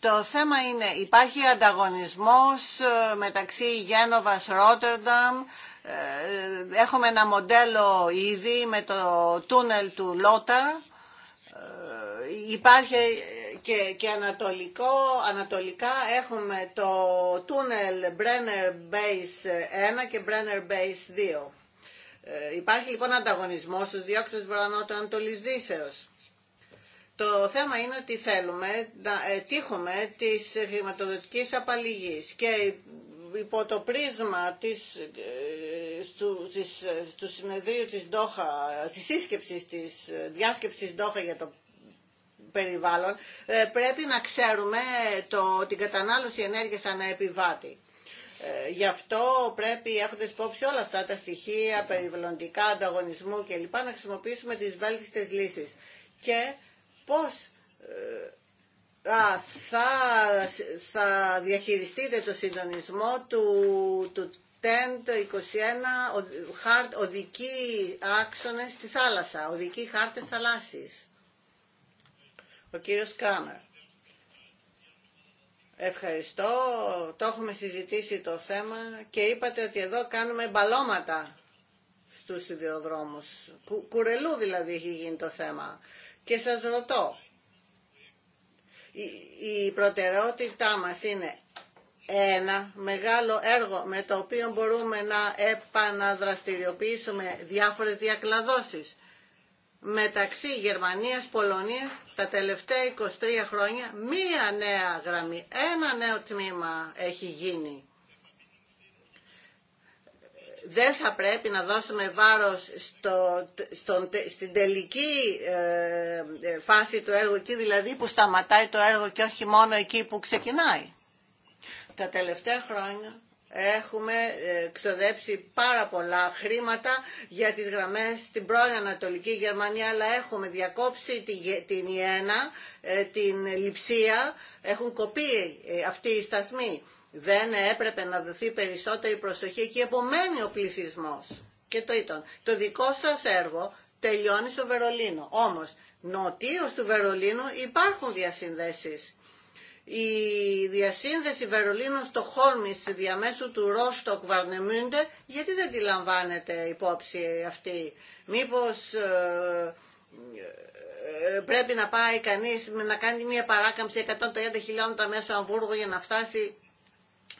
το θέμα είναι υπάρχει ανταγωνισμός ε, μεταξύ Γένοβας Ρότερνταμ ε, έχουμε ένα μοντέλο ήδη με το τούνελ του Λότα. Ε, υπάρχει και, και ανατολικό, ανατολικά έχουμε το τούνελ Brenner Base 1 και Brenner Base 2. Ε, υπάρχει λοιπόν ανταγωνισμός στους δύο Ανατολή Δύσεως. Το θέμα είναι ότι θέλουμε να τύχουμε της χρηματοδοτικής απαλληγής και υπό το πρίσμα της του στις, ε, στο συνεδρίο της ΔΟΧΑ ε, της σύσκεψης της ε, διάσκεψης ΔΟΧΑ για το περιβάλλον, πρέπει να ξέρουμε το, την κατανάλωση ενέργειας αναεπιβάτη Γι' αυτό πρέπει, έχοντα υπόψη όλα αυτά τα στοιχεία περιβαλλοντικά, ανταγωνισμού κλπ, να χρησιμοποιήσουμε τις βέλτιστες λύσεις. Και πώς θα, διαχειριστείτε το συντονισμό του, του, το 21, οδική άξονες στη θάλασσα, οδική χάρτες θαλάσσης. Ο κύριος Κράμερ. Ευχαριστώ, το έχουμε συζητήσει το θέμα και είπατε ότι εδώ κάνουμε μπαλώματα στους σιδηροδρόμους. κουρελού δηλαδή έχει γίνει το θέμα. Και σας ρωτώ, η, η προτεραιότητά μας είναι ένα μεγάλο έργο με το οποίο μπορούμε να επαναδραστηριοποιήσουμε διάφορες διακλαδώσεις μεταξύ Γερμανίας, Πολωνίας τα τελευταία 23 χρόνια μία νέα γραμμή, ένα νέο τμήμα έχει γίνει. Δεν θα πρέπει να δώσουμε βάρος στο, στην τελική ε, ε, φάση του έργου εκεί, δηλαδή που σταματάει το έργο και όχι μόνο εκεί που ξεκινάει. Τα τελευταία χρόνια έχουμε ε, ξοδέψει πάρα πολλά χρήματα για τις γραμμές στην πρώην Ανατολική Γερμανία, αλλά έχουμε διακόψει την Ιένα, ε, την Λιψία, έχουν κοπεί ε, αυτοί οι σταθμοί. Δεν έπρεπε να δοθεί περισσότερη προσοχή και επομένει ο πληθυσμός. Και το ήταν. Το δικό σας έργο τελειώνει στο Βερολίνο. Όμως, νοτίως του Βερολίνου υπάρχουν διασυνδέσεις η διασύνδεση Βερολίνου στο Χόλμις διαμέσου του Ρόστοκ Βαρνεμούντε, γιατί δεν τη λαμβάνεται υπόψη αυτή. Μήπως ε, ε, πρέπει να πάει κανείς να κάνει μια παράκαμψη 130 χιλιόμετρα μέσω Αμβούργου για να φτάσει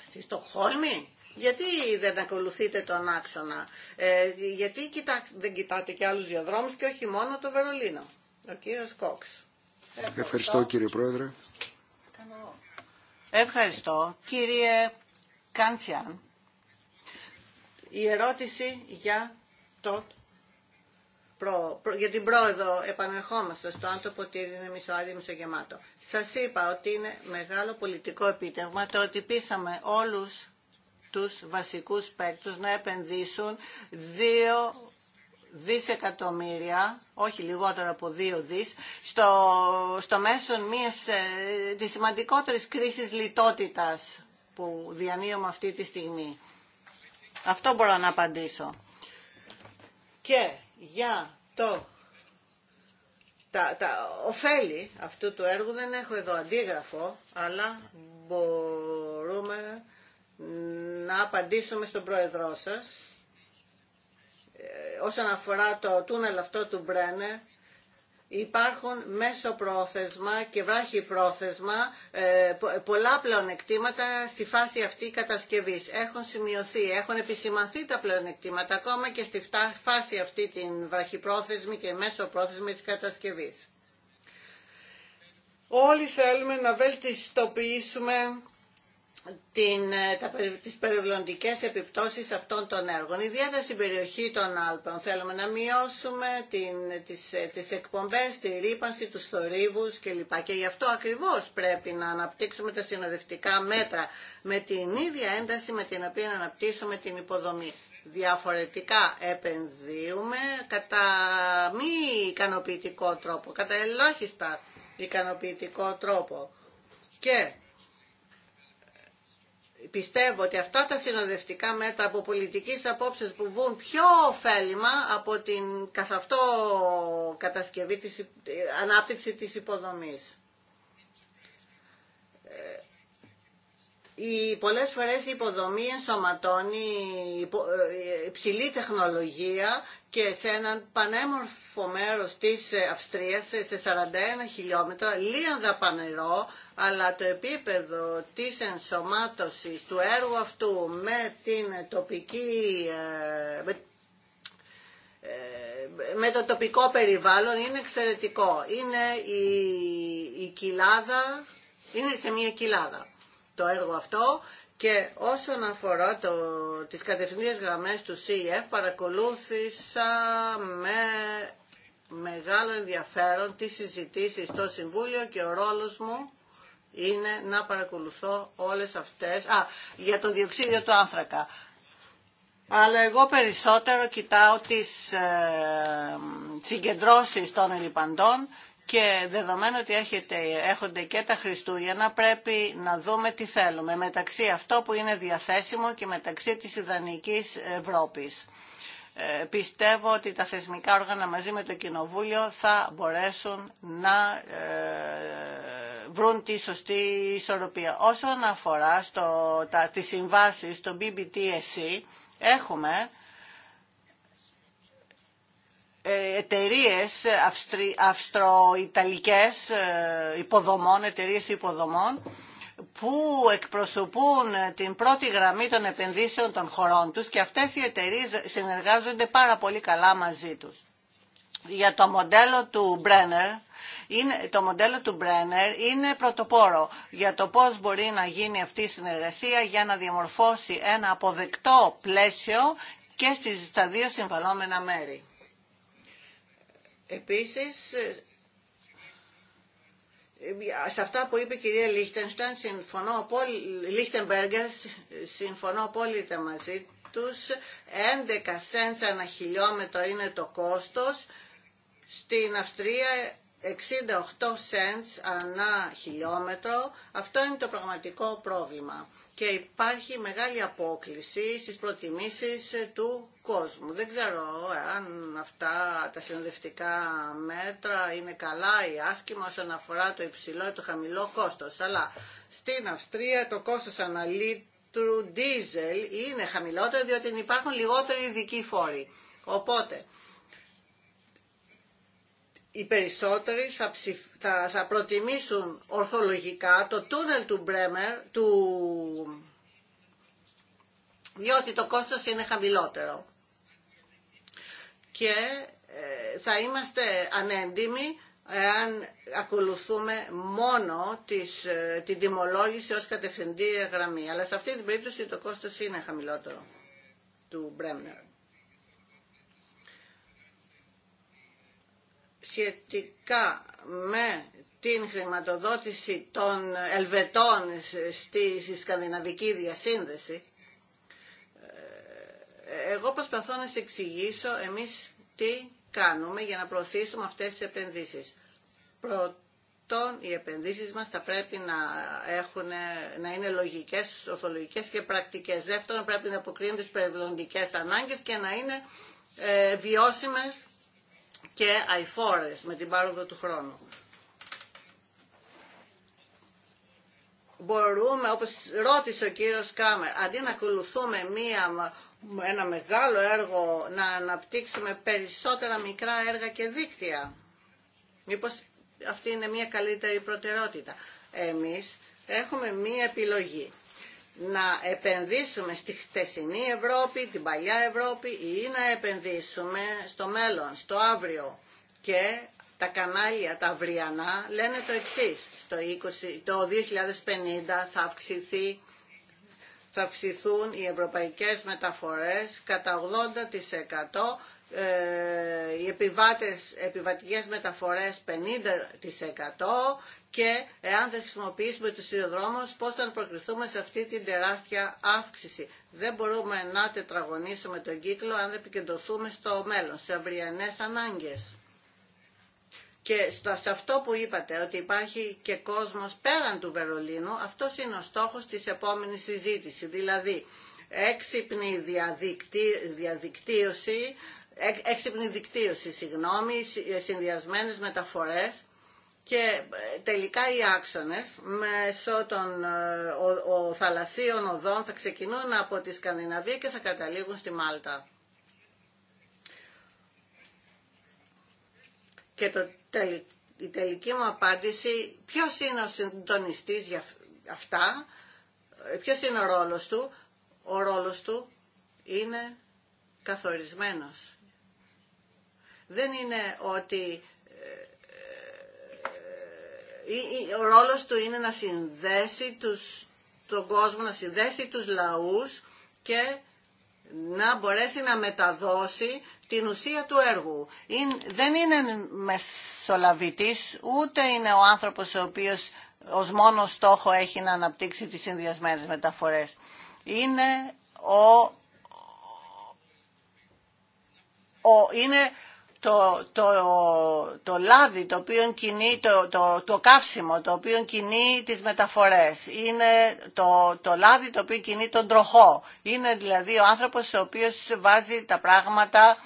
στη Στοχόλμη. Γιατί δεν ακολουθείτε τον άξονα, ε, γιατί κοιτά, δεν κοιτάτε και άλλους διαδρόμους και όχι μόνο το Βερολίνο. Ο κύριος Κόξ. Ευχαριστώ κύριε Πρόεδρε. Ευχαριστώ. Κύριε Κάντσιαν, η ερώτηση για, το, προ, προ, για την πρόοδο επανερχόμαστε στο αν το ποτήρι είναι μισοάδιο μισογεμάτο. Σας είπα ότι είναι μεγάλο πολιτικό επίτευγμα το ότι πείσαμε όλους τους βασικούς παίκτους να επενδύσουν δύο δισεκατομμύρια, όχι λιγότερο από δύο δις, στο, στο μέσο μιας ε, της σημαντικότερης κρίσης λιτότητας που διανύουμε αυτή τη στιγμή. Αυτό μπορώ να απαντήσω. Και για το τα, τα ωφέλη αυτού του έργου δεν έχω εδώ αντίγραφο, αλλά μπορούμε να απαντήσουμε στον πρόεδρό σας όσον αφορά το τούνελ αυτό του Μπρένερ, υπάρχουν μέσο πρόθεσμα και βράχη πρόθεσμα ε, πολλά πλεονεκτήματα στη φάση αυτή κατασκευής. Έχουν σημειωθεί, έχουν επισημανθεί τα πλεονεκτήματα ακόμα και στη φάση αυτή την βραχυπρόθεσμη και μέσο πρόθεσμη της κατασκευής. Όλοι θέλουμε να βελτιστοποιήσουμε την, ε, τα, τις επιπτώσεις αυτών των έργων. Ιδιαίτερα στην περιοχή των Άλπων θέλουμε να μειώσουμε την, ε, τις, εκπομπές, τη ρήπανση, τους θορύβους κλπ. Και γι' αυτό ακριβώς πρέπει να αναπτύξουμε τα συνοδευτικά μέτρα με την ίδια ένταση με την οποία αναπτύσσουμε την υποδομή. Διαφορετικά επενδύουμε κατά μη ικανοποιητικό τρόπο, κατά ελάχιστα ικανοποιητικό τρόπο. Και πιστεύω ότι αυτά τα συνοδευτικά μέτρα από που βγουν πιο ωφέλιμα από την καθ' αυτό κατασκευή της, ε, ανάπτυξη της υποδομής. οι, πολλές φορές η υποδομή ενσωματώνει ε, υψηλή τεχνολογία και σε έναν πανέμορφο μέρος της Αυστρίας σε 41 χιλιόμετρα, λίγο πανερό, αλλά το επίπεδο της ενσωμάτωσης του έργου αυτού με την τοπική ε, ε, με το τοπικό περιβάλλον είναι εξαιρετικό. Είναι η, η είναι σε μια κοιλάδα το έργο αυτό και όσον αφορά το, τις κατευθυντικές γραμμές του CEF παρακολούθησα με μεγάλο ενδιαφέρον τι συζητήσεις στο Συμβούλιο και ο ρόλος μου είναι να παρακολουθώ όλες αυτές. Α, για το διοξίδιο του άνθρακα. Αλλά εγώ περισσότερο κοιτάω τις ε, συγκεντρώσεις των ελληπαντών και δεδομένου ότι έχετε έρχονται και τα Χριστούγεννα, πρέπει να δούμε τι θέλουμε μεταξύ αυτό που είναι διαθέσιμο και μεταξύ της ιδανικής Ευρώπης. Ε, πιστεύω ότι τα θεσμικά όργανα μαζί με το Κοινοβούλιο θα μπορέσουν να ε, βρουν τη σωστή ισορροπία. Όσον αφορά στο, τα, τις συμβάσεις, το BBTSC, έχουμε ε, εταιρείες ε, αυστροϊταλικές ε, υποδομών, εταιρείες υποδομών που εκπροσωπούν την πρώτη γραμμή των επενδύσεων των χωρών τους και αυτές οι εταιρείες συνεργάζονται πάρα πολύ καλά μαζί τους. Για το μοντέλο του Brenner, είναι, το μοντέλο του Brenner είναι πρωτοπόρο για το πώς μπορεί να γίνει αυτή η συνεργασία για να διαμορφώσει ένα αποδεκτό πλαίσιο και στις, στα δύο συμβαλόμενα μέρη. Επίσης, σε αυτά που είπε η κυρία Λίχτενσταν, συμφωνώ απόλυτα, συμφωνώ απόλυτα μαζί τους, 11 cents ανά χιλιόμετρο είναι το κόστος, στην Αυστρία 68 cents ανά χιλιόμετρο. Αυτό είναι το πραγματικό πρόβλημα. Και υπάρχει μεγάλη απόκληση στις προτιμήσεις του κόσμου. Δεν ξέρω ε, αν αυτά τα συνοδευτικά μέτρα είναι καλά ή άσχημα όσον αφορά το υψηλό ή το χαμηλό κόστος. Αλλά στην Αυστρία το κόστος αναλύτρου ντίζελ είναι χαμηλότερο διότι υπάρχουν λιγότεροι ειδικοί φόροι. Οπότε, οι περισσότεροι θα, προτιμήσουν ορθολογικά το τούνελ του Μπρέμερ του διότι το κόστος είναι χαμηλότερο και ε, θα είμαστε ανέντιμοι εάν ακολουθούμε μόνο τις, ε, την τιμολόγηση ως κατευθυντή γραμμή. Αλλά σε αυτή την περίπτωση το κόστος είναι χαμηλότερο του Μπρέμνερ. Σχετικά με την χρηματοδότηση των Ελβετών στη σκανδιναβική διασύνδεση, ε, εγώ προσπαθώ να σε εξηγήσω εμείς τι κάνουμε για να προωθήσουμε αυτές τις επενδύσεις. Πρώτον, οι επενδύσεις μας θα πρέπει να, έχουν, να είναι λογικές, ορθολογικές και πρακτικές. Δεύτερον, πρέπει να αποκρίνουν τις περιβαλλοντικές ανάγκες και να είναι ε, βιώσιμες και αηφόρες με την πάροδο του χρόνου. μπορούμε, όπως ρώτησε ο κύριος Κάμερ, αντί να ακολουθούμε μία, ένα μεγάλο έργο, να αναπτύξουμε περισσότερα μικρά έργα και δίκτυα. Μήπως αυτή είναι μία καλύτερη προτεραιότητα. Εμείς έχουμε μία επιλογή. Να επενδύσουμε στη χτεσινή Ευρώπη, την παλιά Ευρώπη ή να επενδύσουμε στο μέλλον, στο αύριο. Και τα κανάλια τα αυριανά λένε το εξή. Στο το 2050 θα, αυξηθεί, θα αυξηθούν οι ευρωπαϊκές μεταφορές κατά 80%, ε, οι επιβάτες, επιβατικές μεταφορές 50% και εάν δεν χρησιμοποιήσουμε τους σιδηροδρόμους πώς θα προκριθούμε σε αυτή την τεράστια αύξηση. Δεν μπορούμε να τετραγωνίσουμε τον κύκλο αν δεν επικεντρωθούμε στο μέλλον, σε αυριανές ανάγκες. Και σε αυτό που είπατε, ότι υπάρχει και κόσμος πέραν του Βερολίνου, αυτός είναι ο στόχος της επόμενης συζήτησης. Δηλαδή, έξυπνη διαδικτύωση, ε, έξυπνη δικτύωση, συγγνώμη, ε, συνδυασμένες μεταφορές και ε, τελικά οι άξονες μέσω των ο, ο, θαλασσίων οδών θα ξεκινούν από τη Σκανδιναβία και θα καταλήγουν στη Μάλτα η τελική μου απάντηση ποιος είναι ο συντονιστής για αυτά, ε, ποιος είναι ο ρόλος του. Ο ρόλος του είναι καθορισμένος. Δεν είναι ότι ε, ε, ο ρόλος του είναι να συνδέσει τους, τον κόσμο, να συνδέσει τους λαούς και να μπορέσει να μεταδώσει την ουσία του έργου. Δεν είναι μεσολαβητής, ούτε είναι ο άνθρωπος ο οποίος ως μόνο στόχο έχει να αναπτύξει τις συνδυασμένες μεταφορές. Είναι ο, ο είναι το, το, το λάδι το οποίο κινεί, το, το, το καύσιμο το οποίο κινεί τις μεταφορές. Είναι το, το λάδι το οποίο κινεί τον τροχό. Είναι δηλαδή ο άνθρωπος ο οποίος βάζει τα πράγματα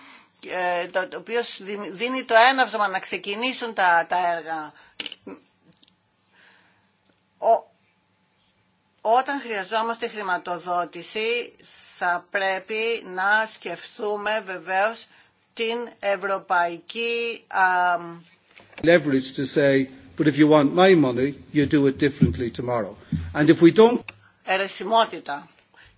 ε, το οποίο δίνει το έναυσμα να ξεκινήσουν τα, τα έργα. Ο, όταν χρειαζόμαστε χρηματοδότηση θα πρέπει να σκεφτούμε βεβαίως την ευρωπαϊκή... Leverage to say, but if you want my money, you do it differently tomorrow. And if we don't... Ερεσιμότητα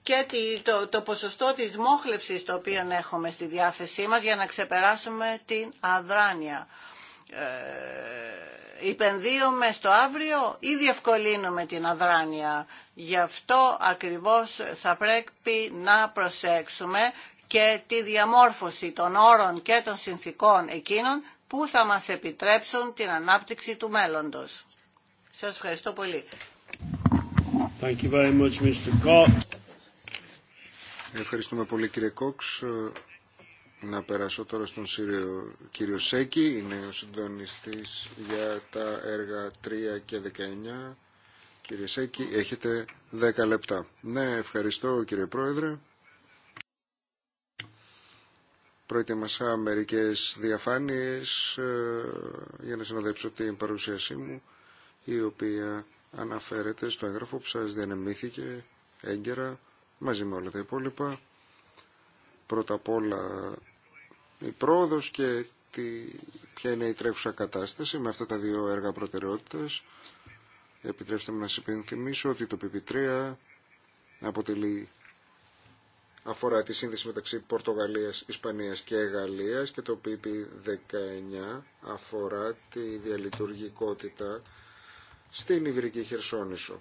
και το, το ποσοστό της μόχλευσης το οποίο έχουμε στη διάθεσή μας για να ξεπεράσουμε την αδράνεια. Ε, υπενδύουμε στο αύριο ή διευκολύνουμε την αδράνεια. Γι' αυτό ακριβώς θα πρέπει να προσέξουμε και τη διαμόρφωση των όρων και των συνθήκων εκείνων που θα μας επιτρέψουν την ανάπτυξη του μέλλοντος. Σας ευχαριστώ πολύ. Ευχαριστούμε πολύ κύριε Κόξ. Να περάσω τώρα στον κύριο Σέκη, είναι ο συντονιστής για τα έργα 3 και 19. Κύριε Σέκη, έχετε 10 λεπτά. Ναι, ευχαριστώ κύριε Πρόεδρε. Προετοίμασα μερικές διαφάνειες ε, για να συνοδέψω την παρουσίασή μου, η οποία αναφέρεται στο έγγραφο που σας διανεμήθηκε έγκαιρα μαζί με όλα τα υπόλοιπα. Πρώτα απ' όλα η πρόοδος και τη, ποια είναι η τρέχουσα κατάσταση με αυτά τα δύο έργα προτεραιότητας. Επιτρέψτε μου να σας υπενθυμίσω ότι το PP3 αποτελεί αφορά τη σύνδεση μεταξύ Πορτογαλίας, Ισπανίας και Γαλλίας και το PP19 αφορά τη διαλειτουργικότητα στην Ιβρυκή Χερσόνησο.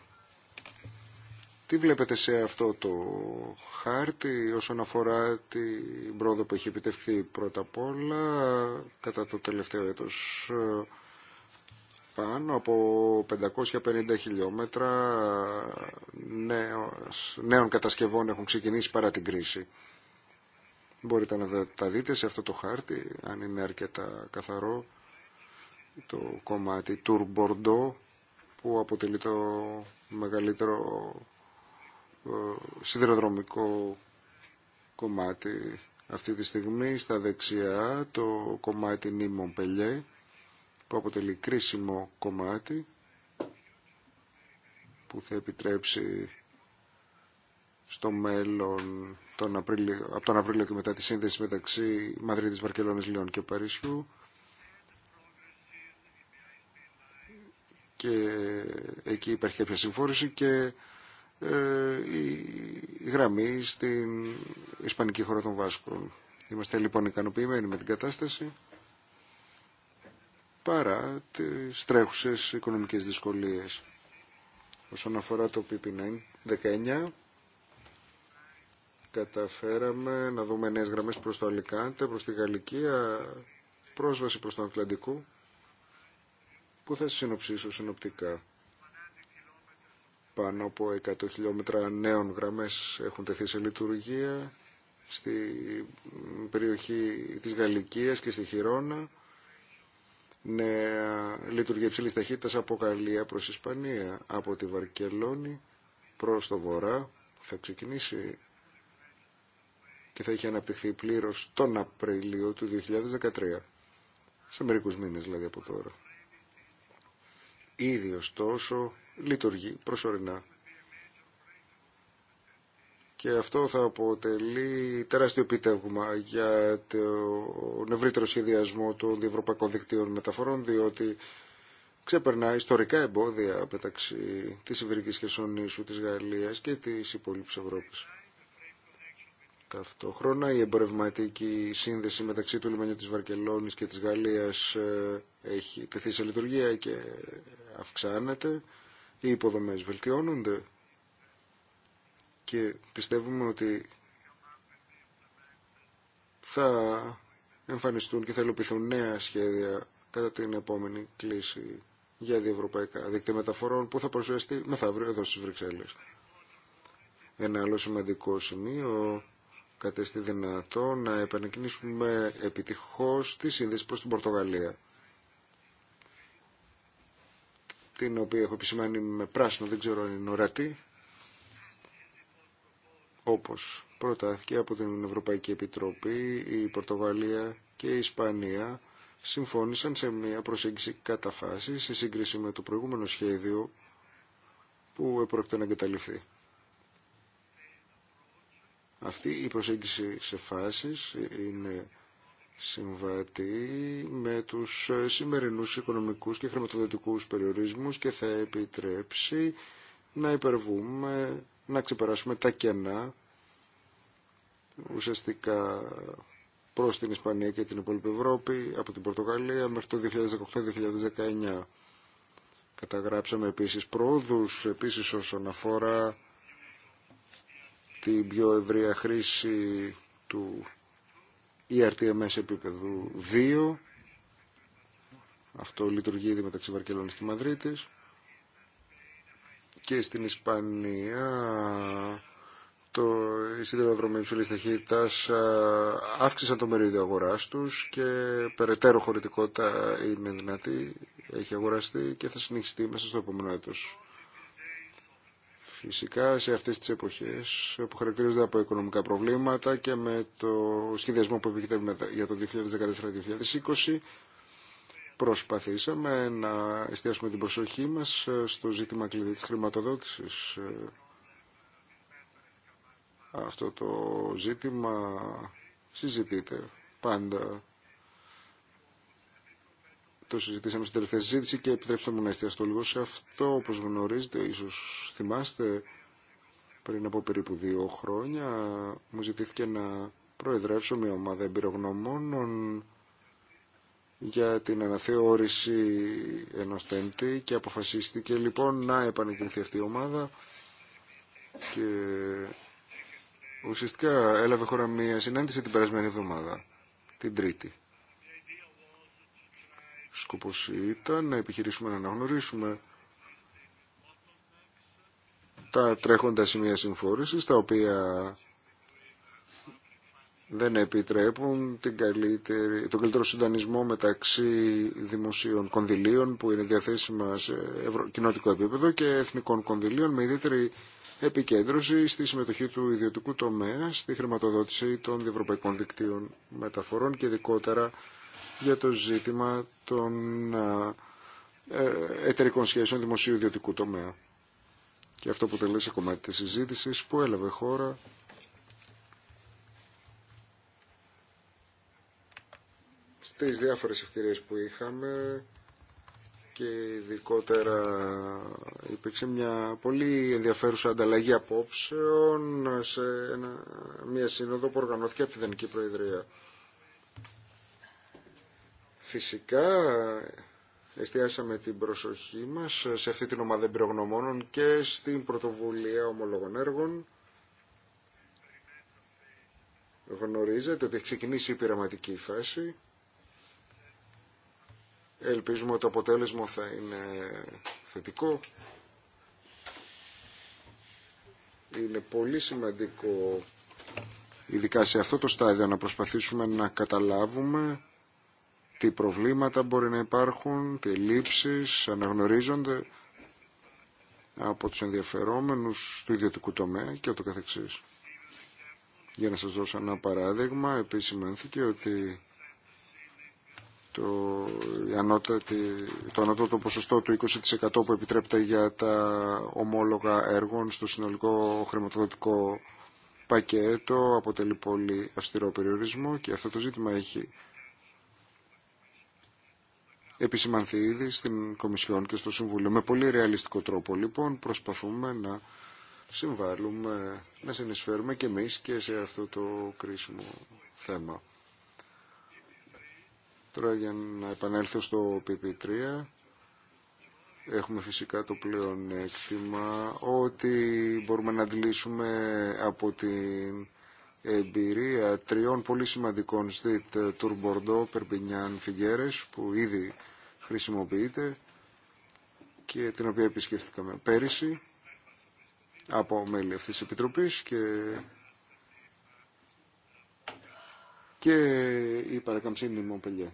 Τι βλέπετε σε αυτό το χάρτη όσον αφορά την πρόοδο που έχει επιτευχθεί πρώτα απ' όλα κατά το τελευταίο έτος ε, πάνω από 550 χιλιόμετρα νέων κατασκευών έχουν ξεκινήσει παρά την κρίση. Μπορείτε να τα δείτε σε αυτό το χάρτη, αν είναι αρκετά καθαρό, το κομμάτι Tour Bordeaux που αποτελεί το μεγαλύτερο ε, σιδηροδρομικό κομμάτι αυτή τη στιγμή στα δεξιά το κομμάτι Νίμον Πελιέ που αποτελεί κρίσιμο κομμάτι που θα επιτρέψει στο μέλλον τον Απρίλιο, από τον Απρίλιο και μετά τη σύνδεση μεταξύ Μαδρίτης, Βαρκελόνης, Λιών και Παρίσιου και εκεί υπάρχει κάποια συμφόρηση και ε, η γραμμή στην Ισπανική χώρα των Βάσκων. Είμαστε λοιπόν ικανοποιημένοι με την κατάσταση παρά τις τρέχουσες οικονομικές δυσκολίες. Όσον αφορά το PP19, καταφέραμε να δούμε νέες γραμμές προς το Αλικάντε, προς τη Γαλλική πρόσβαση προς τον Ατλαντικό, που θα συνοψίσω συνοπτικά. Πάνω από 100 χιλιόμετρα νέων γραμμές έχουν τεθεί σε λειτουργία στη περιοχή της Γαλλικίας και στη Χιρόνα. Νέα λειτουργία υψηλής ταχύτητας από Γαλλία προς Ισπανία, από τη Βαρκελόνη προς το Βορρά. Θα ξεκινήσει και θα έχει αναπτυχθεί πλήρως τον Απρίλιο του 2013. Σε μερικούς μήνες δηλαδή από τώρα. Ήδη ωστόσο λειτουργεί προσωρινά. Και αυτό θα αποτελεί τεράστιο επίτευγμα για τον ευρύτερο σχεδιασμό των διευρωπαϊκών δικτύων μεταφορών, διότι ξεπερνά ιστορικά εμπόδια μεταξύ της Ιβηρικής Χερσονήσου, της Γαλλίας και της υπόλοιπης Ευρώπης. Ταυτόχρονα η εμπορευματική σύνδεση μεταξύ του λιμανιού της Βαρκελόνης και της Γαλλίας ε, έχει τεθεί σε λειτουργία και αυξάνεται οι υποδομές βελτιώνονται και πιστεύουμε ότι θα εμφανιστούν και θα υλοποιηθούν νέα σχέδια κατά την επόμενη κλίση για διευρωπαϊκά δίκτυα μεταφορών που θα παρουσιαστεί μεθαύριο εδώ στις Βρυξέλλες. Ένα άλλο σημαντικό σημείο κατέστη δυνατό να επανεκκινήσουμε επιτυχώς τη σύνδεση προς την Πορτογαλία. την οποία έχω επισημάνει με πράσινο, δεν ξέρω αν είναι ορατή, όπως προτάθηκε από την Ευρωπαϊκή Επιτροπή, η Πορτογαλία και η Ισπανία συμφώνησαν σε μια προσέγγιση κατά φάση σε σύγκριση με το προηγούμενο σχέδιο που επρόκειται να εγκαταλειφθεί. Αυτή η προσέγγιση σε φάσεις είναι Συμβατεί με τους σημερινούς οικονομικούς και χρηματοδοτικούς περιορισμούς και θα επιτρέψει να υπερβούμε, να ξεπεράσουμε τα κενά ουσιαστικά προς την Ισπανία και την υπόλοιπη Ευρώπη από την Πορτογαλία μέχρι το 2018-2019. Καταγράψαμε επίσης πρόοδους, επίσης όσον αφορά την πιο ευρεία χρήση του η RTMS επίπεδου 2. Αυτό λειτουργεί ήδη μεταξύ Βαρκελόνης και Μαδρίτης. Και στην Ισπανία το σιδηροδρομοί υψηλή ταχύτητα αύξησαν το μερίδιο αγορά του και περαιτέρω χωρητικότητα είναι δυνατή, έχει αγοραστεί και θα συνεχιστεί μέσα στο επόμενο έτος. Φυσικά σε αυτές τις εποχές που χαρακτηρίζονται από οικονομικά προβλήματα και με το σχεδιασμό που επικοινωνούμε για το 2014-2020 προσπαθήσαμε να εστιάσουμε την προσοχή μας στο ζήτημα κλειδί της χρηματοδότησης. Αυτό το ζήτημα συζητείται πάντα το συζητήσαμε στην τελευταία συζήτηση και επιτρέψτε μου να εστιαστώ λίγο σε αυτό. Όπω γνωρίζετε, ίσω θυμάστε, πριν από περίπου δύο χρόνια μου ζητήθηκε να προεδρεύσω μια ομάδα εμπειρογνωμόνων για την αναθεώρηση ενός τέντη και αποφασίστηκε λοιπόν να επανεκκληθεί αυτή η ομάδα και ουσιαστικά έλαβε χώρα μια συνάντηση την περασμένη εβδομάδα, την Τρίτη. Σκοπός ήταν να επιχειρήσουμε να αναγνωρίσουμε τα τρέχοντα σημεία συμφόρησης, τα οποία δεν επιτρέπουν την καλύτερη, τον καλύτερο συντανισμό μεταξύ δημοσίων κονδυλίων που είναι διαθέσιμα σε ευρω... επίπεδο και εθνικών κονδυλίων με ιδιαίτερη επικέντρωση στη συμμετοχή του ιδιωτικού τομέα στη χρηματοδότηση των διευρωπαϊκών δικτύων μεταφορών και ειδικότερα για το ζήτημα των ε, ε, εταιρικών σχέσεων δημοσίου ιδιωτικού τομέα. Και αυτό που τελείωσε κομμάτι της συζήτησης που έλαβε χώρα στις διάφορες ευκαιρίες που είχαμε και ειδικότερα υπήρξε μια πολύ ενδιαφέρουσα ανταλλαγή απόψεων σε μια σύνοδο που οργανώθηκε από τη Δανική Προεδρία. Φυσικά εστιάσαμε την προσοχή μας σε αυτή την ομάδα εμπειρογνωμόνων και στην πρωτοβουλία ομολόγων έργων. Γνωρίζετε ότι έχει ξεκινήσει η πειραματική φάση. Ελπίζουμε ότι το αποτέλεσμα θα είναι θετικό. Είναι πολύ σημαντικό, ειδικά σε αυτό το στάδιο, να προσπαθήσουμε να καταλάβουμε τι προβλήματα μπορεί να υπάρχουν, τι ελλείψεις αναγνωρίζονται από τους ενδιαφερόμενους του ιδιωτικού τομέα και ούτω καθεξής. Για να σας δώσω ένα παράδειγμα, επισημανθήκε ότι το, ανώτατη, το ανώτατο ποσοστό του 20% που επιτρέπεται για τα ομόλογα έργων στο συνολικό χρηματοδοτικό πακέτο αποτελεί πολύ αυστηρό περιορισμό και αυτό το ζήτημα έχει επισημανθεί ήδη στην Κομισιόν και στο Συμβούλιο. Με πολύ ρεαλιστικό τρόπο λοιπόν προσπαθούμε να συμβάλλουμε, να συνεισφέρουμε και εμείς και σε αυτό το κρίσιμο θέμα. Τώρα για να επανέλθω στο PP3 έχουμε φυσικά το πλέον έκτημα ότι μπορούμε να αντιλήσουμε από την εμπειρία τριών πολύ σημαντικών στιτ Τουρμπορντό, Περμπινιάν Φιγέρες που ήδη χρησιμοποιείται και την οποία επισκεφθήκαμε πέρυσι από μέλη αυτής της Επιτροπής και, και η παρακαμψή Μομπελιέ.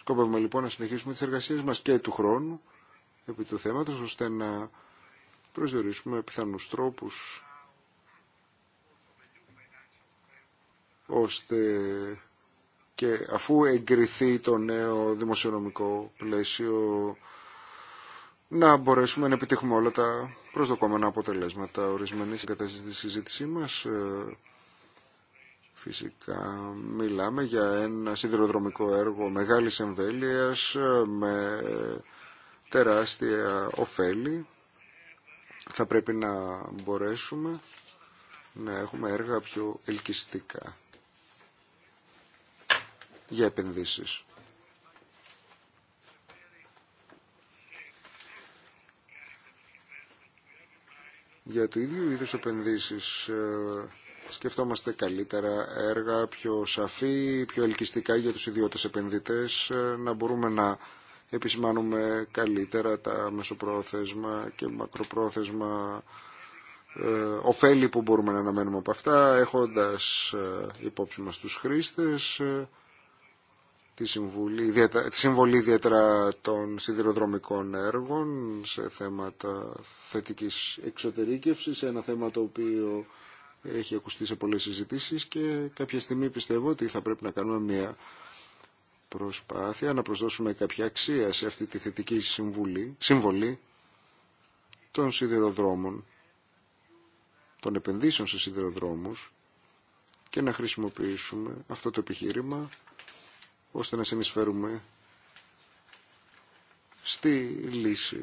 Σκόπευμε λοιπόν να συνεχίσουμε τις εργασίες μας και του χρόνου επί του θέματος ώστε να προσδιορίσουμε πιθανούς τρόπους ώστε και αφού εγκριθεί το νέο δημοσιονομικό πλαίσιο να μπορέσουμε να επιτύχουμε όλα τα προσδοκόμενα αποτελέσματα ορισμένη συγκατάσταση συζήτησή μας. Ε, φυσικά μιλάμε για ένα σιδηροδρομικό έργο μεγάλης εμβέλειας ε, με τεράστια ωφέλη. Θα πρέπει να μπορέσουμε να έχουμε έργα πιο ελκυστικά για επενδύσεις. Για το ίδιο είδους επενδύσεις ε, σκεφτόμαστε καλύτερα έργα, πιο σαφή, πιο ελκυστικά για τους ιδιώτες επενδυτές, ε, να μπορούμε να επισημάνουμε καλύτερα τα μεσοπρόθεσμα και μακροπρόθεσμα ε, ωφέλη που μπορούμε να αναμένουμε από αυτά έχοντας ε, υπόψη μας τους χρήστες τη συμβολή, ιδιαίτερα, συμβολή των σιδηροδρομικών έργων σε θέματα θετικής εξωτερήκευσης, σε ένα θέμα το οποίο έχει ακουστεί σε πολλές συζητήσεις και κάποια στιγμή πιστεύω ότι θα πρέπει να κάνουμε μια προσπάθεια να προσδώσουμε κάποια αξία σε αυτή τη θετική συμβουλή, συμβολή των σιδηροδρόμων, των επενδύσεων σε σιδηροδρόμους και να χρησιμοποιήσουμε αυτό το επιχείρημα ώστε να συνεισφέρουμε στη λύση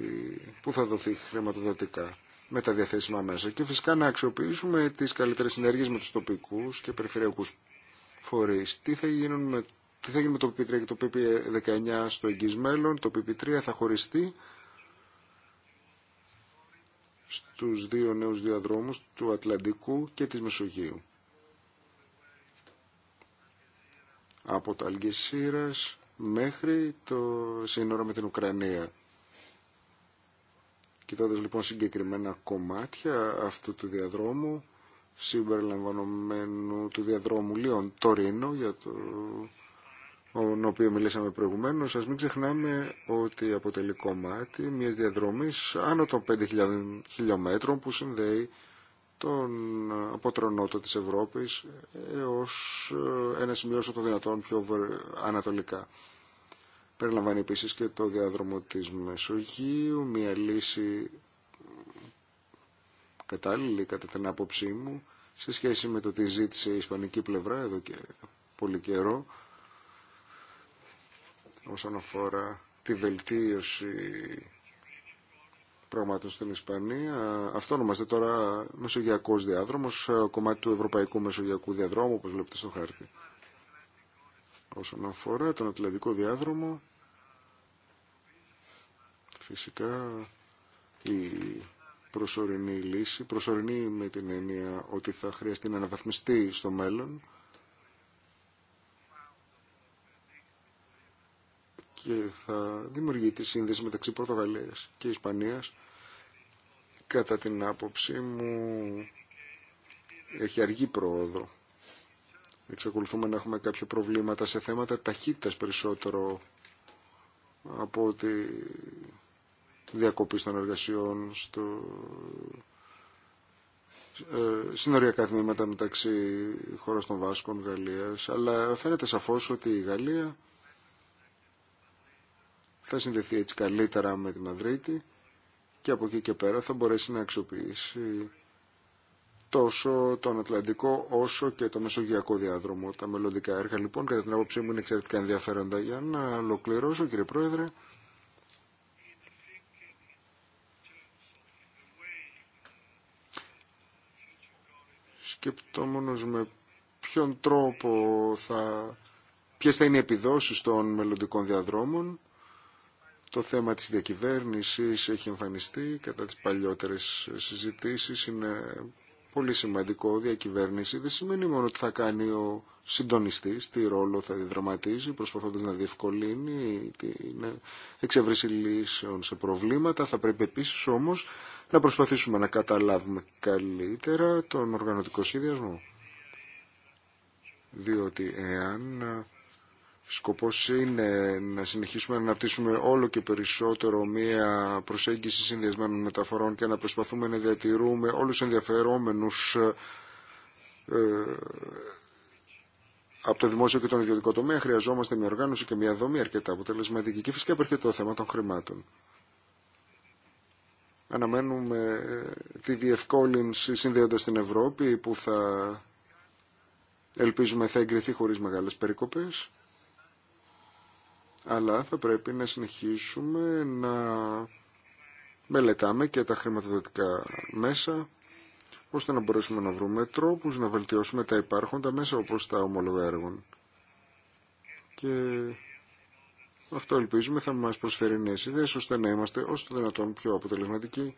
που θα δοθεί χρηματοδοτικά με τα διαθέσιμα μέσα και φυσικά να αξιοποιήσουμε τις καλύτερες συνέργειες με τους τοπικούς και περιφερειακούς φορείς. Τι θα, γίνουν με, τι θα γίνει με το PP3 και το PP19 στο εγγύς μέλλον, το PP3 θα χωριστεί στους δύο νέους διαδρόμους του Ατλαντικού και της Μεσογείου. από το Αλγεσίρας μέχρι το σύνορο με την Ουκρανία. Κοιτώντας λοιπόν συγκεκριμένα κομμάτια αυτού του διαδρόμου, συμπεριλαμβανομένου του διαδρόμου Λίον Τωρίνο, για το τον οποίο μιλήσαμε προηγουμένως, ας μην ξεχνάμε ότι αποτελεί κομμάτι μιας διαδρομής άνω των 5.000 χιλιόμετρων που συνδέει τον αποτρονότο της Ευρώπης ως ε, ένα σημείο όσο το δυνατόν πιο ανατολικά. Περιλαμβάνει επίσης και το διάδρομο της Μεσογείου, μια λύση κατάλληλη κατά την άποψή μου σε σχέση με το τι ζήτησε η ισπανική πλευρά εδώ και πολύ καιρό όσον αφορά τη βελτίωση στην Ισπανία. Αυτό ονομάζεται τώρα Μεσογειακός Διάδρομος, ε, κομμάτι του Ευρωπαϊκού Μεσογειακού Διαδρόμου, όπω βλέπετε στο χάρτη. Όσον αφορά τον Ατλαντικό Διάδρομο, φυσικά η προσωρινή λύση, προσωρινή με την έννοια ότι θα χρειαστεί να αναβαθμιστεί στο μέλλον, και θα δημιουργεί τη σύνδεση μεταξύ Πορτογαλίας και Ισπανίας Κατά την άποψή μου έχει αργή πρόοδο. Εξακολουθούμε να έχουμε κάποια προβλήματα σε θέματα ταχύτητας περισσότερο από τη διακοπή των εργασιών στο ε, συνοριακά τμήματα μεταξύ χώρας των Βάσκων, Γαλλίας, αλλά φαίνεται σαφώς ότι η Γαλλία θα συνδεθεί έτσι καλύτερα με τη Μαδρίτη και από εκεί και πέρα θα μπορέσει να αξιοποιήσει τόσο τον Ατλαντικό όσο και το Μεσογειακό διάδρομο. Τα μελλοντικά έργα λοιπόν κατά την άποψή μου είναι εξαιρετικά ενδιαφέροντα. Για να ολοκληρώσω κύριε Πρόεδρε. σκεπτόμενος με ποιον τρόπο θα... Ποιες θα είναι οι επιδόσεις των μελλοντικών διαδρόμων το θέμα της διακυβέρνησης έχει εμφανιστεί κατά τις παλιότερες συζητήσεις. Είναι πολύ σημαντικό. Διακυβέρνηση δεν σημαίνει μόνο τι θα κάνει ο συντονιστής, τι ρόλο θα διδραματίζει, προσπαθώντας να διευκολύνει την εξεύρεση λύσεων σε προβλήματα. Θα πρέπει επίσης όμως να προσπαθήσουμε να καταλάβουμε καλύτερα τον οργανωτικό σχεδιασμό. Διότι εάν Σκοπός είναι να συνεχίσουμε να αναπτύσσουμε όλο και περισσότερο μία προσέγγιση συνδυασμένων μεταφορών και να προσπαθούμε να διατηρούμε όλους τους ενδιαφερόμενους ε, από το δημόσιο και τον ιδιωτικό τομέα. Χρειαζόμαστε μια οργάνωση και μια δομή αρκετά αποτελεσματική και φυσικά υπάρχει το θέμα των χρημάτων. Αναμένουμε ε, τη διευκόλυνση συνδέοντας την Ευρώπη που θα ελπίζουμε θα εγκριθεί χωρίς μεγάλες περικοπές αλλά θα πρέπει να συνεχίσουμε να μελετάμε και τα χρηματοδοτικά μέσα ώστε να μπορέσουμε να βρούμε τρόπους να βελτιώσουμε τα υπάρχοντα μέσα όπως τα ομόλογα Και αυτό ελπίζουμε θα μας προσφέρει νέες ιδέες ώστε να είμαστε όσο το δυνατόν πιο αποτελεσματικοί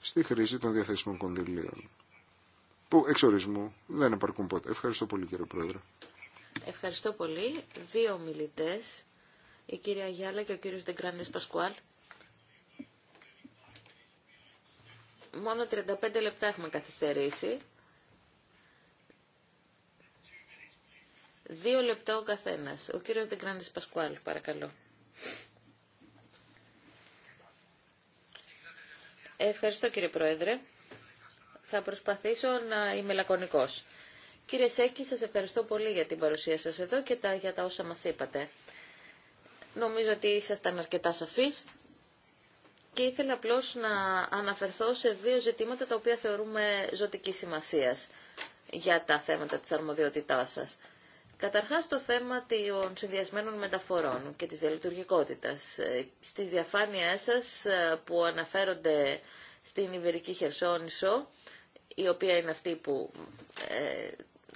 στη χρήση των διαθέσιμων κονδυλίων που ορισμού δεν επαρκούν ποτέ. Ευχαριστώ πολύ κύριε Πρόεδρε. Ευχαριστώ πολύ. Δύο μιλητές η κυρία Γιάλα και ο κύριος Δεγκράντης Πασκουάλ. Μόνο 35 λεπτά έχουμε καθυστερήσει. Δύο λεπτά ο καθένας. Ο κύριος Δεγκράντης Πασκουάλ, παρακαλώ. Ευχαριστώ κύριε Πρόεδρε. Θα προσπαθήσω να είμαι λακωνικός. Κύριε Σέκη, σας ευχαριστώ πολύ για την παρουσία σας εδώ και τα, για τα όσα μας είπατε. Νομίζω ότι ήσασταν αρκετά σαφείς και ήθελα απλώς να αναφερθώ σε δύο ζητήματα τα οποία θεωρούμε ζωτική σημασίας για τα θέματα της αρμοδιότητάς σας. Καταρχάς το θέμα των συνδυασμένων μεταφορών και της διαλειτουργικότητας. Ε, στις διαφάνειές σας ε, που αναφέρονται στην Ιβερική Χερσόνησο, η οποία είναι αυτή που ε,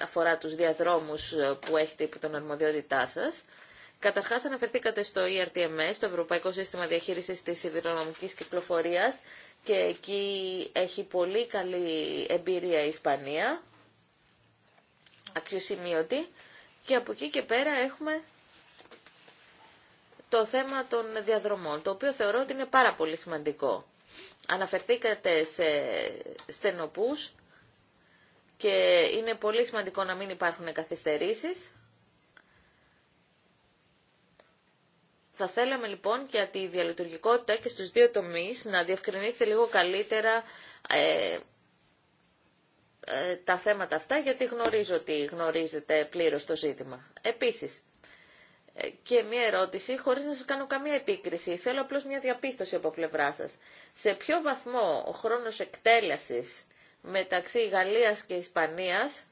αφορά τους διαδρόμους που έχετε υπό τον αρμοδιότητά σας, Καταρχάς αναφερθήκατε στο ERTMS, το Ευρωπαϊκό Σύστημα Διαχείρισης της Σιδηροδρομικής Κυκλοφορίας και εκεί έχει πολύ καλή εμπειρία η Ισπανία, αξιοσημείωτη. Και από εκεί και πέρα έχουμε το θέμα των διαδρομών, το οποίο θεωρώ ότι είναι πάρα πολύ σημαντικό. Αναφερθήκατε σε στενοπούς και είναι πολύ σημαντικό να μην υπάρχουν καθυστερήσεις. Θα θέλαμε λοιπόν για τη διαλειτουργικότητα και στους δύο τομείς να διευκρινίσετε λίγο καλύτερα ε, ε τα θέματα αυτά, γιατί γνωρίζω ότι γνωρίζετε πλήρως το ζήτημα. Επίσης, ε, και μία ερώτηση, χωρίς να σας κάνω καμία επίκριση, θέλω απλώς μια διαπίστωση από πλευρά σας. Σε ποιο βαθμό ο χρόνος εκτέλεσης μεταξύ Γαλλίας και Ισπανίας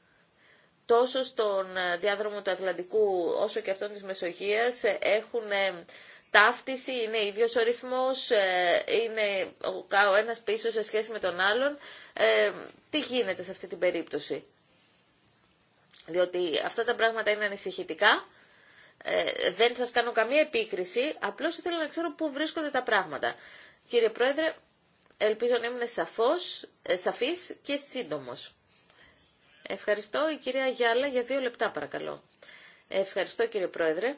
τόσο στον ε, διάδρομο του Ατλαντικού όσο και αυτόν της Μεσογείας ε, έχουν ε, ταύτιση, είναι ίδιος ο ρυθμός, είναι ο ένας πίσω σε σχέση με τον άλλον. τι γίνεται σε αυτή την περίπτωση. Διότι αυτά τα πράγματα είναι ανησυχητικά. δεν σας κάνω καμία επίκριση, απλώς ήθελα να ξέρω πού βρίσκονται τα πράγματα. Κύριε Πρόεδρε, ελπίζω να ήμουν σαφής και σύντομος. Ευχαριστώ. Η κυρία Γιάλα για δύο λεπτά παρακαλώ. Ευχαριστώ κύριε Πρόεδρε.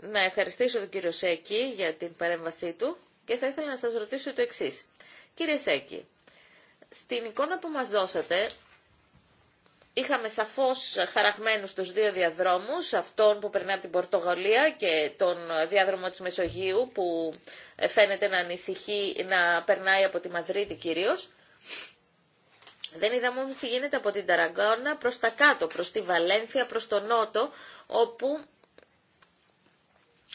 Να ευχαριστήσω τον κύριο Σέκη για την παρέμβασή του και θα ήθελα να σας ρωτήσω το εξής. Κύριε Σέκη, στην εικόνα που μας δώσατε είχαμε σαφώς χαραγμένους τους δύο διαδρόμους, αυτόν που περνά από την Πορτογαλία και τον διάδρομο της Μεσογείου που φαίνεται να ανησυχεί να περνάει από τη Μαδρίτη κυρίως. Δεν είδαμε όμως τι γίνεται από την Ταραγκόνα προς τα κάτω, προς τη Βαλένθια, προς τον Νότο, όπου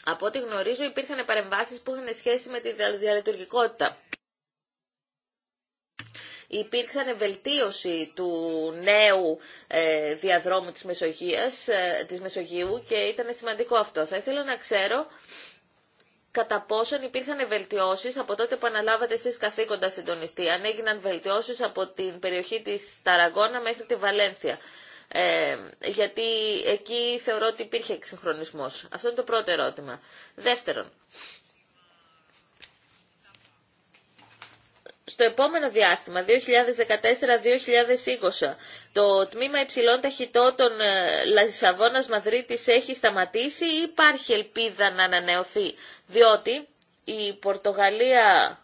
από ό,τι γνωρίζω υπήρχαν παρεμβάσεις που είχαν σχέση με τη διαλειτουργικότητα. Υπήρξαν βελτίωση του νέου ε, διαδρόμου της, ε, της Μεσογείου και ήταν σημαντικό αυτό. Θα ήθελα να ξέρω κατά πόσον υπήρχαν βελτιώσει από τότε που αναλάβατε εσεί καθήκοντα συντονιστή. Αν έγιναν βελτιώσει από την περιοχή τη Ταραγώνα μέχρι τη Βαλένθια. Ε, γιατί εκεί θεωρώ ότι υπήρχε εξυγχρονισμό. Αυτό είναι το πρώτο ερώτημα. Δεύτερον, στο επόμενο διάστημα, 2014-2020, το τμήμα υψηλών ταχυτώτων ε, Λισαβόνα Μαδρίτης έχει σταματήσει ή υπάρχει ελπίδα να ανανεωθεί. Διότι η Πορτογαλία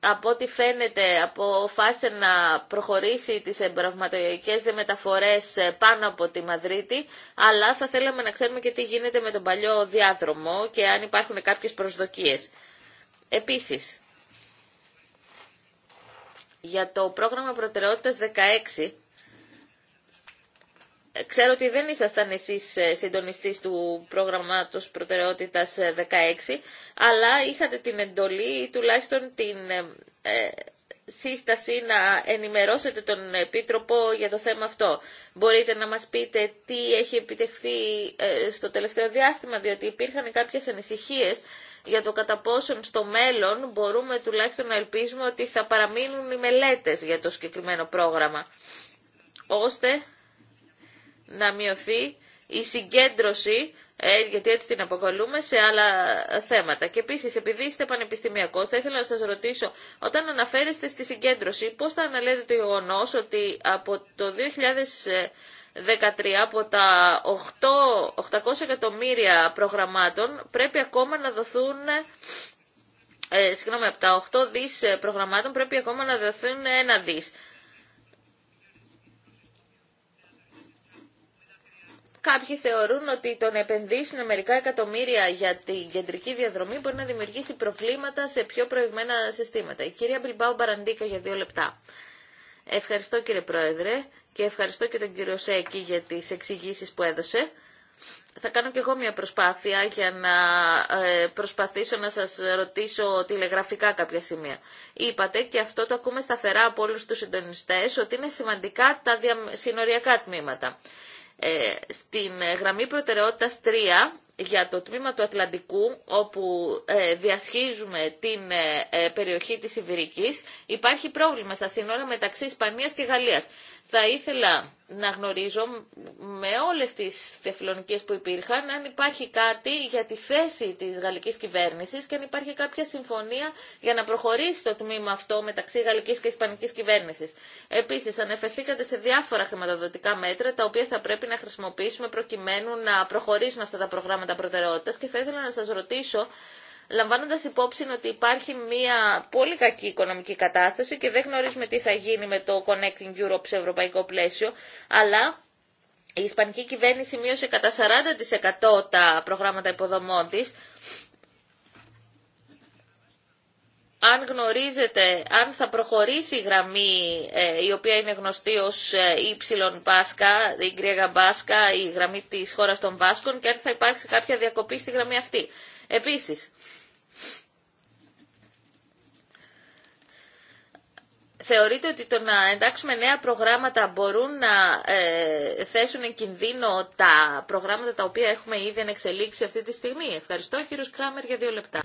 από ό,τι φαίνεται αποφάσισε να προχωρήσει τις δε μεταφορές ε, πάνω από τη Μαδρίτη, αλλά θα θέλαμε να ξέρουμε και τι γίνεται με τον παλιό διάδρομο και αν υπάρχουν κάποιες προσδοκίες. Επίσης, για το πρόγραμμα προτεραιότητας 16, Ξέρω ότι δεν ήσασταν εσείς ε, συντονιστής του πρόγραμματος προτεραιότητας 16, ε, αλλά είχατε την εντολή ή τουλάχιστον την ε, ε, σύσταση να ενημερώσετε τον Επίτροπο για το θέμα αυτό. Μπορείτε να μας πείτε τι έχει επιτευχθεί στο τελευταίο διάστημα, διότι υπήρχαν κάποιες ανησυχίες για το κατά πόσον στο μέλλον μπορούμε τουλάχιστον να ελπίζουμε ότι θα παραμείνουν οι μελέτες για το συγκεκριμένο πρόγραμμα, ώστε να μειωθεί η συγκέντρωση ε, γιατί έτσι την αποκαλούμε σε άλλα θέματα. Και επίση, επειδή είστε πανεπιστημιακό, θα ήθελα να σα ρωτήσω, όταν αναφέρεστε στη συγκέντρωση, πώ θα αναλέτε το γεγονό ότι από το 2013, από τα 8, 800 εκατομμύρια προγραμμάτων, πρέπει ακόμα να δοθούν. Ε, συγγνώμη, από τα 8 δις προγραμμάτων πρέπει ακόμα να δοθούν ένα δις. Κάποιοι θεωρούν ότι το να επενδύσουν μερικά εκατομμύρια για την κεντρική διαδρομή μπορεί να δημιουργήσει προβλήματα σε πιο προηγμένα συστήματα. Η κυρία Μπιλμπάου Μπαραντίκα για δύο λεπτά. Ευχαριστώ κύριε Πρόεδρε και ευχαριστώ και τον κύριο Σέκη για τις εξηγήσεις που έδωσε. Θα κάνω και εγώ μια προσπάθεια για να ε, προσπαθήσω να σας ρωτήσω τηλεγραφικά κάποια σημεία. Είπατε και αυτό το ακούμε σταθερά από όλους τους συντονιστές ότι είναι σημαντικά τα συνοριακά τμήματα. Ε, στην γραμμή προτεραιότητας 3 για το τμήμα του Ατλαντικού όπου ε, διασχίζουμε την ε, περιοχή της Ιβηρικής υπάρχει πρόβλημα στα σύνορα μεταξύ Ισπανίας και Γαλλίας. Θα ήθελα να γνωρίζω με όλες τις τεφλονικές που υπήρχαν αν υπάρχει κάτι για τη θέση της γαλλικής κυβέρνησης και αν υπάρχει κάποια συμφωνία για να προχωρήσει το τμήμα αυτό μεταξύ γαλλικής και ισπανικής κυβέρνησης. Επίσης, ανεφεθήκατε σε διάφορα χρηματοδοτικά μέτρα τα οποία θα πρέπει να χρησιμοποιήσουμε προκειμένου να προχωρήσουν αυτά τα προγράμματα προτεραιότητας και θα ήθελα να σας ρωτήσω λαμβάνοντας υπόψη ότι υπάρχει μια πολύ κακή οικονομική κατάσταση και δεν γνωρίζουμε τι θα γίνει με το Connecting Europe σε ευρωπαϊκό πλαίσιο, αλλά η Ισπανική κυβέρνηση μείωσε κατά 40% τα προγράμματα υποδομών της, αν γνωρίζετε, αν θα προχωρήσει η γραμμή ε, η οποία είναι γνωστή ως ε, Y πασκα η Μπάσκα, η γραμμή της χώρας των Βάσκων και αν θα υπάρξει κάποια διακοπή στη γραμμή αυτή. Επίσης, Θεωρείτε ότι το να εντάξουμε νέα προγράμματα μπορούν να ε, θέσουν κινδύνο τα προγράμματα τα οποία έχουμε ήδη εξελίξει αυτή τη στιγμή. Ευχαριστώ κύριο Κράμερ για δύο λεπτά.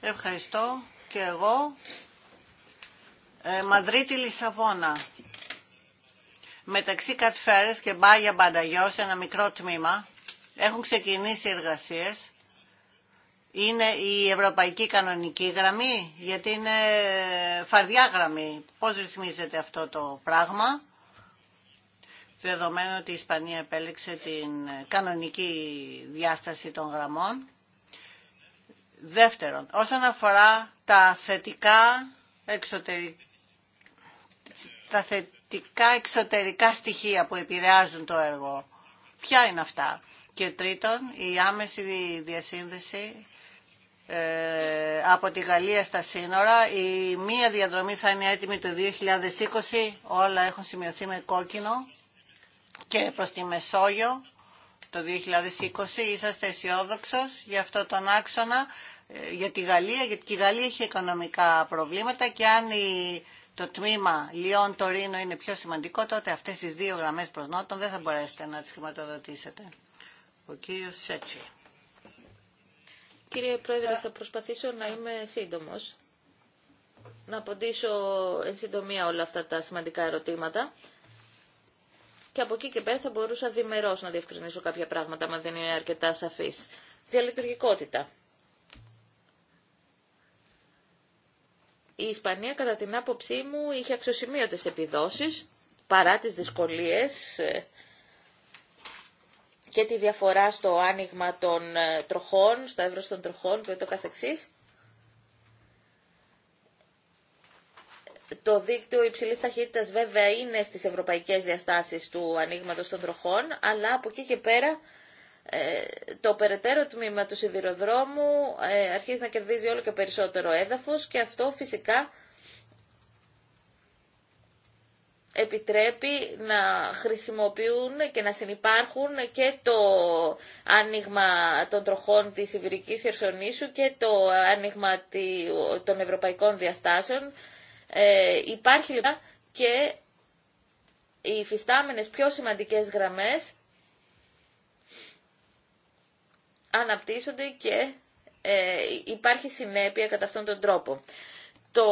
Ευχαριστώ και εγώ. Ε, Μαδρίτη Λισαβόνα. Μεταξύ Κατφέρες και Μπάγια σε ένα μικρό τμήμα, έχουν ξεκινήσει εργασίες είναι η ευρωπαϊκή κανονική γραμμή, γιατί είναι φαρδιά γραμμή. Πώς ρυθμίζεται αυτό το πράγμα, δεδομένου ότι η Ισπανία επέλεξε την κανονική διάσταση των γραμμών. Δεύτερον, όσον αφορά τα θετικά εξωτερικά, τα θετικά εξωτερικά στοιχεία που επηρεάζουν το έργο. Ποια είναι αυτά. Και τρίτον, η άμεση διασύνδεση ε, από τη Γαλλία στα σύνορα. Η μία διαδρομή θα είναι έτοιμη το 2020. Όλα έχουν σημειωθεί με κόκκινο και προς τη Μεσόγειο το 2020. Είσαστε αισιόδοξο για αυτό τον άξονα, ε, για τη Γαλλία, γιατί η Γαλλία έχει οικονομικά προβλήματα και αν το τμήμα Λιόν-Τωρίνο είναι πιο σημαντικό, τότε αυτές τις δύο γραμμές προς Νότον δεν θα μπορέσετε να τις χρηματοδοτήσετε. Ο κύριος Σέτσι. Κύριε Πρόεδρε, θα προσπαθήσω να είμαι σύντομος. Να απαντήσω εν συντομία όλα αυτά τα σημαντικά ερωτήματα. Και από εκεί και πέρα θα μπορούσα διμερώς να διευκρινίσω κάποια πράγματα, αν δεν είναι αρκετά σαφής. Διαλειτουργικότητα. Η Ισπανία, κατά την άποψή μου, είχε αξιοσημείωτες επιδόσεις, παρά τις δυσκολίες ε, και τη διαφορά στο άνοιγμα των ε, τροχών, στο εύρος των τροχών και το καθεξής. Το δίκτυο υψηλή ταχύτητα βέβαια είναι στις ευρωπαϊκές διαστάσεις του ανοίγματο των τροχών, αλλά από εκεί και πέρα ε, το περαιτέρω τμήμα του σιδηροδρόμου ε, αρχίζει να κερδίζει όλο και περισσότερο έδαφος και αυτό φυσικά επιτρέπει να χρησιμοποιούν και να συνεπάρχουν και το άνοιγμα των τροχών της Ιβυρικής Χερσονήσου και το άνοιγμα των ευρωπαϊκών διαστάσεων. Ε, υπάρχει λοιπόν και οι φυστάμενες πιο σημαντικές γραμμές αναπτύσσονται και ε, υπάρχει συνέπεια κατά αυτόν τον τρόπο. Το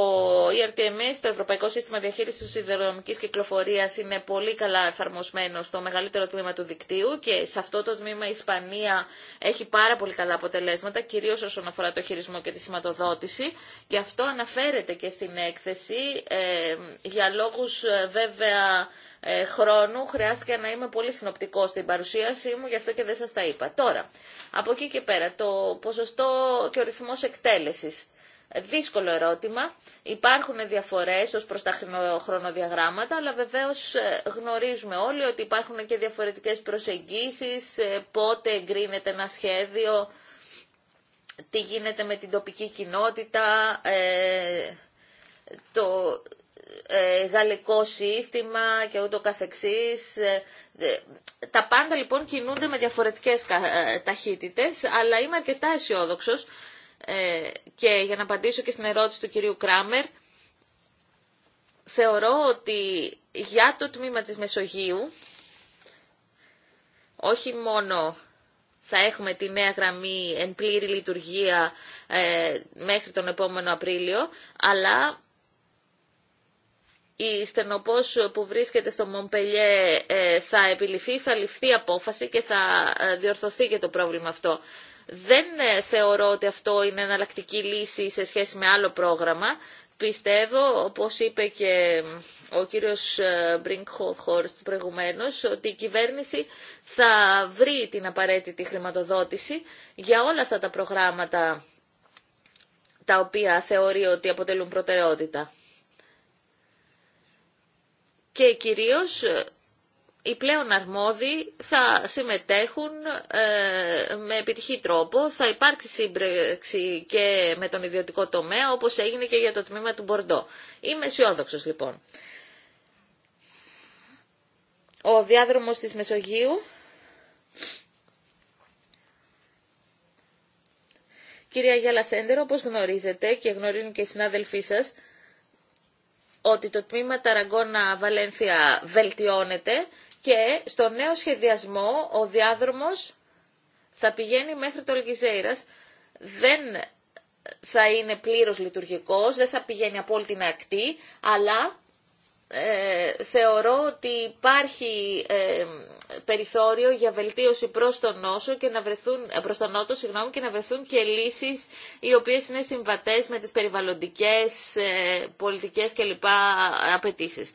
ERTMS, το Ευρωπαϊκό Σύστημα Διαχείρισης Σιδηροδρομικής Κυκλοφορίας, είναι πολύ καλά εφαρμοσμένο στο μεγαλύτερο τμήμα του δικτύου και σε αυτό το τμήμα η Ισπανία έχει πάρα πολύ καλά αποτελέσματα, κυρίως όσον αφορά το χειρισμό και τη σηματοδότηση και αυτό αναφέρεται και στην έκθεση ε, για λόγους ε, βέβαια ε, χρόνου χρειάστηκε να είμαι πολύ συνοπτικό στην παρουσίασή μου, γι' αυτό και δεν σας τα είπα. Τώρα, από εκεί και πέρα, το ποσοστό και ο ρυθμός εκτέλεσης. Δύσκολο ερώτημα. Υπάρχουν διαφορές ως προς τα χρονοδιαγράμματα, αλλά βεβαίως ε, γνωρίζουμε όλοι ότι υπάρχουν και διαφορετικές προσεγγίσεις, ε, πότε εγκρίνεται ένα σχέδιο, τι γίνεται με την τοπική κοινότητα, ε, το γαλλικό σύστημα και ούτω καθεξής. Τα πάντα λοιπόν κινούνται με διαφορετικές ταχύτητες, αλλά είμαι αρκετά αισιόδοξο ε, και για να απαντήσω και στην ερώτηση του κυρίου Κράμερ, θεωρώ ότι για το τμήμα της Μεσογείου, όχι μόνο θα έχουμε τη νέα γραμμή εν πλήρη λειτουργία ε, μέχρι τον επόμενο Απρίλιο, αλλά η στενοπός που βρίσκεται στο Μομπελιέ ε, θα επιληφθεί, θα ληφθεί απόφαση και θα διορθωθεί και το πρόβλημα αυτό. Δεν ε, θεωρώ ότι αυτό είναι εναλλακτική λύση σε σχέση με άλλο πρόγραμμα. Πιστεύω, όπως είπε και ο κύριος ε, Μπρινκχόρστ προηγουμένως, ότι η κυβέρνηση θα βρει την απαραίτητη χρηματοδότηση για όλα αυτά τα προγράμματα τα οποία θεωρεί ότι αποτελούν προτεραιότητα. Και κυρίως ε, οι πλέον αρμόδιοι θα συμμετέχουν ε, με επιτυχή τρόπο, θα υπάρξει σύμπρεξη και με τον ιδιωτικό τομέα, όπως έγινε και για το τμήμα του Μπορντό. Είμαι αισιόδοξο λοιπόν. Ο διάδρομος της Μεσογείου Κυρία Γιάλα Σέντερ, όπως γνωρίζετε και γνωρίζουν και οι συνάδελφοί σας, ότι το τμήμα Ταραγκώνα Βαλένθια βελτιώνεται και στο νέο σχεδιασμό ο διάδρομος θα πηγαίνει μέχρι το Λιγιζέιρας. Δεν θα είναι πλήρως λειτουργικός, δεν θα πηγαίνει από όλη την ακτή, αλλά ε, θεωρώ ότι υπάρχει ε, περιθώριο για βελτίωση προς τον, νόσο και να βρεθούν, ε, προς τον νότο συγγνώμη, και να βρεθούν και λύσεις οι οποίες είναι συμβατές με τις περιβαλλοντικές, ε, κλπ. απαιτήσεις.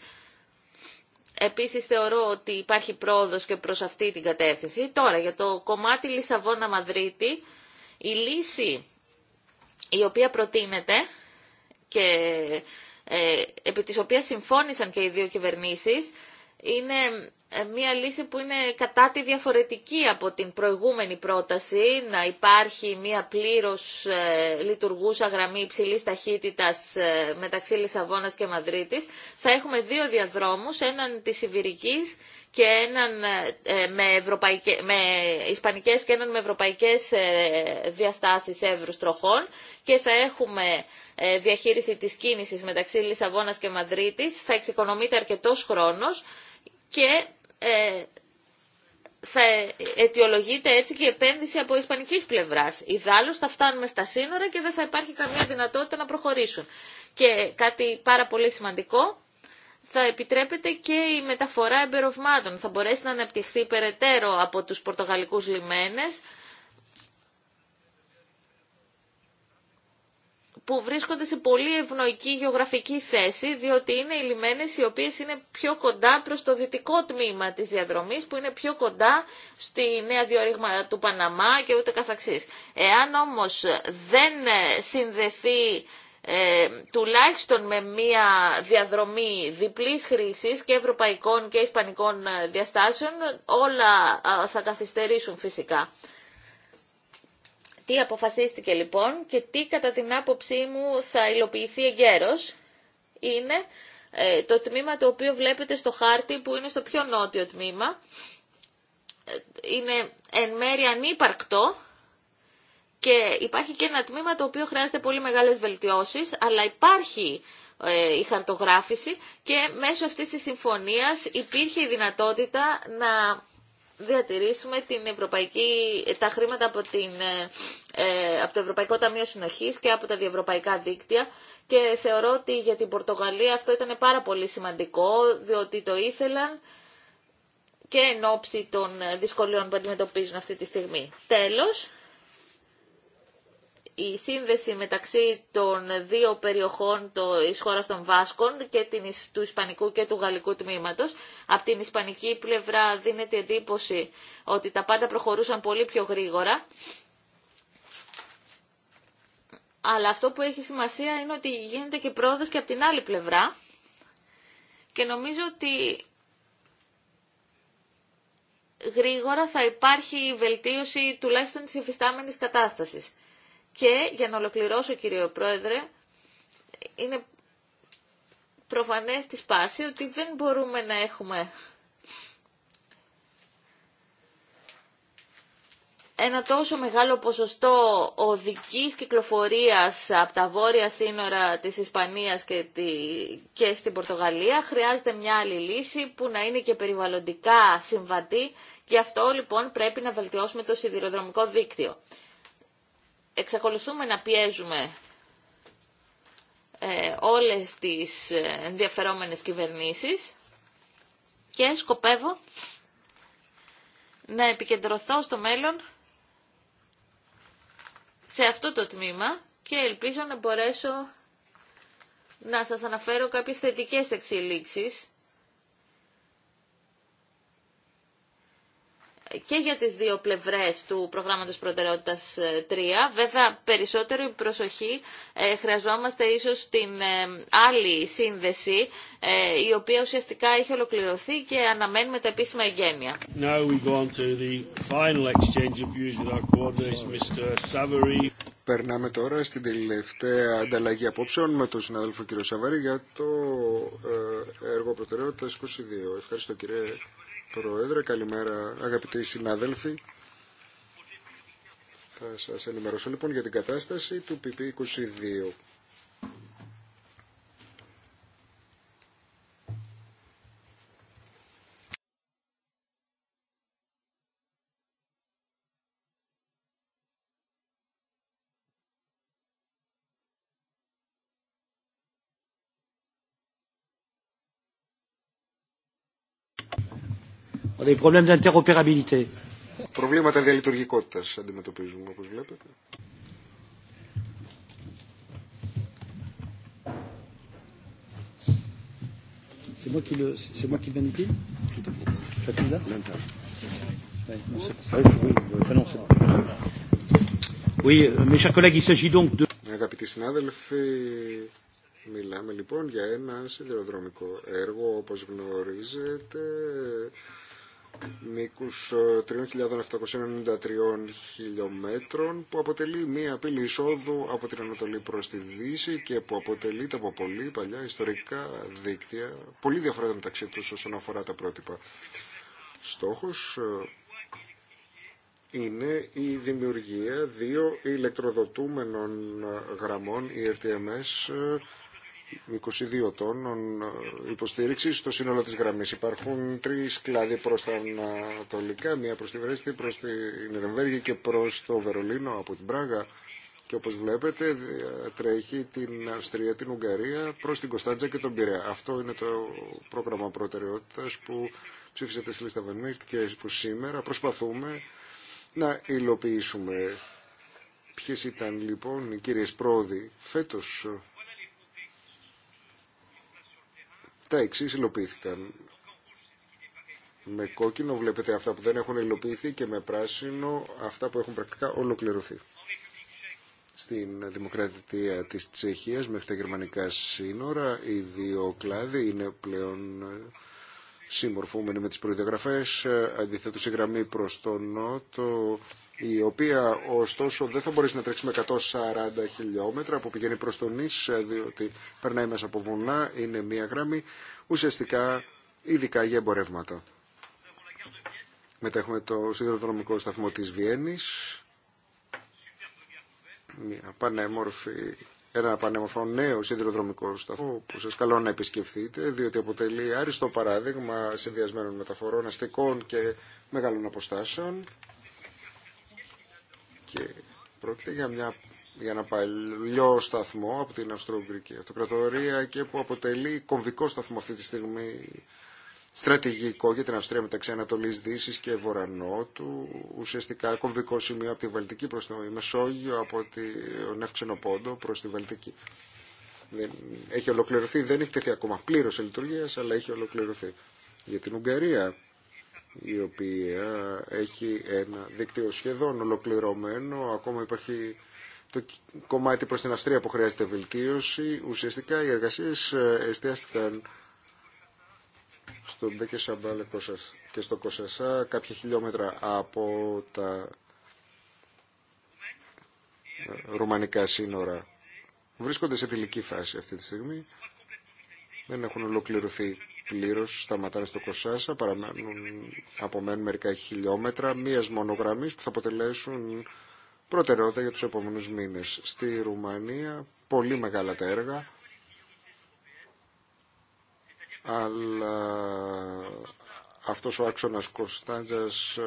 Επίσης θεωρώ ότι υπάρχει πρόοδος και προς αυτή την κατεύθυνση. Τώρα για το κομμάτι Λισαβόνα Μαδρίτη, η λύση η οποία προτείνεται και ε, επί της οποίας συμφώνησαν και οι δύο κυβερνήσεις είναι ε, μια λύση που είναι κατά τη διαφορετική από την προηγούμενη πρόταση, να υπάρχει μια πλήρως ε, λειτουργούσα γραμμή υψηλής ταχύτητας ε, μεταξύ Λισαβόνας και Μαδρίτης. Θα έχουμε δύο διαδρόμους, έναν της Ιβηρικής και έναν με, ευρωπαϊκές, με ισπανικές και έναν με ευρωπαϊκές διαστάσεις εύρους τροχών και θα έχουμε διαχείριση της κίνησης μεταξύ Λισαβόνας και Μαδρίτης. Θα εξοικονομείται αρκετός χρόνος και ε, θα αιτιολογείται έτσι και η επένδυση από ισπανικής πλευράς. Ιδάλω θα φτάνουμε στα σύνορα και δεν θα υπάρχει καμία δυνατότητα να προχωρήσουν. Και κάτι πάρα πολύ σημαντικό, θα επιτρέπεται και η μεταφορά εμπεροβμάτων. Θα μπορέσει να αναπτυχθεί περαιτέρω από τους πορτογαλικούς λιμένες που βρίσκονται σε πολύ ευνοϊκή γεωγραφική θέση, διότι είναι οι λιμένες οι οποίες είναι πιο κοντά προς το δυτικό τμήμα της διαδρομής, που είναι πιο κοντά στη νέα διορίγμα του Παναμά και ούτε καθαξής. Εάν όμως δεν συνδεθεί ε, τουλάχιστον με μία διαδρομή διπλής χρήσης και ευρωπαϊκών και ισπανικών ε, διαστάσεων, όλα ε, θα καθυστερήσουν φυσικά. Τι αποφασίστηκε λοιπόν και τι κατά την άποψή μου θα υλοποιηθεί εγκαίρως είναι ε, το τμήμα το οποίο βλέπετε στο χάρτη που είναι στο πιο νότιο τμήμα. Ε, είναι εν μέρει ανύπαρκτο και υπάρχει και ένα τμήμα το οποίο χρειάζεται πολύ μεγάλες βελτιώσεις, αλλά υπάρχει ε, η χαρτογράφηση και μέσω αυτής της συμφωνίας υπήρχε η δυνατότητα να διατηρήσουμε την ευρωπαϊκή, τα χρήματα από, την, ε, ε, από το Ευρωπαϊκό Ταμείο Συνοχής και από τα διευρωπαϊκά δίκτυα και θεωρώ ότι για την Πορτογαλία αυτό ήταν πάρα πολύ σημαντικό διότι το ήθελαν και εν ώψη των δυσκολιών που αντιμετωπίζουν αυτή τη στιγμή. Τέλος, η σύνδεση μεταξύ των δύο περιοχών της χώρας των Βάσκων και την, του Ισπανικού και του Γαλλικού τμήματος. Από την Ισπανική πλευρά δίνεται εντύπωση ότι τα πάντα προχωρούσαν πολύ πιο γρήγορα. Αλλά αυτό που έχει σημασία είναι ότι γίνεται και πρόοδος και από την άλλη πλευρά. Και νομίζω ότι γρήγορα θα υπάρχει βελτίωση τουλάχιστον της υφιστάμενης κατάστασης. Και για να ολοκληρώσω κύριε Πρόεδρε, είναι προφανές τη σπάση ότι δεν μπορούμε να έχουμε ένα τόσο μεγάλο ποσοστό οδικής κυκλοφορίας από τα βόρεια σύνορα της Ισπανίας και, τη, και στην Πορτογαλία χρειάζεται μια άλλη λύση που να είναι και περιβαλλοντικά συμβατή. Γι' αυτό λοιπόν πρέπει να βελτιώσουμε το σιδηροδρομικό δίκτυο εξακολουθούμε να πιέζουμε ε, όλες τις ε, ενδιαφερόμενες κυβερνήσεις και σκοπεύω να επικεντρωθώ στο μέλλον σε αυτό το τμήμα και ελπίζω να μπορέσω να σας αναφέρω κάποιες θετικές εξελίξεις και για τις δύο πλευρές του προγράμματος προτεραιότητας 3. Ε, Βέβαια, περισσότερη προσοχή ε, χρειαζόμαστε ίσως την ε, άλλη σύνδεση, η οποία ουσιαστικά έχει ολοκληρωθεί και αναμένουμε τα επίσημα εγγένεια. Περνάμε τώρα στην τελευταία ανταλλαγή απόψεων με τον συνάδελφο κύριο Σαβαρή για το έργο προτεραιότητας 22. Ευχαριστώ κύριε Πρόεδρε. Καλημέρα αγαπητοί συνάδελφοι. Θα σας ενημερώσω λοιπόν για την κατάσταση του PP22. E Les problèmes d'interopérabilité. Προβλήματα διαλειτουργικότητας αντιμετωπίζουμε όπως βλέπετε. C'est moi qui le, c'est moi qui le manipule Chacun là Oui, mes chers collègues, il s'agit donc de... Αγαπητοί συνάδελφοι, μιλάμε λοιπόν για ένα σιδηροδρομικό έργο, όπως γνωρίζετε, μήκους 3.793 ε, χιλιόμετρων που αποτελεί μία πύλη εισόδου από την Ανατολή προς τη Δύση και που αποτελείται από πολύ παλιά ιστορικά δίκτυα, πολύ διαφορετικά μεταξύ τους όσον αφορά τα πρότυπα. Στόχος ε, είναι η δημιουργία δύο ηλεκτροδοτούμενων γραμμών ERTMS 22 τόνων ε, υποστήριξη στο σύνολο της γραμμή. Υπάρχουν τρει κλάδοι προ τα Ανατολικά, μία προ τη Βρέστη, προ την Ρεμβέργη και προ το Βερολίνο από την Πράγα. Και όπω βλέπετε τρέχει την Αυστρία, την Ουγγαρία προ την Κωνσταντζα και τον Πειραιά. Αυτό είναι το πρόγραμμα προτεραιότητα που ψήφισε στη λίστα Βενμίρτ και που σήμερα προσπαθούμε να υλοποιήσουμε. Ποιες ήταν λοιπόν οι κύριες πρόοδοι φέτος τα εξή υλοποιήθηκαν. Με κόκκινο βλέπετε αυτά που δεν έχουν υλοποιηθεί και με πράσινο αυτά που έχουν πρακτικά ολοκληρωθεί. Στην δημοκρατία της Τσεχίας μέχρι τα γερμανικά σύνορα οι δύο κλάδοι είναι πλέον συμμορφούμενοι με τις προδιαγραφές. Αντιθέτως η γραμμή προς τον νότο η οποία ωστόσο δεν θα μπορέσει να τρέξει με 140 χιλιόμετρα που πηγαίνει προς τον Ίσ, διότι περνάει μέσα από βουνά, είναι μία γραμμή, ουσιαστικά ειδικά για εμπορεύματα. Μετά έχουμε το σιδηροδρομικό σταθμό της Βιέννης, μια πανέμορφη, ένα πανέμορφο νέο σιδηροδρομικό σταθμό που σας καλώ να επισκεφθείτε, διότι αποτελεί άριστο παράδειγμα συνδυασμένων μεταφορών αστικών και μεγάλων αποστάσεων και πρόκειται για, μια, για ένα παλιό σταθμό από την Αυστρο-Ουγγρική Αυτοκρατορία και που αποτελεί κομβικό σταθμό αυτή τη στιγμή στρατηγικό για την Αυστρία μεταξύ Ανατολή Δύση και Βορανότου, ουσιαστικά κομβικό σημείο από τη Βαλτική προ το Μεσόγειο, από τον Εύξενο Πόντο προ τη Βαλτική. Δεν, έχει ολοκληρωθεί, δεν έχει τεθεί ακόμα πλήρω σε λειτουργία, αλλά έχει ολοκληρωθεί. Για την Ουγγαρία η οποία έχει ένα δίκτυο σχεδόν ολοκληρωμένο. Ακόμα υπάρχει το κομμάτι προς την Αυστρία που χρειάζεται βελτίωση. Ουσιαστικά οι εργασίες ε, εστιάστηκαν στο Μπέκε Σαμπάλε και στο Κοσασά κάποια χιλιόμετρα από τα ε, ρουμανικά σύνορα. Βρίσκονται σε τελική φάση αυτή τη στιγμή. Δεν έχουν ολοκληρωθεί πλήρω σταματάνε στο Κοσάσα, παραμένουν, απομένουν μερικά χιλιόμετρα μίας μονογραμμή που θα αποτελέσουν προτεραιότητα για τους επόμενους μήνες. Στη Ρουμανία πολύ μεγάλα τα έργα, αλλά αυτός ο άξονας Κωνσταντζας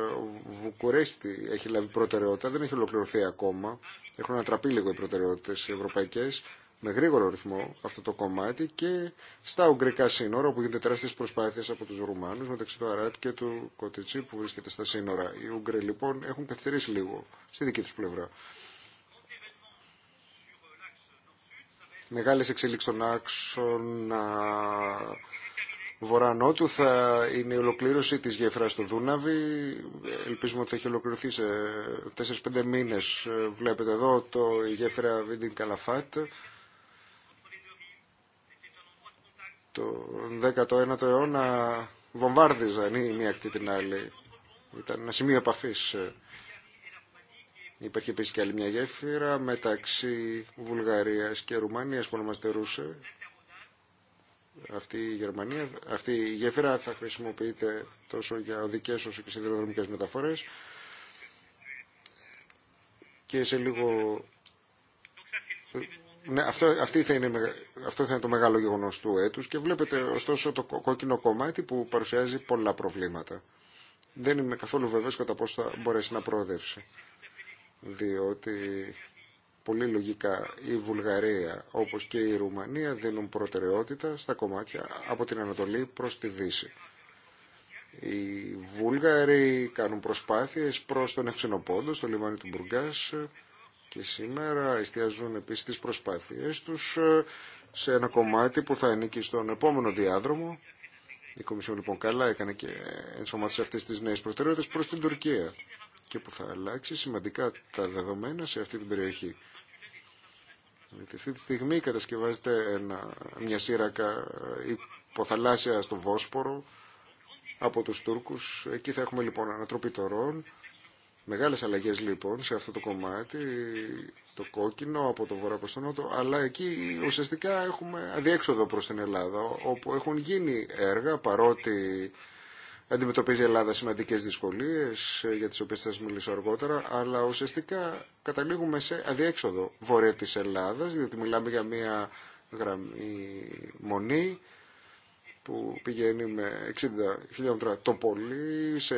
Βουκουρέστη έχει λάβει προτεραιότητα, δεν έχει ολοκληρωθεί ακόμα, έχουν ανατραπεί λίγο οι προτεραιότητες ευρωπαϊκές με γρήγορο ρυθμό αυτό το κομμάτι και στα ουγγρικά σύνορα όπου γίνονται τεράστιε προσπάθειε από του Ρουμάνου μεταξύ του Αράτ και του Κοτιτσί που βρίσκεται στα σύνορα. Οι Ουγγροί λοιπόν έχουν καθυστερήσει λίγο στη δική του πλευρά. Μεγάλες εξελίξεις των άξων βορρα βορρά-νότου θα είναι η ολοκλήρωση της γέφυρας στο Δούναβη. Ελπίζουμε ότι θα έχει ολοκληρωθεί σε 4-5 μήνες. Βλέπετε εδώ το, η γέφυρα Βίντιν Καλαφάτ τον 19ο αιώνα βομβάρδιζαν ή μία ακτή την άλλη. Ήταν ένα σημείο επαφής. Υπάρχει επίση και άλλη μια γέφυρα μεταξύ Βουλγαρίας και Ρουμανίας που ονομάζεται Ρούσε. Αυτή η, Γερμανία, αυτή η γέφυρα θα χρησιμοποιείται τόσο επαφη οδικές όσο και αλλη μια γεφυρα μεταξυ βουλγαριας και ρουμανιας που ονομαζεται αυτη η γερμανια μεταφορές. Και σε λίγο ναι, αυτό, αυτή θα είναι, αυτό θα είναι το μεγάλο γεγονό του έτου και βλέπετε ωστόσο το κόκκινο κομμάτι που παρουσιάζει πολλά προβλήματα. Δεν είμαι καθόλου βεβαίω κατά πόσο θα μπορέσει να προοδεύσει. Διότι πολύ λογικά η Βουλγαρία όπως και η Ρουμανία δίνουν προτεραιότητα στα κομμάτια από την Ανατολή προς τη Δύση. Οι Βούλγαροι κάνουν προσπάθειες προς τον Ευξενοπόντο, στο λιμάνι του Μπουργκάς, και σήμερα εστιαζούν επίσης τις προσπάθειές τους ε, σε ένα κομμάτι που θα ανήκει στον επόμενο διάδρομο. Η Κομισιόν λοιπόν καλά έκανε και ενσωμάτωσε αυτές τις νέες προτεραιότητες προς την Τουρκία και που θα αλλάξει σημαντικά τα δεδομένα σε αυτή την περιοχή. Γιατί αυτή τη στιγμή κατασκευάζεται μια σύρακα ε, υποθαλάσσια στο Βόσπορο από τους Τούρκους. Εκεί θα έχουμε λοιπόν ανατροπή τορών Μεγάλες αλλαγές λοιπόν σε αυτό το κομμάτι, το κόκκινο από το βορρά προς το νότο, αλλά εκεί ουσιαστικά έχουμε αδιέξοδο προς την Ελλάδα, όπου έχουν γίνει έργα παρότι αντιμετωπίζει η Ελλάδα σημαντικές δυσκολίες, ε, για τις οποίες θα σας μιλήσω αργότερα, αλλά ουσιαστικά καταλήγουμε σε αδιέξοδο βορρά της Ελλάδας, διότι μιλάμε για μια γραμμή μονή, που πηγαίνει με 60 χιλιόμετρα το πολύ σε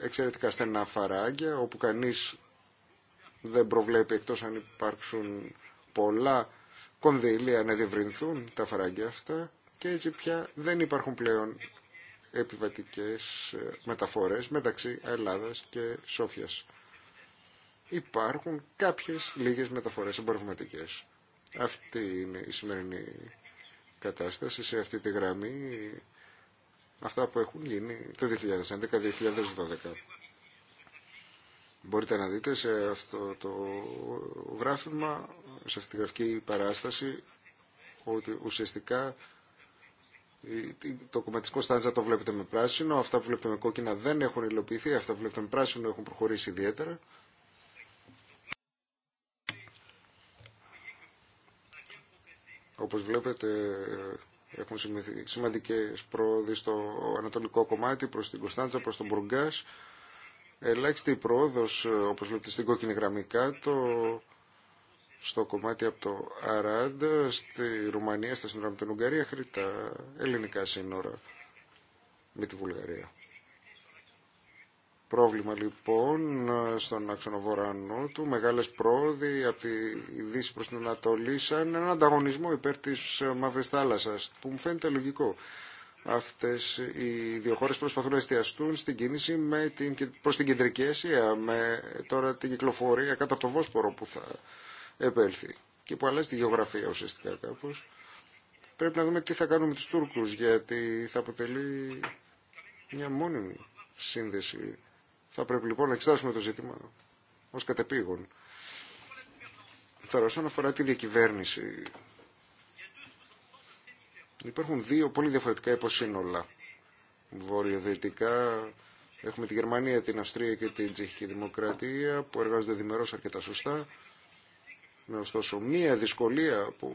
εξαιρετικά στενά φαράγγια όπου κανείς δεν προβλέπει εκτός αν υπάρξουν πολλά κονδύλια να διευρυνθούν τα φαράγγια αυτά και έτσι πια δεν υπάρχουν πλέον επιβατικές ε, μεταφορές μεταξύ Ελλάδας και Σόφιας. Υπάρχουν κάποιες λίγες μεταφορές εμπορευματικές. Αυτή είναι η σημερινή κατάσταση σε αυτή τη γραμμή αυτά που έχουν γίνει το 2011-2012. Μπορείτε να δείτε σε αυτό το γράφημα, σε αυτή τη γραφική παράσταση, ότι ουσιαστικά το κομματικό στάντζα το βλέπετε με πράσινο, αυτά που βλέπετε με κόκκινα δεν έχουν υλοποιηθεί, αυτά που βλέπετε με πράσινο έχουν προχωρήσει ιδιαίτερα. Όπως βλέπετε ε, έχουν σημαντικές πρόοδοι στο ανατολικό κομμάτι προς την Κωνσταντζα, προς τον Μπουργκάς. Ελάχιστη πρόοδος, ε, όπως βλέπετε στην κόκκινη γραμμή κάτω, στο κομμάτι από το Αράντ, στη Ρουμανία, στα σύνορα με την Ουγγαρία, χρήτα ελληνικά σύνορα με τη Βουλγαρία. Πρόβλημα λοιπόν στον άξονα βορρανό του, μεγάλε πρόοδοι από τη Δύση προ την Ανατολή σαν έναν ανταγωνισμό υπέρ τη μαύρη Θάλασσα, που μου φαίνεται λογικό. Αυτέ οι δύο χώρε προσπαθούν να εστιαστούν στην κίνηση με την, προς την Κεντρική Ασία με τώρα την κυκλοφορία κάτω από το Βόσπορο που θα επέλθει και που αλλάζει τη γεωγραφία ουσιαστικά κάπω. Πρέπει να δούμε τι θα κάνουμε με τους Τούρκους γιατί θα αποτελεί μια μόνιμη σύνδεση θα πρέπει λοιπόν να εξετάσουμε το ζήτημα ως κατεπήγον. Τώρα, όσον αφορά τη διακυβέρνηση, υπάρχουν δύο πολύ διαφορετικά υποσύνολα. Βορειοδυτικά έχουμε τη Γερμανία, την Αυστρία και την Τσεχική Δημοκρατία που εργάζονται διμερώς αρκετά σωστά. Με ωστόσο μία δυσκολία που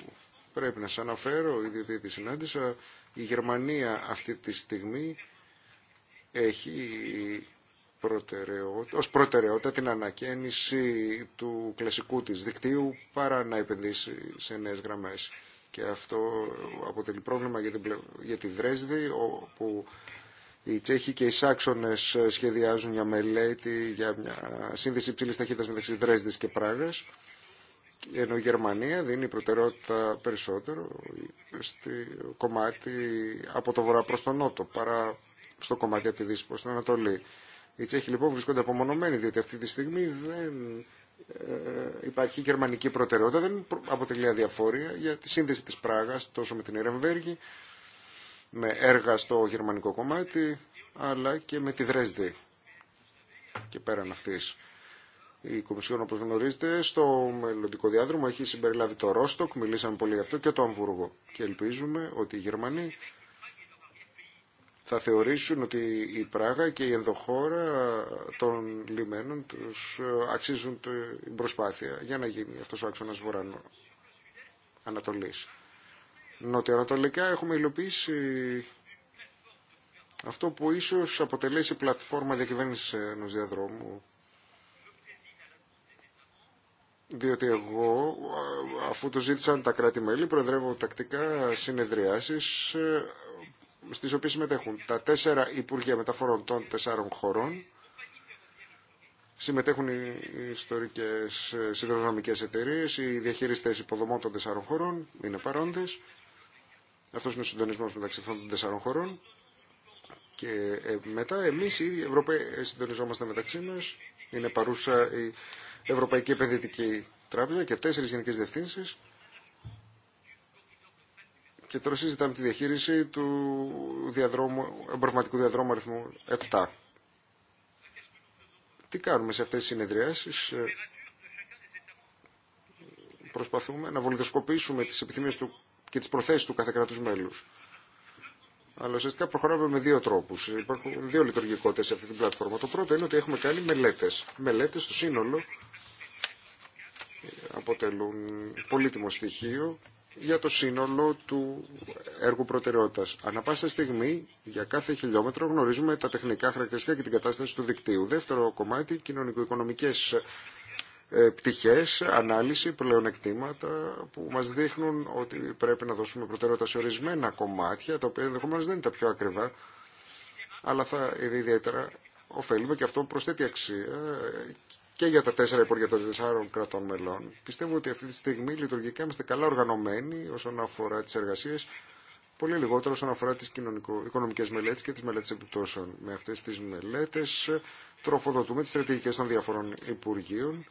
πρέπει να σας αναφέρω, διότι τη συνάντησα, η Γερμανία αυτή τη στιγμή έχει προτεραιότητα, ως προτεραιότητα την ανακαίνιση του κλασικού της δικτύου παρά να επενδύσει σε νέες γραμμές. Και αυτό αποτελεί πρόβλημα για, την, για τη Δρέσδη, όπου οι Τσέχοι και οι Σάξονες σχεδιάζουν μια μελέτη για μια σύνδεση υψηλής ταχύτητας μεταξύ Δρέσδης και Πράγας, ενώ η Γερμανία δίνει προτεραιότητα περισσότερο στο κομμάτι από το βορρά προς τον νότο, παρά στο κομμάτι από τη Δύση προς την Ανατολή. Οι Τσέχοι λοιπόν βρισκόνται απομονωμένοι, διότι αυτή τη στιγμή δεν ε, υπάρχει γερμανική προτεραιότητα, δεν αποτελεί αδιαφορία για τη σύνδεση της Πράγας τόσο με την Ερεμβέργη, με έργα στο γερμανικό κομμάτι, αλλά και με τη Δρέσδη και πέραν αυτής. Η Κομισιόν, όπως γνωρίζετε, στο μελλοντικό διάδρομο έχει συμπεριλάβει το Ρόστοκ, μιλήσαμε πολύ γι' αυτό, και το Αμβούργο. Και ελπίζουμε ότι οι Γερμανοί θα θεωρήσουν ότι η Πράγα και η ενδοχώρα των λιμένων τους ε, αξίζουν την προσπάθεια για να γίνει αυτός ο άξονας βορρανο Ανατολής. Νοτιοανατολικά έχουμε υλοποιήσει αυτό που ίσως αποτελέσει πλατφόρμα διακυβέρνησης ενός διαδρόμου διότι εγώ, αφού το ζήτησαν τα κράτη-μέλη, προεδρεύω τακτικά συνεδριάσεις ε, στις οποίες συμμετέχουν τα τέσσερα Υπουργεία Μεταφορών των τεσσάρων χωρών, συμμετέχουν οι ιστορικές ε, συνδρομικές εταιρείες, οι διαχειριστές υποδομών των τεσσάρων χωρών είναι παρόντες. Αυτός είναι ο συντονισμός μεταξύ αυτών των τεσσάρων χωρών. Και ε, μετά εμείς οι Ευρωπαίοι ε, συντονιζόμαστε μεταξύ μας. Είναι παρούσα η Ευρωπαϊκή Επενδυτική Τράπεζα και τέσσερις γενικές διευθύνσεις και τώρα συζητάμε τη διαχείριση του διαδρόμου, εμπορευματικού διαδρόμου αριθμού 7. Τι κάνουμε σε αυτές τις συνεδριάσεις. Ε, προσπαθούμε να βολιδοσκοπήσουμε τις επιθυμίες του και τις προθέσεις του κάθε κράτους μέλους. Αλλά ουσιαστικά προχωράμε με δύο τρόπου. Υπάρχουν δύο λειτουργικότητε σε αυτή την πλατφόρμα. Το πρώτο είναι ότι έχουμε κάνει μελέτε. Μελέτε στο σύνολο αποτελούν πολύτιμο στοιχείο για το σύνολο του έργου προτεραιότητας. Ανά πάσα στιγμή, για κάθε χιλιόμετρο, γνωρίζουμε τα τεχνικά χαρακτηριστικά και την κατάσταση του δικτύου. Δεύτερο κομμάτι, κοινωνικο-οικονομικές ε, πτυχές, ανάλυση, πλεονεκτήματα που μας δείχνουν ότι πρέπει να δώσουμε προτεραιότητα σε ορισμένα κομμάτια, τα οποία ενδεχομένω δεν είναι τα πιο ακριβά, αλλά θα είναι ιδιαίτερα ωφέλιμα και αυτό προσθέτει αξία και για τα τέσσερα υπουργεία των τεσσάρων κρατών μελών. Πιστεύω ότι αυτή τη στιγμή λειτουργικά είμαστε καλά οργανωμένοι όσον αφορά τι εργασίε, πολύ λιγότερο όσον αφορά τι οικονομικέ μελέτε και τι μελέτε επιπτώσεων. Με αυτέ τι μελέτε τροφοδοτούμε τι στρατηγικέ των διαφορών υπουργείων.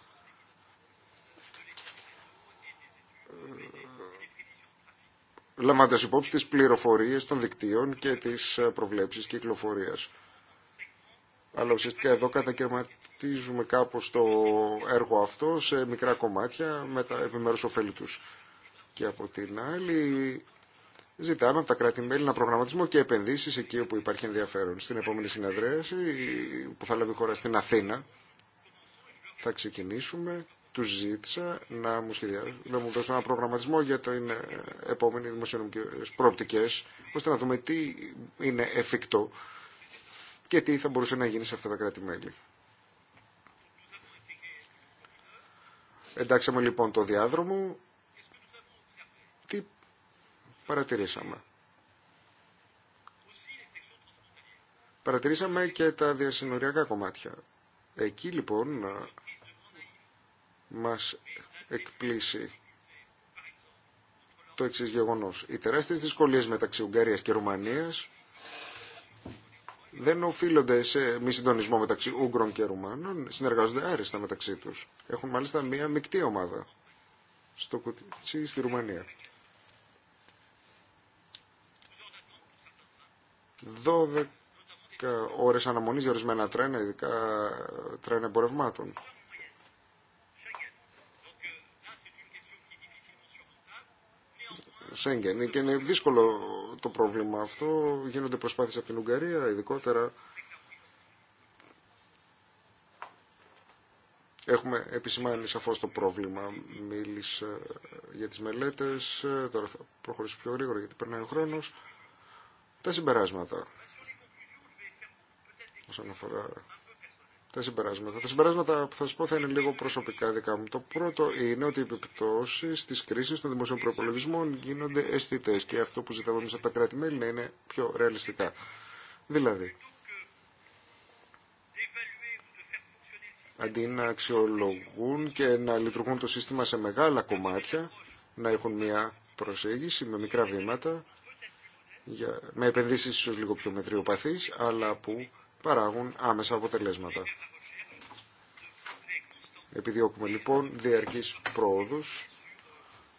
λαμβάνοντα υπόψη τι πληροφορίε των δικτύων και τι προβλέψει κυκλοφορία. Αλλά ουσιαστικά εδώ κατακαιρματίζουμε κάπως το έργο αυτό σε μικρά κομμάτια με τα επιμέρους ωφέλη τους. Και από την άλλη ζητάμε από τα κράτη-μέλη ένα προγραμματισμό και επενδύσεις εκεί όπου υπάρχει ενδιαφέρον. Στην επόμενη συνεδρίαση που θα λάβει η χώρα στην Αθήνα θα ξεκινήσουμε. Τους ζήτησα να μου, να δώσουν ένα προγραμματισμό για την επόμενη δημοσιονομικές προοπτικές ώστε να δούμε τι είναι εφικτό και τι θα μπορούσε να γίνει σε αυτά τα κράτη-μέλη. Εντάξαμε λοιπόν το διάδρομο. Τι παρατηρήσαμε. Παρατηρήσαμε και τα διασυνοριακά κομμάτια. Εκεί λοιπόν ε, μας εκπλήσει το εξής γεγονός. Οι τεράστιες δυσκολίες μεταξύ Ουγγαρίας και Ρουμανίας δεν οφείλονται σε μη συντονισμό μεταξύ Ούγγρων και Ρουμάνων, συνεργάζονται άριστα μεταξύ του. Έχουν μάλιστα μία μεικτή ομάδα στο κουτί, στη Ρουμανία. 12 ώρες αναμονής για ορισμένα τρένα, ειδικά τρένα εμπορευμάτων. Σέγγεν. Και είναι δύσκολο το πρόβλημα αυτό. Γίνονται προσπάθειες από την Ουγγαρία, ειδικότερα. Έχουμε επισημάνει σαφώς το πρόβλημα. Μίλησε για τις μελέτες. Τώρα θα προχωρήσω πιο γρήγορα γιατί περνάει ο χρόνος. Τα συμπεράσματα όσον αφορά τα συμπεράσματα. Τα συμπεράσματα που θα σα πω θα είναι λίγο προσωπικά δικά μου. Το πρώτο είναι ότι οι επιπτώσει τη κρίση των δημοσίων προπολογισμών γίνονται αισθητέ και αυτό που ζητάμε εμεί από τα κράτη-μέλη είναι πιο ρεαλιστικά. Δηλαδή, αντί να αξιολογούν και να λειτουργούν το σύστημα σε μεγάλα κομμάτια, να έχουν μια προσέγγιση με μικρά βήματα, με επενδύσεις ίσως λίγο πιο μετριοπαθείς, αλλά που παράγουν άμεσα αποτελέσματα. Επιδιώκουμε λοιπόν διαρκείς πρόοδους,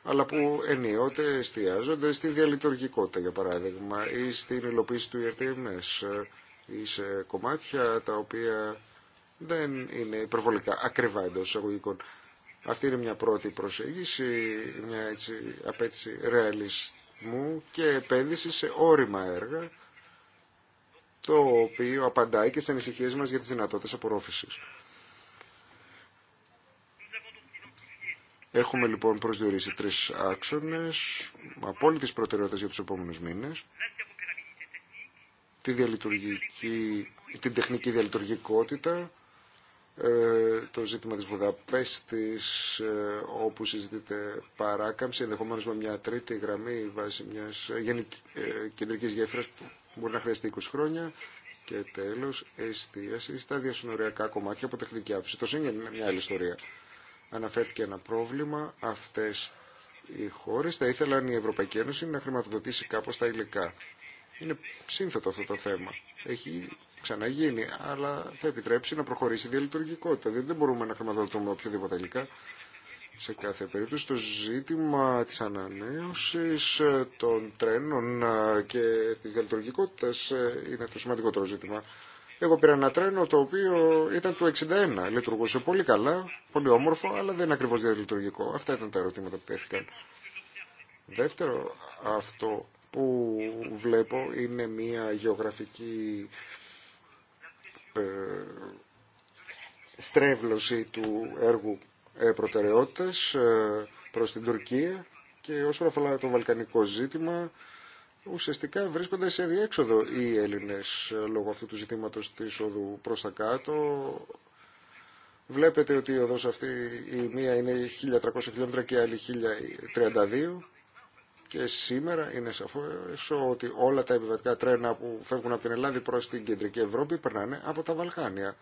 αλλά που ενίοτε εστιάζονται στη διαλειτουργικότητα, για παράδειγμα, ή στην υλοποίηση του ERTMS, ή σε κομμάτια τα οποία δεν είναι υπερβολικά ακριβά εντό εισαγωγικών. Αυτή είναι μια πρώτη προσέγγιση, μια έτσι απέτηση ρεαλισμού και επένδυση σε όριμα έργα το οποίο απαντάει και στι ανησυχίε μα για τι δυνατότητε απορρόφηση. Έχουμε λοιπόν προσδιορίσει τρει άξονε απόλυτη προτεραιότητα για του επόμενου μήνε. Τη την τεχνική διαλειτουργικότητα, ε, το ζήτημα της Βουδαπέστης ε, όπου συζητείται παράκαμψη ενδεχομένως με μια τρίτη γραμμή βάσει μιας ε, κεντρικής γέφυρας μπορεί να χρειαστεί 20 χρόνια. Και τέλο, εστίαση στα διασυνοριακά κομμάτια από τεχνική άποψη. Το Σέγγεν είναι μια άλλη ιστορία. Αναφέρθηκε ένα πρόβλημα. Αυτέ οι χώρε θα ήθελαν η Ευρωπαϊκή Ένωση να χρηματοδοτήσει κάπω τα υλικά. Είναι σύνθετο αυτό το θέμα. Έχει ξαναγίνει, αλλά θα επιτρέψει να προχωρήσει η διαλειτουργικότητα. Δεν, δεν μπορούμε να χρηματοδοτούμε οποιοδήποτε υλικά σε κάθε περίπτωση το ζήτημα της ανανέωσης ε, των τρένων ε, και της διαλειτουργικότητας ε, είναι το σημαντικότερο ζήτημα. Εγώ πήρα ένα τρένο το οποίο ήταν του 61, λειτουργούσε πολύ καλά, πολύ όμορφο, αλλά δεν είναι ακριβώς διαλειτουργικό. Αυτά ήταν τα ερωτήματα που τέθηκαν. Δεύτερο, αυτό που βλέπω είναι μια γεωγραφική στρέβλωση του έργου ε, προτεραιότητες ε, προς την Τουρκία και όσον αφορά το βαλκανικό ζήτημα ουσιαστικά βρίσκονται σε διέξοδο οι Έλληνες ε, λόγω αυτού του ζητήματος της οδού προς τα κάτω. Βλέπετε ότι η οδός αυτή η μία είναι 1300 χιλιόμετρα και η άλλη 1032 και σήμερα είναι σαφώς ότι όλα τα επιβατικά τρένα που φεύγουν από την Ελλάδα προς την Κεντρική Ευρώπη περνάνε από τα Βαλκάνια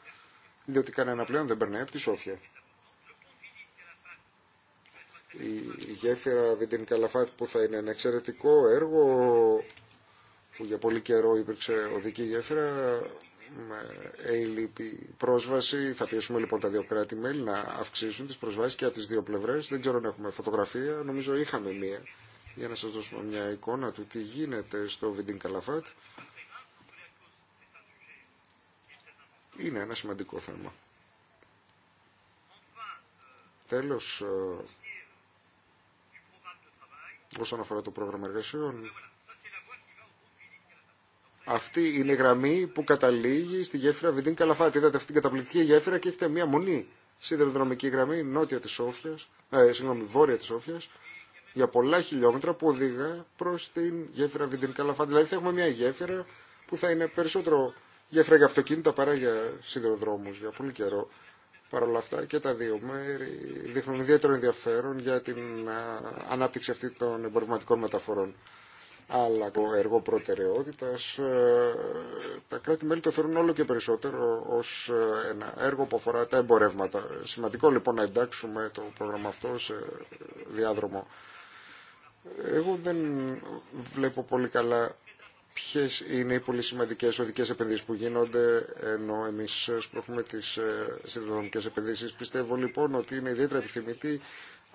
διότι κανένα πλέον δεν περνάει από τη Σόφια η γέφυρα Βιντιν Καλαφάτ που θα είναι ένα εξαιρετικό έργο που για πολύ καιρό υπήρξε οδική γέφυρα με έλλειπη πρόσβαση. Θα πιέσουμε λοιπόν τα δύο κράτη-μέλη να αυξήσουν τις προσβάσεις και από τις δύο πλευρές. Δεν ξέρω αν έχουμε φωτογραφία, νομίζω είχαμε μία για να σας δώσουμε μια εικόνα του τι γίνεται στο Βιντιν Καλαφάτ. Είναι ένα σημαντικό θέμα. Τέλος, όσον αφορά το πρόγραμμα εργασιών. Αυτή είναι η γραμμή που καταλήγει στη γέφυρα Βιντίν Καλαφάτη. Είδατε αυτή την καταπληκτική γέφυρα και έχετε μία μονή σιδηροδρομική γραμμή νότια της Σόφιας, ε, συγγνώμη, βόρεια της Σόφιας για πολλά χιλιόμετρα που οδηγά προς την γέφυρα Βιντίν Καλαφάτη. Δηλαδή θα έχουμε μία γέφυρα που θα είναι περισσότερο γέφυρα για αυτοκίνητα παρά για σιδηροδρόμους για πολύ καιρό. Παρ' όλα αυτά και τα δύο μέρη δείχνουν ιδιαίτερο ενδιαφέρον για την ανάπτυξη αυτή των εμπορευματικών μεταφορών. Αλλά το έργο προτεραιότητας, ε, τα κράτη-μέλη το θεωρούν όλο και περισσότερο ως ε, ένα έργο που αφορά τα εμπορεύματα. Σημαντικό λοιπόν να εντάξουμε το πρόγραμμα αυτό σε διάδρομο. Εγώ δεν βλέπω πολύ καλά ποιε είναι οι πολύ σημαντικέ οδικέ επενδύσει που γίνονται, ενώ εμεί σπρώχνουμε τι ε, συνδρομικέ επενδύσει. Πιστεύω λοιπόν ότι είναι ιδιαίτερα επιθυμητή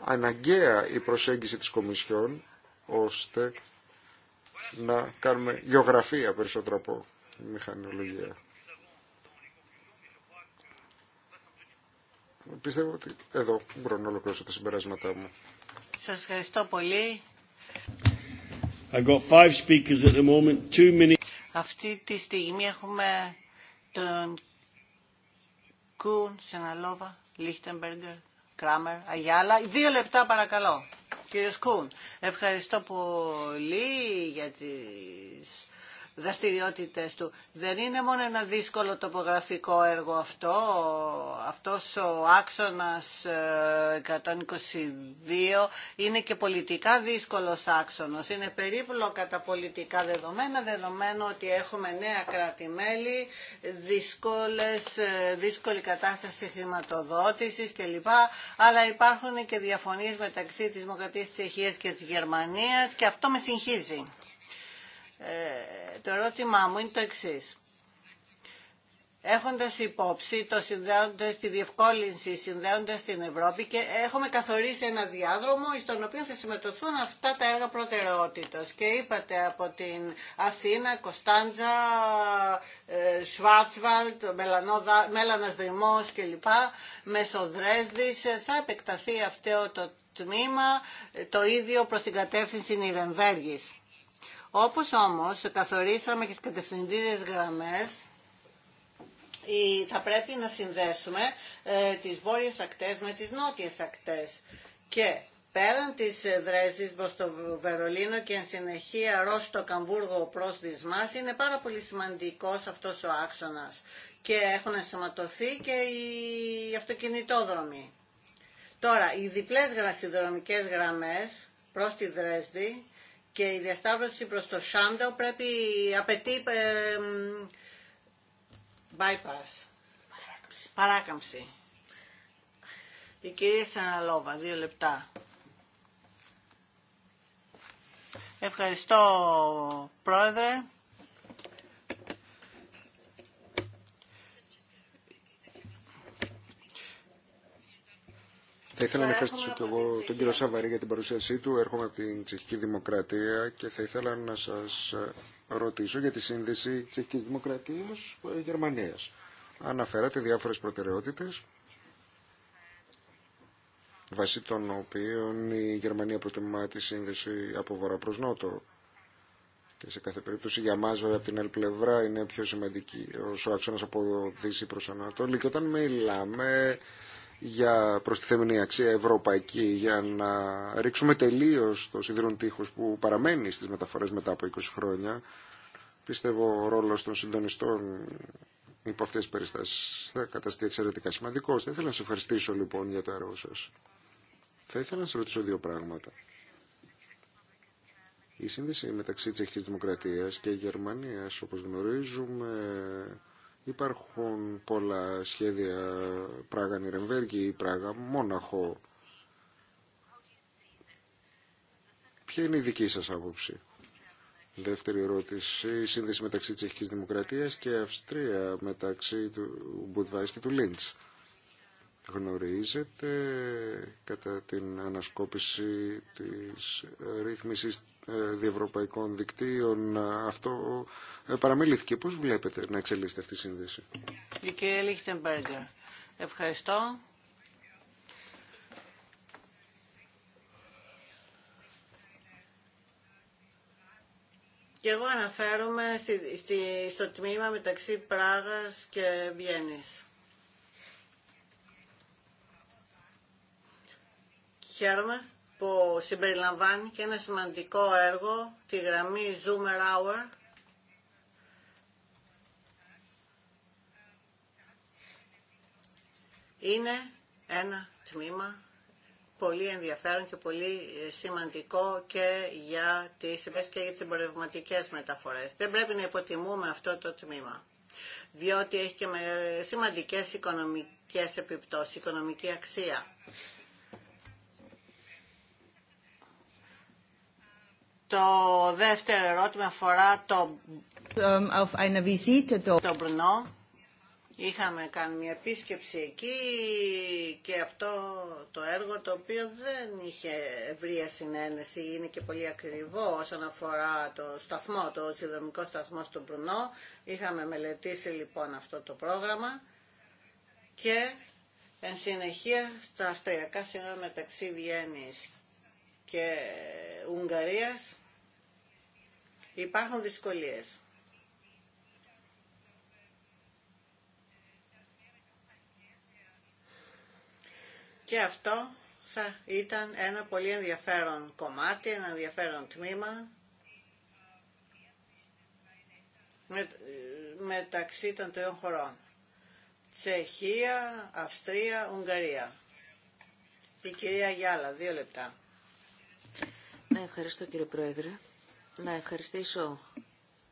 αναγκαία η προσέγγιση τη Κομισιόν ώστε να κάνουμε γεωγραφία περισσότερο από μηχανολογία. Πιστεύω ότι εδώ μπορώ να ολοκληρώσω τα συμπεράσματά μου. Σας ευχαριστώ πολύ. Αυτή τη στιγμή έχουμε τον Κούν, Σεναλόβα, Λίχτεμπεργκερ, Κράμερ, Αγιάλα. Δύο λεπτά παρακαλώ. Κύριος Κούν, ευχαριστώ πολύ για τις δραστηριότητες του. Δεν είναι μόνο ένα δύσκολο τοπογραφικό έργο αυτό, αυτός ο άξονας 122 ε, είναι και πολιτικά δύσκολος άξονος, είναι περίπλοκα τα πολιτικά δεδομένα, δεδομένου ότι έχουμε νέα κράτη-μέλη, ε, δύσκολη κατάσταση χρηματοδότησης κλπ. Αλλά υπάρχουν και διαφωνίες μεταξύ της Δημοκρατίας της Τσεχίας και της Γερμανίας και αυτό με συγχύζει. Ε, το ερώτημά μου είναι το εξή. Έχοντας υπόψη το συνδέοντας, τη διευκόλυνση συνδέοντα την Ευρώπη και έχουμε καθορίσει ένα διάδρομο στον οποίο θα συμμετωθούν αυτά τα έργα προτεραιότητας. Και είπατε από την Ασίνα, Κωνσταντζα, ε, Σβάτσβαλτ, Μέλανα Δημός κλπ. Μεσοδρέσδης θα επεκταθεί αυτό το τμήμα το ίδιο προς την κατεύθυνση όπως όμως καθορίσαμε και τις κατευθυντήριες γραμμές, θα πρέπει να συνδέσουμε ε, τις βόρειες ακτές με τις νότιες ακτές. Και πέραν της ε, Δρέσδης προς το Βερολίνο και εν συνεχεία ρωστο το Καμβούργο προς της μας, είναι πάρα πολύ σημαντικός αυτός ο άξονας και έχουν ενσωματωθεί και οι αυτοκινητόδρομοι. Τώρα, οι διπλές γρασιδρομικές γραμμές προς τη Δρέσδη και η διασταύρωση προς το Σάντο πρέπει, απαιτεί ε, bypass, παράκαμψη. Η κυρία Σαναλόβα, δύο λεπτά. Ευχαριστώ, Πρόεδρε. Θα ήθελα να ε, ευχαριστήσω και εγώ τον κύριο Σαβαρή για την παρουσίασή του. Έρχομαι από την Τσεχική Δημοκρατία και θα ήθελα να σα ρωτήσω για τη σύνδεση Τσεχικής Δημοκρατίας ε, Γερμανία. Αναφέρατε διάφορε προτεραιότητε, βασί των οποίων η Γερμανία προτιμά τη σύνδεση από βορρά προς νότο. Και σε κάθε περίπτωση για μας βέβαια από την άλλη πλευρά είναι πιο σημαντική ο άξονας από δύση προ ανατολή. Και όταν μιλάμε για προστιθέμενη αξία ευρωπαϊκή για να ρίξουμε τελείως το σιδηρόν τείχος που παραμένει στις μεταφορές μετά από 20 χρόνια. Πιστεύω ο ρόλος των συντονιστών υπό αυτές τις περιστάσεις θα καταστεί εξαιρετικά σημαντικός. Θα ήθελα να σας ευχαριστήσω λοιπόν για το έργο σας. Θα ήθελα να σας ρωτήσω δύο πράγματα. Η σύνδεση μεταξύ Τσεχικής Δημοκρατίας και Γερμανίας, όπως γνωρίζουμε, Υπάρχουν πολλά σχέδια Πράγα Νιρεμβέργη ή Πράγα Μόναχο. Ποια είναι η δική σας άποψη. Δεύτερη ερώτηση, η σύνδεση μεταξύ Τσεχικής Δημοκρατίας και Αυστρία μεταξύ του Μπουδβάης και του Λίντς. Γνωρίζετε κατά την ανασκόπηση της ρύθμισης ε, διευρωπαϊκών δικτύων. Ε, αυτό ε, παραμελήθηκε. Πώς βλέπετε να εξελίσσεται αυτή η σύνδεση. Η κυρία Λίχτεμπεργκερ. Ευχαριστώ. Και εγώ αναφέρομαι στη, στο τμήμα μεταξύ Πράγας και Βιέννης. Χαίρομαι που συμπεριλαμβάνει και ένα σημαντικό έργο, τη γραμμή Zoomer Hour, είναι ένα τμήμα πολύ ενδιαφέρον και πολύ σημαντικό και για τις, και για τις εμπορευματικές μεταφορές. Δεν πρέπει να υποτιμούμε αυτό το τμήμα, διότι έχει και σημαντικές οικονομικές επιπτώσεις, οικονομική αξία. Το δεύτερο ερώτημα αφορά το, το Είχαμε κάνει μια επίσκεψη εκεί και αυτό το έργο το οποίο δεν είχε ευρεία συνένεση, είναι και πολύ ακριβό όσον αφορά το σταθμό, το συνδρομικό σταθμό στο Μπρουνό. Είχαμε μελετήσει λοιπόν αυτό το πρόγραμμα και εν συνεχεία στα αστριακά σύνορα μεταξύ Βιέννης και Ουγγαρίας υπάρχουν δυσκολίες. Και αυτό θα ήταν ένα πολύ ενδιαφέρον κομμάτι, ένα ενδιαφέρον τμήμα με, μεταξύ των τριών χωρών. Τσεχία, Αυστρία, Ουγγαρία. Η κυρία Γιάλα, δύο λεπτά. Ευχαριστώ κύριε Πρόεδρε. Να ευχαριστήσω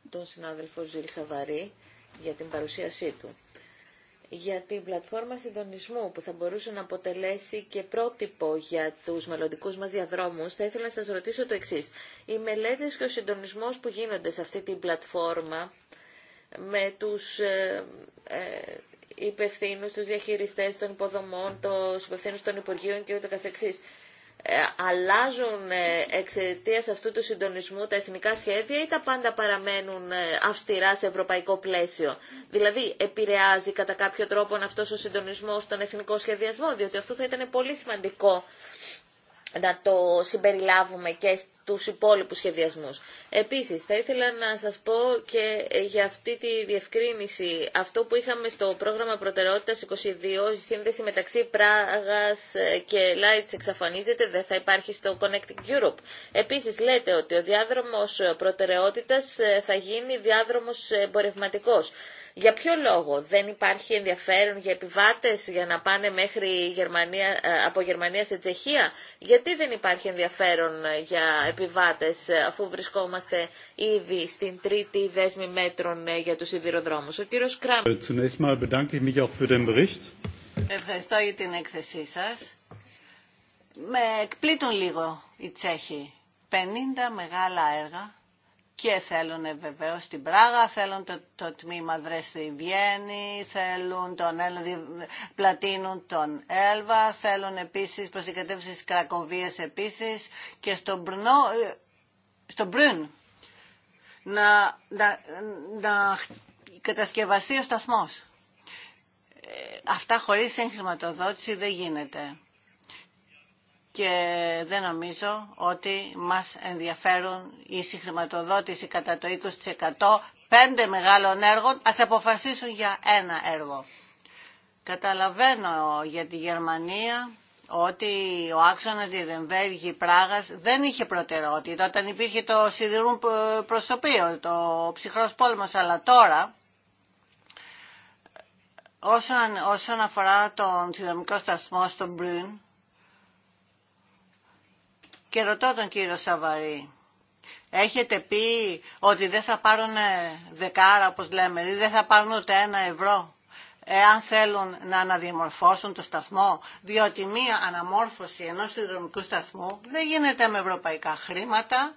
τον συνάδελφο Ζήλ Σαβαρή για την παρουσίασή του. Για την πλατφόρμα συντονισμού που θα μπορούσε να αποτελέσει και πρότυπο για τους μελλοντικού μας διαδρόμους, θα ήθελα να σας ρωτήσω το εξής. Οι μελέτες και ο συντονισμός που γίνονται σε αυτή την πλατφόρμα με τους ε, ε, υπευθύνους, τους διαχειριστές των υποδομών, τους υπευθύνους των Υπουργείων και καθεξής. Ε, αλλάζουν εξαιτία αυτού του συντονισμού τα εθνικά σχέδια ή τα πάντα παραμένουν ε, αυστηρά σε ευρωπαϊκό πλαίσιο. Δηλαδή, επηρεάζει κατά κάποιο τρόπο αυτό ο συντονισμό τον εθνικό σχεδιασμό, διότι αυτό θα ήταν πολύ σημαντικό να το συμπεριλάβουμε και τους υπόλοιπους σχεδιασμούς. Επίσης, θα ήθελα να σας πω και για αυτή τη διευκρίνηση, αυτό που είχαμε στο πρόγραμμα προτεραιότητας 22, η σύνδεση μεταξύ Πράγας ε, και Lights εξαφανίζεται, δεν θα υπάρχει στο Connecting Europe. Επίσης, λέτε ότι ο διάδρομος προτεραιότητας ε, θα γίνει διάδρομος εμπορευματικό. Για ποιο λόγο δεν υπάρχει ενδιαφέρον για επιβάτες για να πάνε μέχρι Γερμανία, ε, από Γερμανία σε Τσεχία. Γιατί δεν υπάρχει ενδιαφέρον για επιβάτες, ε, αφού βρισκόμαστε ήδη στην τρίτη δέσμη μέτρων ε, για τους σιδηροδρόμους. Ο κύριος Κράμ. Ε, Ευχαριστώ για την έκθεσή σας. Με εκπλήττουν λίγο οι Τσέχοι. 50 μεγάλα έργα και θέλουν ε, βεβαίω την Πράγα, θέλουν το, το τμήμα Δρέστη Βιέννη, θέλουν τον πλατείνουν τον Έλβα, θέλουν επίση προ την κατεύθυνση επίσης και στον Μπρνό, ε, στο να, να, να κατασκευαστεί ο σταθμός. Ε, αυτά χωρίς συγχρηματοδότηση δεν γίνεται και δεν νομίζω ότι μας ενδιαφέρουν η συγχρηματοδότηση κατά το 20% πέντε μεγάλων έργων, ας αποφασίσουν για ένα έργο. Καταλαβαίνω για τη Γερμανία ότι ο άξονα τη Ρεμβέργη Πράγας δεν είχε προτεραιότητα όταν υπήρχε το σιδηρούν προσωπείο, το ψυχρός πόλεμος, αλλά τώρα όσον, αφορά τον συνδρομικό σταθμό στο Μπρουν, και ρωτώ τον κύριο Σαβαρή, έχετε πει ότι δεν θα πάρουν ε, δεκάρα, όπως λέμε, ή δεν θα πάρουν ούτε ένα ευρώ εάν θέλουν να αναδιαμορφώσουν το σταθμό, διότι μία αναμόρφωση ενός συνδρομικού σταθμού δεν γίνεται με ευρωπαϊκά χρήματα.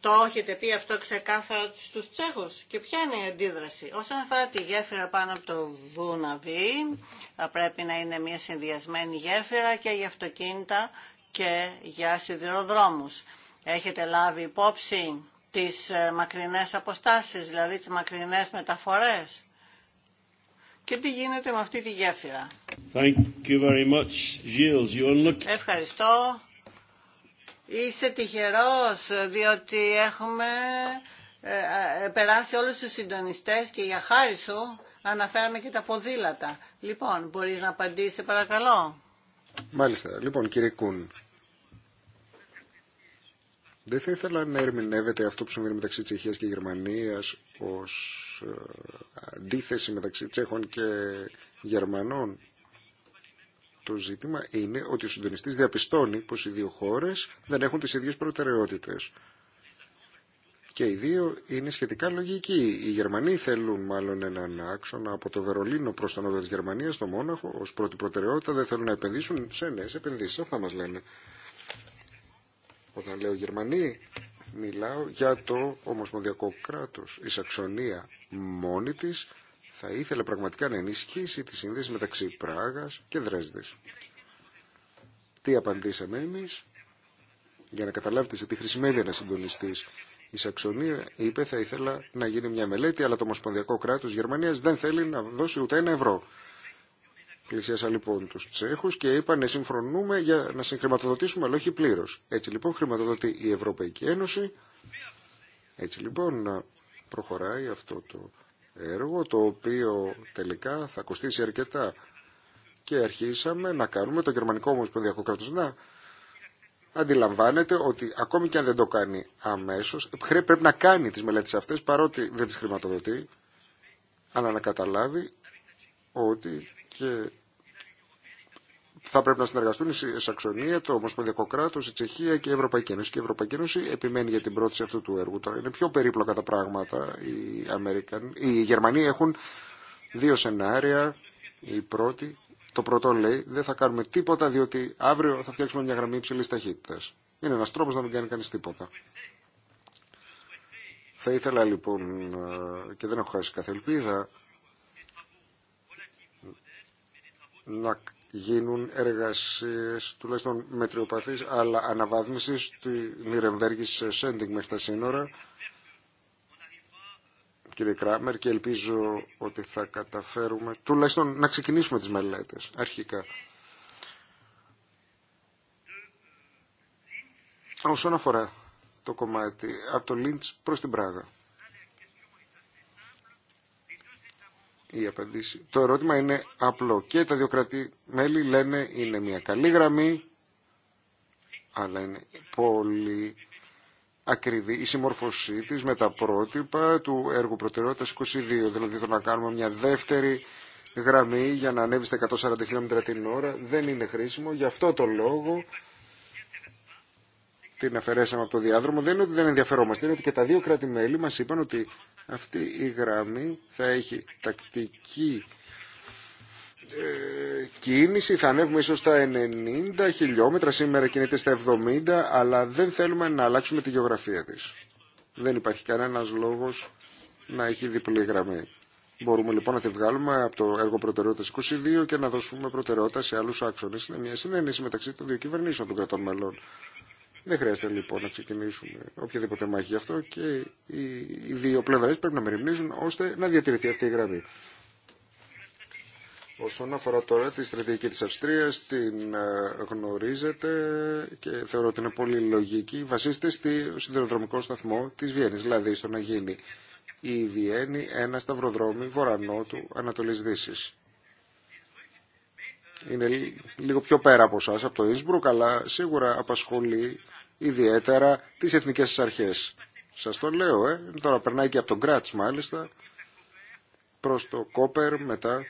Το έχετε πει αυτό ξεκάθαρα στους Τσέχους. Και ποια είναι η αντίδραση. Όσον αφορά τη γέφυρα πάνω από το Δούναβι, θα πρέπει να είναι μια συνδυασμένη γέφυρα και για αυτοκίνητα και για σιδηροδρόμους. Έχετε λάβει υπόψη τις ε, μακρινές αποστάσεις, δηλαδή τις μακρινές μεταφορές. Και τι γίνεται με αυτή τη γέφυρα. Thank you very much, Gilles. You Ευχαριστώ. Είσαι τυχερός, διότι έχουμε ε, ε, περάσει όλους τους συντονιστές και για χάρη σου αναφέραμε και τα ποδήλατα. Λοιπόν, μπορείς να απαντήσεις παρακαλώ. Μάλιστα. Λοιπόν, κύριε Κούν, δεν θα ήθελα να ερμηνεύεται αυτό που συμβαίνει μεταξύ Τσεχίας και Γερμανίας ως ε, αντίθεση μεταξύ Τσέχων και Γερμανών. Το ζήτημα είναι ότι ο συντονιστής διαπιστώνει πως οι δύο χώρες δεν έχουν τις ίδιες προτεραιότητες και οι δύο είναι σχετικά λογικοί. Οι Γερμανοί θέλουν μάλλον έναν άξονα από το Βερολίνο προ τον νότο τη Γερμανία, το Μόναχο, ω πρώτη προτεραιότητα. Δεν θέλουν να επενδύσουν σε νέε ναι, επενδύσει, Αυτά μα λένε. Όταν λέω Γερμανοί, μιλάω για το Ομοσπονδιακό κράτος. Η Σαξονία μόνη τη θα ήθελε πραγματικά να ενισχύσει τη σύνδεση μεταξύ πράγα και δρέσδη. Τι απαντήσαμε εμεί για να καταλάβετε σε τι χρησιμεύει ένα συντονιστή η Σαξονία είπε θα ήθελα να γίνει μια μελέτη, αλλά το Ομοσπονδιακό κράτος Γερμανίας δεν θέλει να δώσει ούτε ένα ευρώ. Πλησίασα λοιπόν τους Τσέχους και είπαν ναι συμφωνούμε για να συγχρηματοδοτήσουμε αλλά όχι πλήρως. Έτσι λοιπόν χρηματοδοτεί η Ευρωπαϊκή Ένωση. Έτσι λοιπόν προχωράει αυτό το έργο το οποίο τελικά θα κοστίσει αρκετά. Και αρχίσαμε να κάνουμε το Γερμανικό Ομοσπονδιακό Κράτος να αντιλαμβάνεται ότι ακόμη και αν δεν το κάνει αμέσως, πρέπει να κάνει τις μελέτες αυτές παρότι δεν τις χρηματοδοτεί, αλλά ανακαταλάβει ότι και θα πρέπει να συνεργαστούν η Σαξονία, το Ομοσπονδιακό Κράτο, η Τσεχία και η Ευρωπαϊκή Ένωση. Και η Ευρωπαϊκή Ένωση επιμένει για την πρόθεση αυτού του έργου. Τώρα είναι πιο περίπλοκα τα πράγματα. οι Γερμανοί έχουν δύο σενάρια. Η πρώτη το πρώτο λέει δεν θα κάνουμε τίποτα διότι αύριο θα φτιάξουμε μια γραμμή υψηλή ταχύτητα. Είναι ένα τρόπο να μην κάνει κανεί τίποτα. Θα ήθελα λοιπόν, ε, και δεν έχω χάσει κάθε ελπίδα, να γίνουν εργασίες τουλάχιστον μετριοπαθής αλλά αναβάθμισης τη Νιρεμβέργης Σέντιγκ μέχρι τα σύνορα κύριε Κράμερ και ελπίζω ότι θα καταφέρουμε τουλάχιστον να ξεκινήσουμε τις μελέτες αρχικά. Όσον αφορά το κομμάτι από το Λίντς προς την Πράγα. Η απαντήση. Το ερώτημα είναι απλό. Και τα δύο κρατή μέλη λένε είναι μια καλή γραμμή, αλλά είναι πολύ ακριβή η συμμόρφωσή τη με τα πρότυπα του έργου προτεραιότητας 22, δηλαδή το να κάνουμε μια δεύτερη γραμμή για να ανέβει στα 140 χιλιόμετρα την ώρα δεν είναι χρήσιμο. Γι' αυτό το λόγο την αφαιρέσαμε από το διάδρομο. Δεν είναι ότι δεν ενδιαφερόμαστε, είναι ότι και τα δύο κράτη-μέλη μας είπαν ότι αυτή η γραμμή θα έχει τακτική ε, κίνηση, θα ανέβουμε ίσως στα 90 χιλιόμετρα, σήμερα κινείται στα 70, αλλά δεν θέλουμε να αλλάξουμε τη γεωγραφία της. Δεν υπάρχει κανένας λόγος να έχει διπλή γραμμή. Μπορούμε λοιπόν να τη βγάλουμε από το έργο προτεραιότητας 22 και να δώσουμε προτεραιότητα σε άλλους άξονες. Είναι μια συνένεση μεταξύ των δύο κυβερνήσεων των κρατών μελών. Δεν χρειάζεται λοιπόν να ξεκινήσουμε οποιαδήποτε μάχη γι' αυτό και οι δύο πλευρέ πρέπει να μεριμνήσουν ώστε να διατηρηθεί αυτή η γραμμή. Όσον αφορά τώρα τη στρατηγική της Αυστρίας, την ε, γνωρίζετε και θεωρώ ότι είναι πολύ λογική. βασίστε στο σιδηροδρομικό σταθμό της Βιέννης, δηλαδή στο να γίνει η Βιέννη ένα σταυροδρόμι βορανότου Ανατολής Δύσης. Είναι λίγο πιο πέρα από εσά από το Ινσμπρουκ, αλλά σίγουρα απασχολεί ιδιαίτερα τις εθνικές αρχές. Σας το λέω, ε. Τώρα περνάει και από τον Κράτς, μάλιστα, προς το Κόπερ, μετά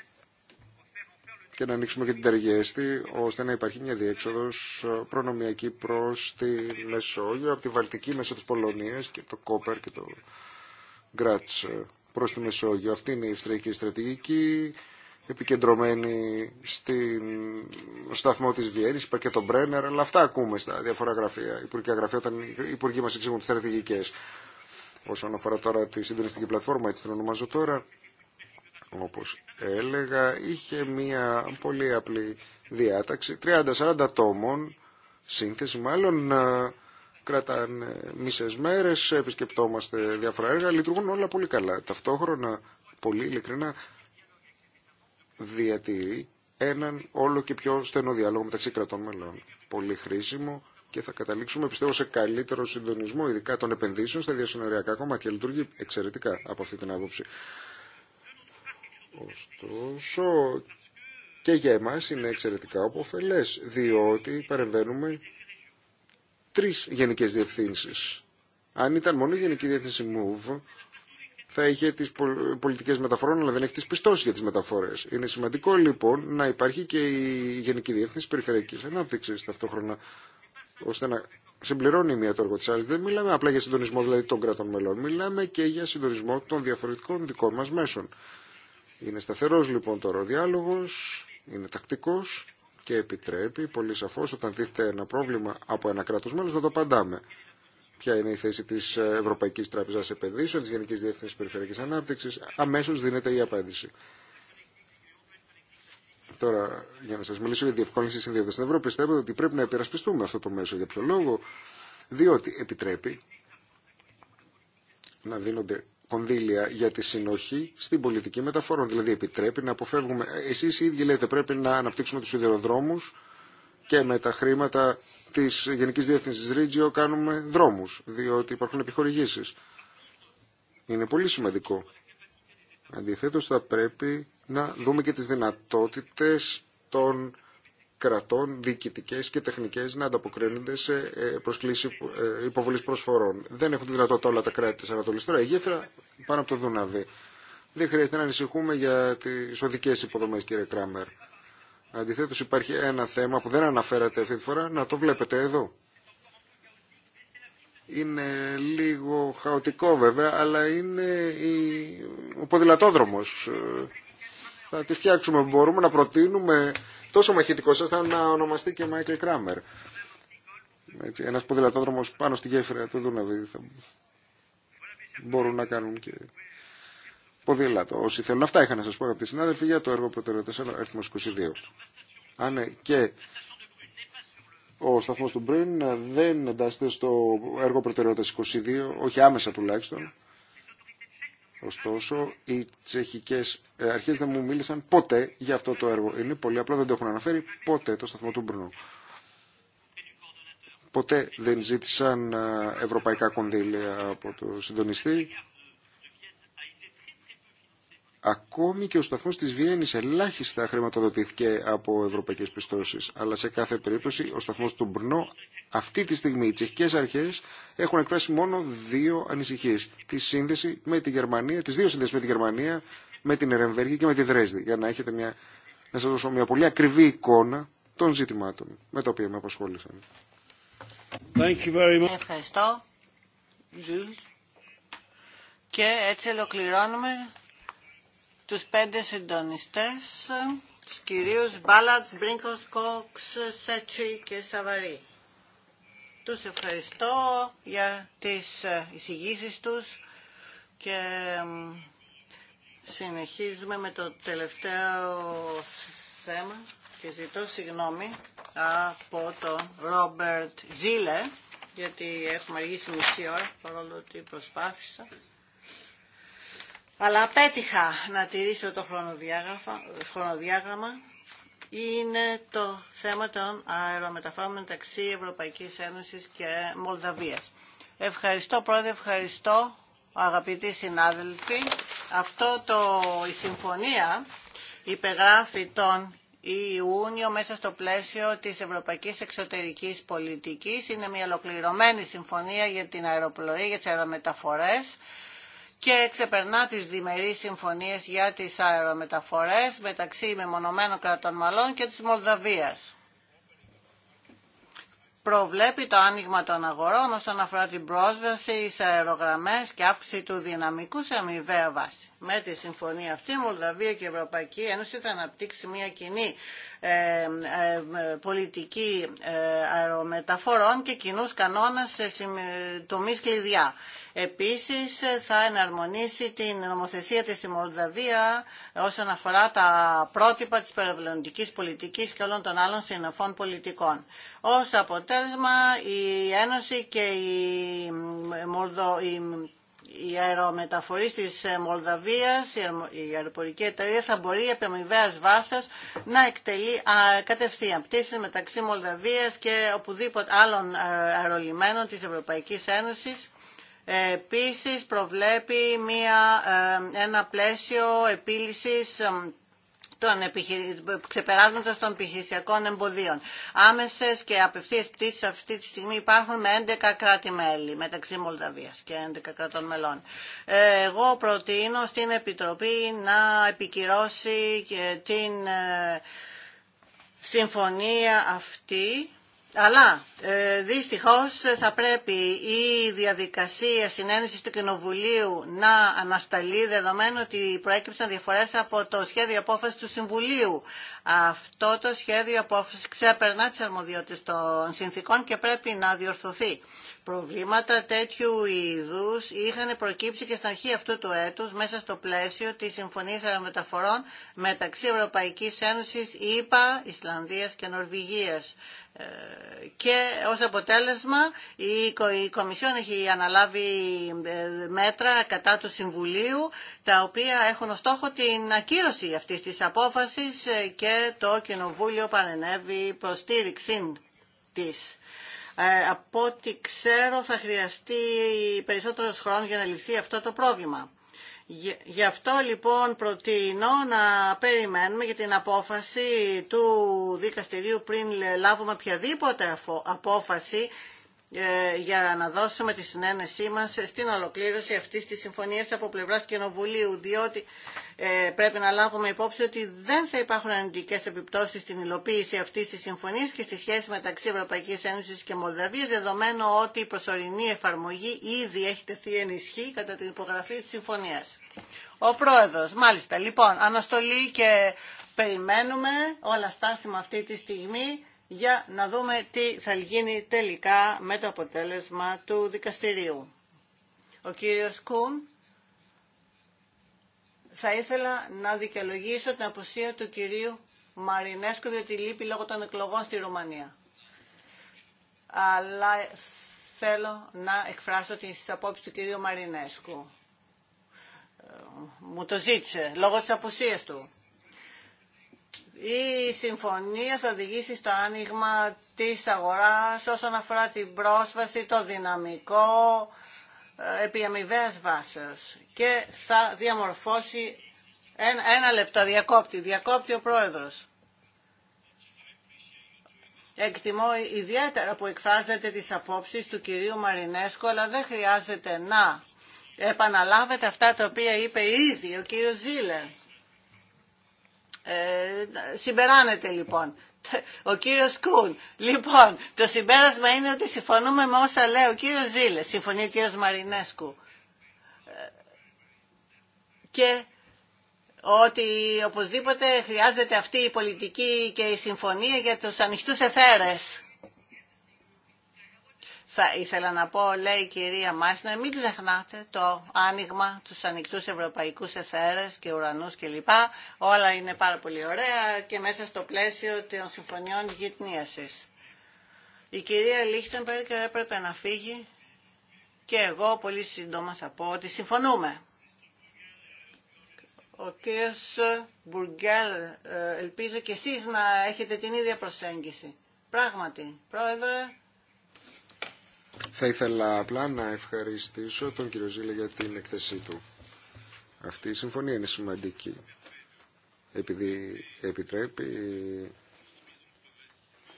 και να ανοίξουμε και την τεργέστη ώστε να υπάρχει μια διέξοδο ε, προνομιακή προ τη Μεσόγειο από τη Βαλτική μέσω τη Πολωνία και το Κόπερ και το γκράτ ε, προ τη Μεσόγειο. Αυτή είναι η στρατηγική στρατηγική επικεντρωμένη στην σταθμό της Βιέννη, υπάρχει και το Μπρένερ, αλλά αυτά ακούμε στα διαφορά γραφεία, υπουργικά γραφεία, όταν οι υπουργοί μας εξηγούν τις στρατηγικές. Όσον αφορά τώρα τη συντονιστική πλατφόρμα, έτσι την ονομάζω τώρα, όπως έλεγα, είχε μία πολύ απλή διάταξη. 30-40 τόμων, σύνθεση μάλλον, κρατάνε μισές μέρες, επισκεπτόμαστε διάφορα έργα, λειτουργούν όλα πολύ καλά. Ταυτόχρονα, πολύ ειλικρινά, διατηρεί έναν όλο και πιο στενό διάλογο μεταξύ κρατών μελών. Πολύ χρήσιμο και θα καταλήξουμε πιστεύω σε καλύτερο συντονισμό, ειδικά των επενδύσεων στα διασυνοριακά και Λειτουργεί εξαιρετικά από αυτή την άποψη. Ωστόσο και για εμάς είναι εξαιρετικά αποφελές διότι παρεμβαίνουμε τρεις γενικές διευθύνσεις. Αν ήταν μόνο η Γενική Διεύθυνση MOVE θα είχε τις πολιτικές μεταφορών αλλά δεν έχει τις πιστώσεις για τις μεταφορές. Είναι σημαντικό λοιπόν να υπάρχει και η Γενική Διεύθυνση Περιφερειακής Ανάπτυξης ταυτόχρονα ώστε να συμπληρώνει η μία το έργο τη άλλη. Δεν μιλάμε απλά για συντονισμό δηλαδή των κρατών μελών. Μιλάμε και για συντονισμό των διαφορετικών δικών μα μέσων. Είναι σταθερός λοιπόν τώρα ο διάλογος, είναι τακτικός και επιτρέπει πολύ σαφώς όταν τίθεται ένα πρόβλημα από ένα κράτος μέλος να το απαντάμε. Ποια είναι η θέση της Ευρωπαϊκής Τράπεζας Επενδύσεων, της Γενικής Διεύθυνσης Περιφερειακής Ανάπτυξης. Αμέσως δίνεται η απάντηση. Τώρα, για να σας μιλήσω για διευκόλυνση συνδέοντας στην Ευρώπη, πιστεύω ότι πρέπει να υπερασπιστούμε αυτό το μέσο. Για ποιο λόγο, διότι επιτρέπει να δίνονται κονδύλια για τη συνοχή στην πολιτική μεταφορών. Δηλαδή επιτρέπει να αποφεύγουμε... Ε, εσείς οι ίδιοι λέτε πρέπει να αναπτύξουμε τους σιδηροδρόμους και με τα χρήματα της Γενικής Διεύθυνσης Ρίτζιο κάνουμε δρόμους, διότι υπάρχουν επιχορηγήσεις. Είναι πολύ σημαντικό. Αντιθέτως θα πρέπει να δούμε και τις δυνατότητες των κρατών διοικητικέ και τεχνικέ να ανταποκρίνονται σε ε, προσκλήσει ε, υποβολή προσφορών. Δεν έχουν τη δυνατότητα όλα τα κράτη τη Ανατολή. Τώρα η γέφυρα πάνω από το Δούναβι. Δεν χρειάζεται να ανησυχούμε για τι οδικέ υποδομές κύριε Κράμερ. Αντιθέτω, υπάρχει ένα θέμα που δεν αναφέρατε αυτή τη φορά, να το βλέπετε εδώ. Είναι λίγο χαοτικό βέβαια, αλλά είναι η... ο ποδηλατόδρομος. Ε, θα τη φτιάξουμε. Μπορούμε να προτείνουμε τόσο μαχητικό σας θα να ονομαστεί και Μάικλ Κράμερ. Έτσι, ένας ποδηλατόδρομος πάνω στη γέφυρα του Δούναβη θα μπορούν να κάνουν και ποδήλατο. Όσοι θέλουν αυτά είχα να σας πω τη συνάδελφη για το έργο προτεραιότητας αριθμό 22. Αν και ο σταθμός του Μπριν ε, δεν εντάσσεται στο έργο προτεραιότητας 22, όχι άμεσα τουλάχιστον. Ωστόσο, οι τσεχικές ε, αρχέ δεν μου μίλησαν ποτέ για αυτό το έργο. Είναι πολύ απλό, δεν το έχουν αναφέρει ποτέ το σταθμό του Μπρουνού. Ποτέ δεν ζήτησαν ε, ευρωπαϊκά κονδύλια από το συντονιστή Ακόμη και ο σταθμό τη Βιέννης ελάχιστα χρηματοδοτήθηκε από ευρωπαϊκέ πιστώσει. Αλλά σε κάθε περίπτωση ο σταθμό του Μπρνό αυτή τη στιγμή οι τσεχικέ αρχέ έχουν εκφράσει μόνο δύο ανησυχίε. Τη σύνδεση με τη Γερμανία, τις δύο σύνδεσεις με τη Γερμανία, με την Ερεμβέργη και με τη Δρέσδη. Για να, έχετε μια, να σας δώσω μια πολύ ακριβή εικόνα των ζητημάτων με τα οποία με απασχόλησαν. Ευχαριστώ. Και έτσι ολοκληρώνουμε τους πέντε συντονιστές, τους κυρίους Μπάλατς, Μπρίνκος, Κόξ, Σέτσι και Σαβαρή. Τους ευχαριστώ για τις εισηγήσεις τους και συνεχίζουμε με το τελευταίο θέμα και ζητώ συγγνώμη από τον Ρόμπερτ Ζήλε γιατί έχουμε αργήσει μισή ώρα παρόλο ότι προσπάθησα αλλά απέτυχα να τηρήσω το χρονοδιάγραμμα είναι το θέμα των αερομεταφορών μεταξύ Ευρωπαϊκής Ένωσης και Μολδαβίας. Ευχαριστώ πρόεδρε, ευχαριστώ αγαπητοί συνάδελφοι. Αυτό το, η συμφωνία υπεγράφει τον Ιούνιο μέσα στο πλαίσιο της Ευρωπαϊκής Εξωτερικής Πολιτικής. Είναι μια ολοκληρωμένη συμφωνία για την αεροπλοή, για τις αερομεταφορές και ξεπερνά τις διμερείς συμφωνίες για τις αερομεταφορές μεταξύ μεμονωμένων κρατών μαλών και της Μολδαβίας. Προβλέπει το άνοιγμα των αγορών όσον αφορά την πρόσβαση σε αερογραμμές και αύξηση του δυναμικού σε αμοιβαία βάση. Με τη συμφωνία αυτή, η Μολδαβία και η Ευρωπαϊκή Ένωση θα αναπτύξει μια κοινή ε, ε, πολιτική ε, αερομεταφορών και κοινούς κανόνας σε τομείς κλειδιά. Επίσης θα εναρμονίσει την νομοθεσία της η Μολδαβία όσον αφορά τα πρότυπα της περιβαλλοντικής πολιτικής και όλων των άλλων συναφών πολιτικών. Ως αποτέλεσμα η Ένωση και η, Μολδο... η... αερομεταφορή της Μολδαβίας, η αεροπορική εταιρεία θα μπορεί επί αμοιβαίας βάσης να εκτελεί κατευθείαν πτήσεις μεταξύ Μολδαβίας και οπουδήποτε άλλων ε, αερολιμένων της Ευρωπαϊκής Ένωσης Επίσης προβλέπει μια, ε, ένα πλαίσιο επίλυσης ε, των των επιχειρησιακών εμποδίων. Άμεσες και απευθείας πτήσεις αυτή τη στιγμή υπάρχουν με 11 κράτη-μέλη, μεταξύ Μολδαβίας και 11 κρατών μελών. Ε, εγώ προτείνω στην Επιτροπή να επικυρώσει την συμφωνία αυτή αλλά ε, δυστυχώς θα πρέπει η διαδικασία συνένεσης του Κοινοβουλίου να ανασταλεί δεδομένου ότι προέκυψαν διαφορές από το σχέδιο απόφασης του Συμβουλίου. Αυτό το σχέδιο απόφασης ξέπερνα τις αρμοδιότητες των συνθήκων και πρέπει να διορθωθεί. Προβλήματα τέτοιου είδους είχαν προκύψει και στην αρχή αυτού του έτους μέσα στο πλαίσιο της Συμφωνίας Αερομεταφορών μεταξύ Ευρωπαϊκής Ένωσης, ΗΠΑ, Ισλανδίας και Νορβηγίας και ως αποτέλεσμα η Κομισιόν έχει αναλάβει ε, μέτρα κατά του Συμβουλίου τα οποία έχουν ως στόχο την ακύρωση αυτής της απόφασης ε, και το Κοινοβούλιο παρενέβη προς στήριξη της. Ε, από ό,τι ξέρω θα χρειαστεί περισσότερος χρόνος για να λυθεί αυτό το πρόβλημα. Γι' αυτό λοιπόν προτείνω να περιμένουμε για την απόφαση του δικαστηρίου πριν λάβουμε οποιαδήποτε απόφαση ε, για να δώσουμε τη συνένεσή μας στην ολοκλήρωση αυτής της συμφωνίας από πλευράς Κοινοβουλίου, διότι ε, πρέπει να λάβουμε υπόψη ότι δεν θα υπάρχουν αρνητικές επιπτώσεις στην υλοποίηση αυτής της συμφωνίας και στη σχέση μεταξύ Ευρωπαϊκής Ένωσης και Μολδαβίας, δεδομένου ότι η προσωρινή εφαρμογή ήδη έχει τεθεί ενισχύ κατά την υπογραφή της συμφωνίας. Ο Πρόεδρος, μάλιστα, λοιπόν, αναστολή και περιμένουμε όλα στάσιμα αυτή τη στιγμή για να δούμε τι θα γίνει τελικά με το αποτέλεσμα του δικαστηρίου. Ο κύριος Κούν θα ήθελα να δικαιολογήσω την αποσία του κυρίου Μαρινέσκου διότι λείπει λόγω των εκλογών στη Ρουμανία. Αλλά θέλω να εκφράσω τις απόψεις του κυρίου Μαρινέσκου. Ε, μου το ζήτησε λόγω της αποσίας του η συμφωνία θα οδηγήσει στο άνοιγμα της αγοράς όσον αφορά την πρόσβαση, το δυναμικό ε, επί αμοιβαίας βάσεως και θα διαμορφώσει ένα, ένα λεπτό διακόπτη, διακόπτη ο πρόεδρος. Εκτιμώ ιδιαίτερα που εκφράζεται τις απόψεις του κυρίου Μαρινέσκο, αλλά δεν χρειάζεται να επαναλάβετε αυτά τα οποία είπε ήδη ο κύριος Ζήλερ. Ε, συμπεράνεται λοιπόν. Ο κύριο Κούν. Λοιπόν, το συμπέρασμα είναι ότι συμφωνούμε με όσα λέει ο κύριο Ζήλε. Συμφωνεί ο κύριος Μαρινέσκου. Ε, και ότι οπωσδήποτε χρειάζεται αυτή η πολιτική και η συμφωνία για τους ανοιχτούς εθέρες θα ήθελα να πω, λέει η κυρία Μάσνα, μην ξεχνάτε το άνοιγμα, τους ανοιχτούς ευρωπαϊκούς ΕΣΕΡΕΣ και ουρανούς κλπ. Όλα είναι πάρα πολύ ωραία και μέσα στο πλαίσιο των συμφωνιών γυτνίασης. Η κυρία Λίχτεμπερκερ έπρεπε να φύγει και εγώ πολύ σύντομα θα πω ότι συμφωνούμε. Ο κύριος Μπουργκέλ, ε, ελπίζω και εσείς να έχετε την ίδια προσέγγιση. Πράγματι, πρόεδρε, θα ήθελα απλά να ευχαριστήσω τον κύριο Ζήλε για την εκθεσή του. Αυτή η συμφωνία είναι σημαντική επειδή επιτρέπει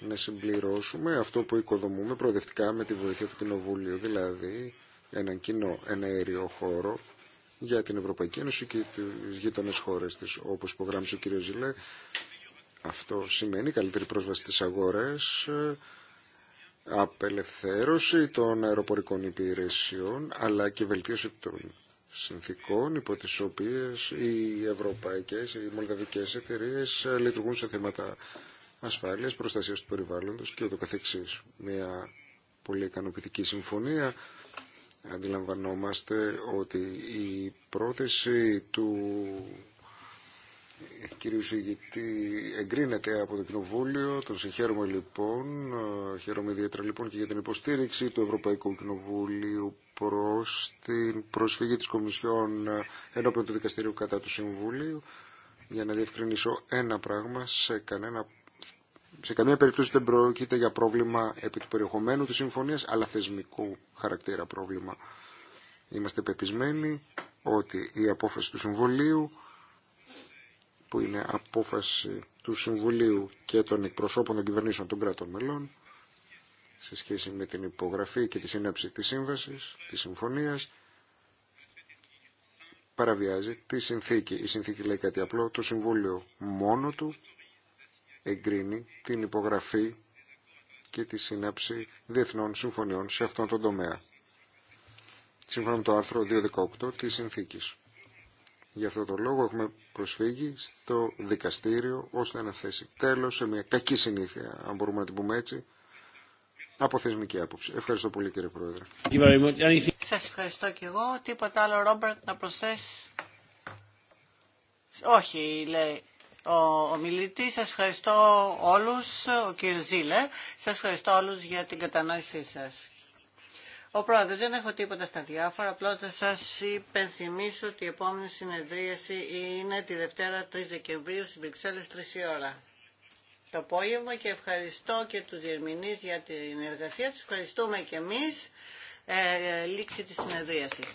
να συμπληρώσουμε αυτό που οικοδομούμε προοδευτικά με τη βοήθεια του Κοινοβουλίου, δηλαδή έναν κοινό, ένα αέριο χώρο για την Ευρωπαϊκή Ένωση και τις γείτονες χώρες της, όπως υπογράμμισε ο κ. Ζηλέ. Αυτό σημαίνει καλύτερη πρόσβαση στις αγορές, απελευθέρωση των αεροπορικών υπηρεσιών αλλά και βελτίωση των συνθήκων υπό τις οποίες οι ευρωπαϊκές, οι μολδαβικές εταιρείες λειτουργούν σε θέματα ασφάλειας, προστασίας του περιβάλλοντος και ούτω καθεξής. Μια πολύ ικανοποιητική συμφωνία. Αντιλαμβανόμαστε ότι η πρόθεση του κύριε Συγητή εγκρίνεται από το Κοινοβούλιο. Τον συγχαίρομαι λοιπόν. Χαίρομαι ιδιαίτερα λοιπόν και για την υποστήριξη του Ευρωπαϊκού Κοινοβουλίου προς την προσφυγή της Κομισιόν ενώπιον του Δικαστηρίου κατά του Συμβουλίου. Για να διευκρινίσω ένα πράγμα, σε, κανένα, σε καμία περίπτωση δεν πρόκειται για πρόβλημα επί του περιεχομένου της συμφωνίας, αλλά θεσμικού χαρακτήρα πρόβλημα. Είμαστε πεπισμένοι ότι η απόφαση του Συμβουλίου που είναι απόφαση του Συμβουλίου και των εκπροσώπων των κυβερνήσεων των κρατών μελών σε σχέση με την υπογραφή και τη σύναψη της σύμβασης, της συμφωνίας, παραβιάζει τη συνθήκη. Η συνθήκη λέει κάτι απλό, το Συμβούλιο μόνο του εγκρίνει την υπογραφή και τη σύναψη διεθνών συμφωνιών σε αυτόν τον τομέα. Σύμφωνα με το άρθρο 218 της συνθήκης. Γι' αυτό το λόγο έχουμε προσφύγει στο δικαστήριο ώστε να θέσει τέλος σε μια κακή συνήθεια, αν μπορούμε να την πούμε έτσι, από θεσμική άποψη. Ευχαριστώ πολύ κύριε Πρόεδρε. Σα ευχαριστώ και εγώ. Τίποτα άλλο Ρόμπερτ να προσθέσει. Όχι, λέει ο ομιλητή. Σα ευχαριστώ όλου, ο κύριο Ζήλε. σα ευχαριστώ όλου για την κατανόησή σα. Ο πρόεδρος, δεν έχω τίποτα στα διάφορα, απλώς θα σας υπενθυμίσω ότι η επόμενη συνεδρίαση είναι τη Δευτέρα 3 Δεκεμβρίου στις Βρυξέλλες 3 ώρα. Το απόγευμα και ευχαριστώ και τους διερμηνείς για την εργασία τους. Ευχαριστούμε και εμείς. Ε, λήξη της συνεδρίασης.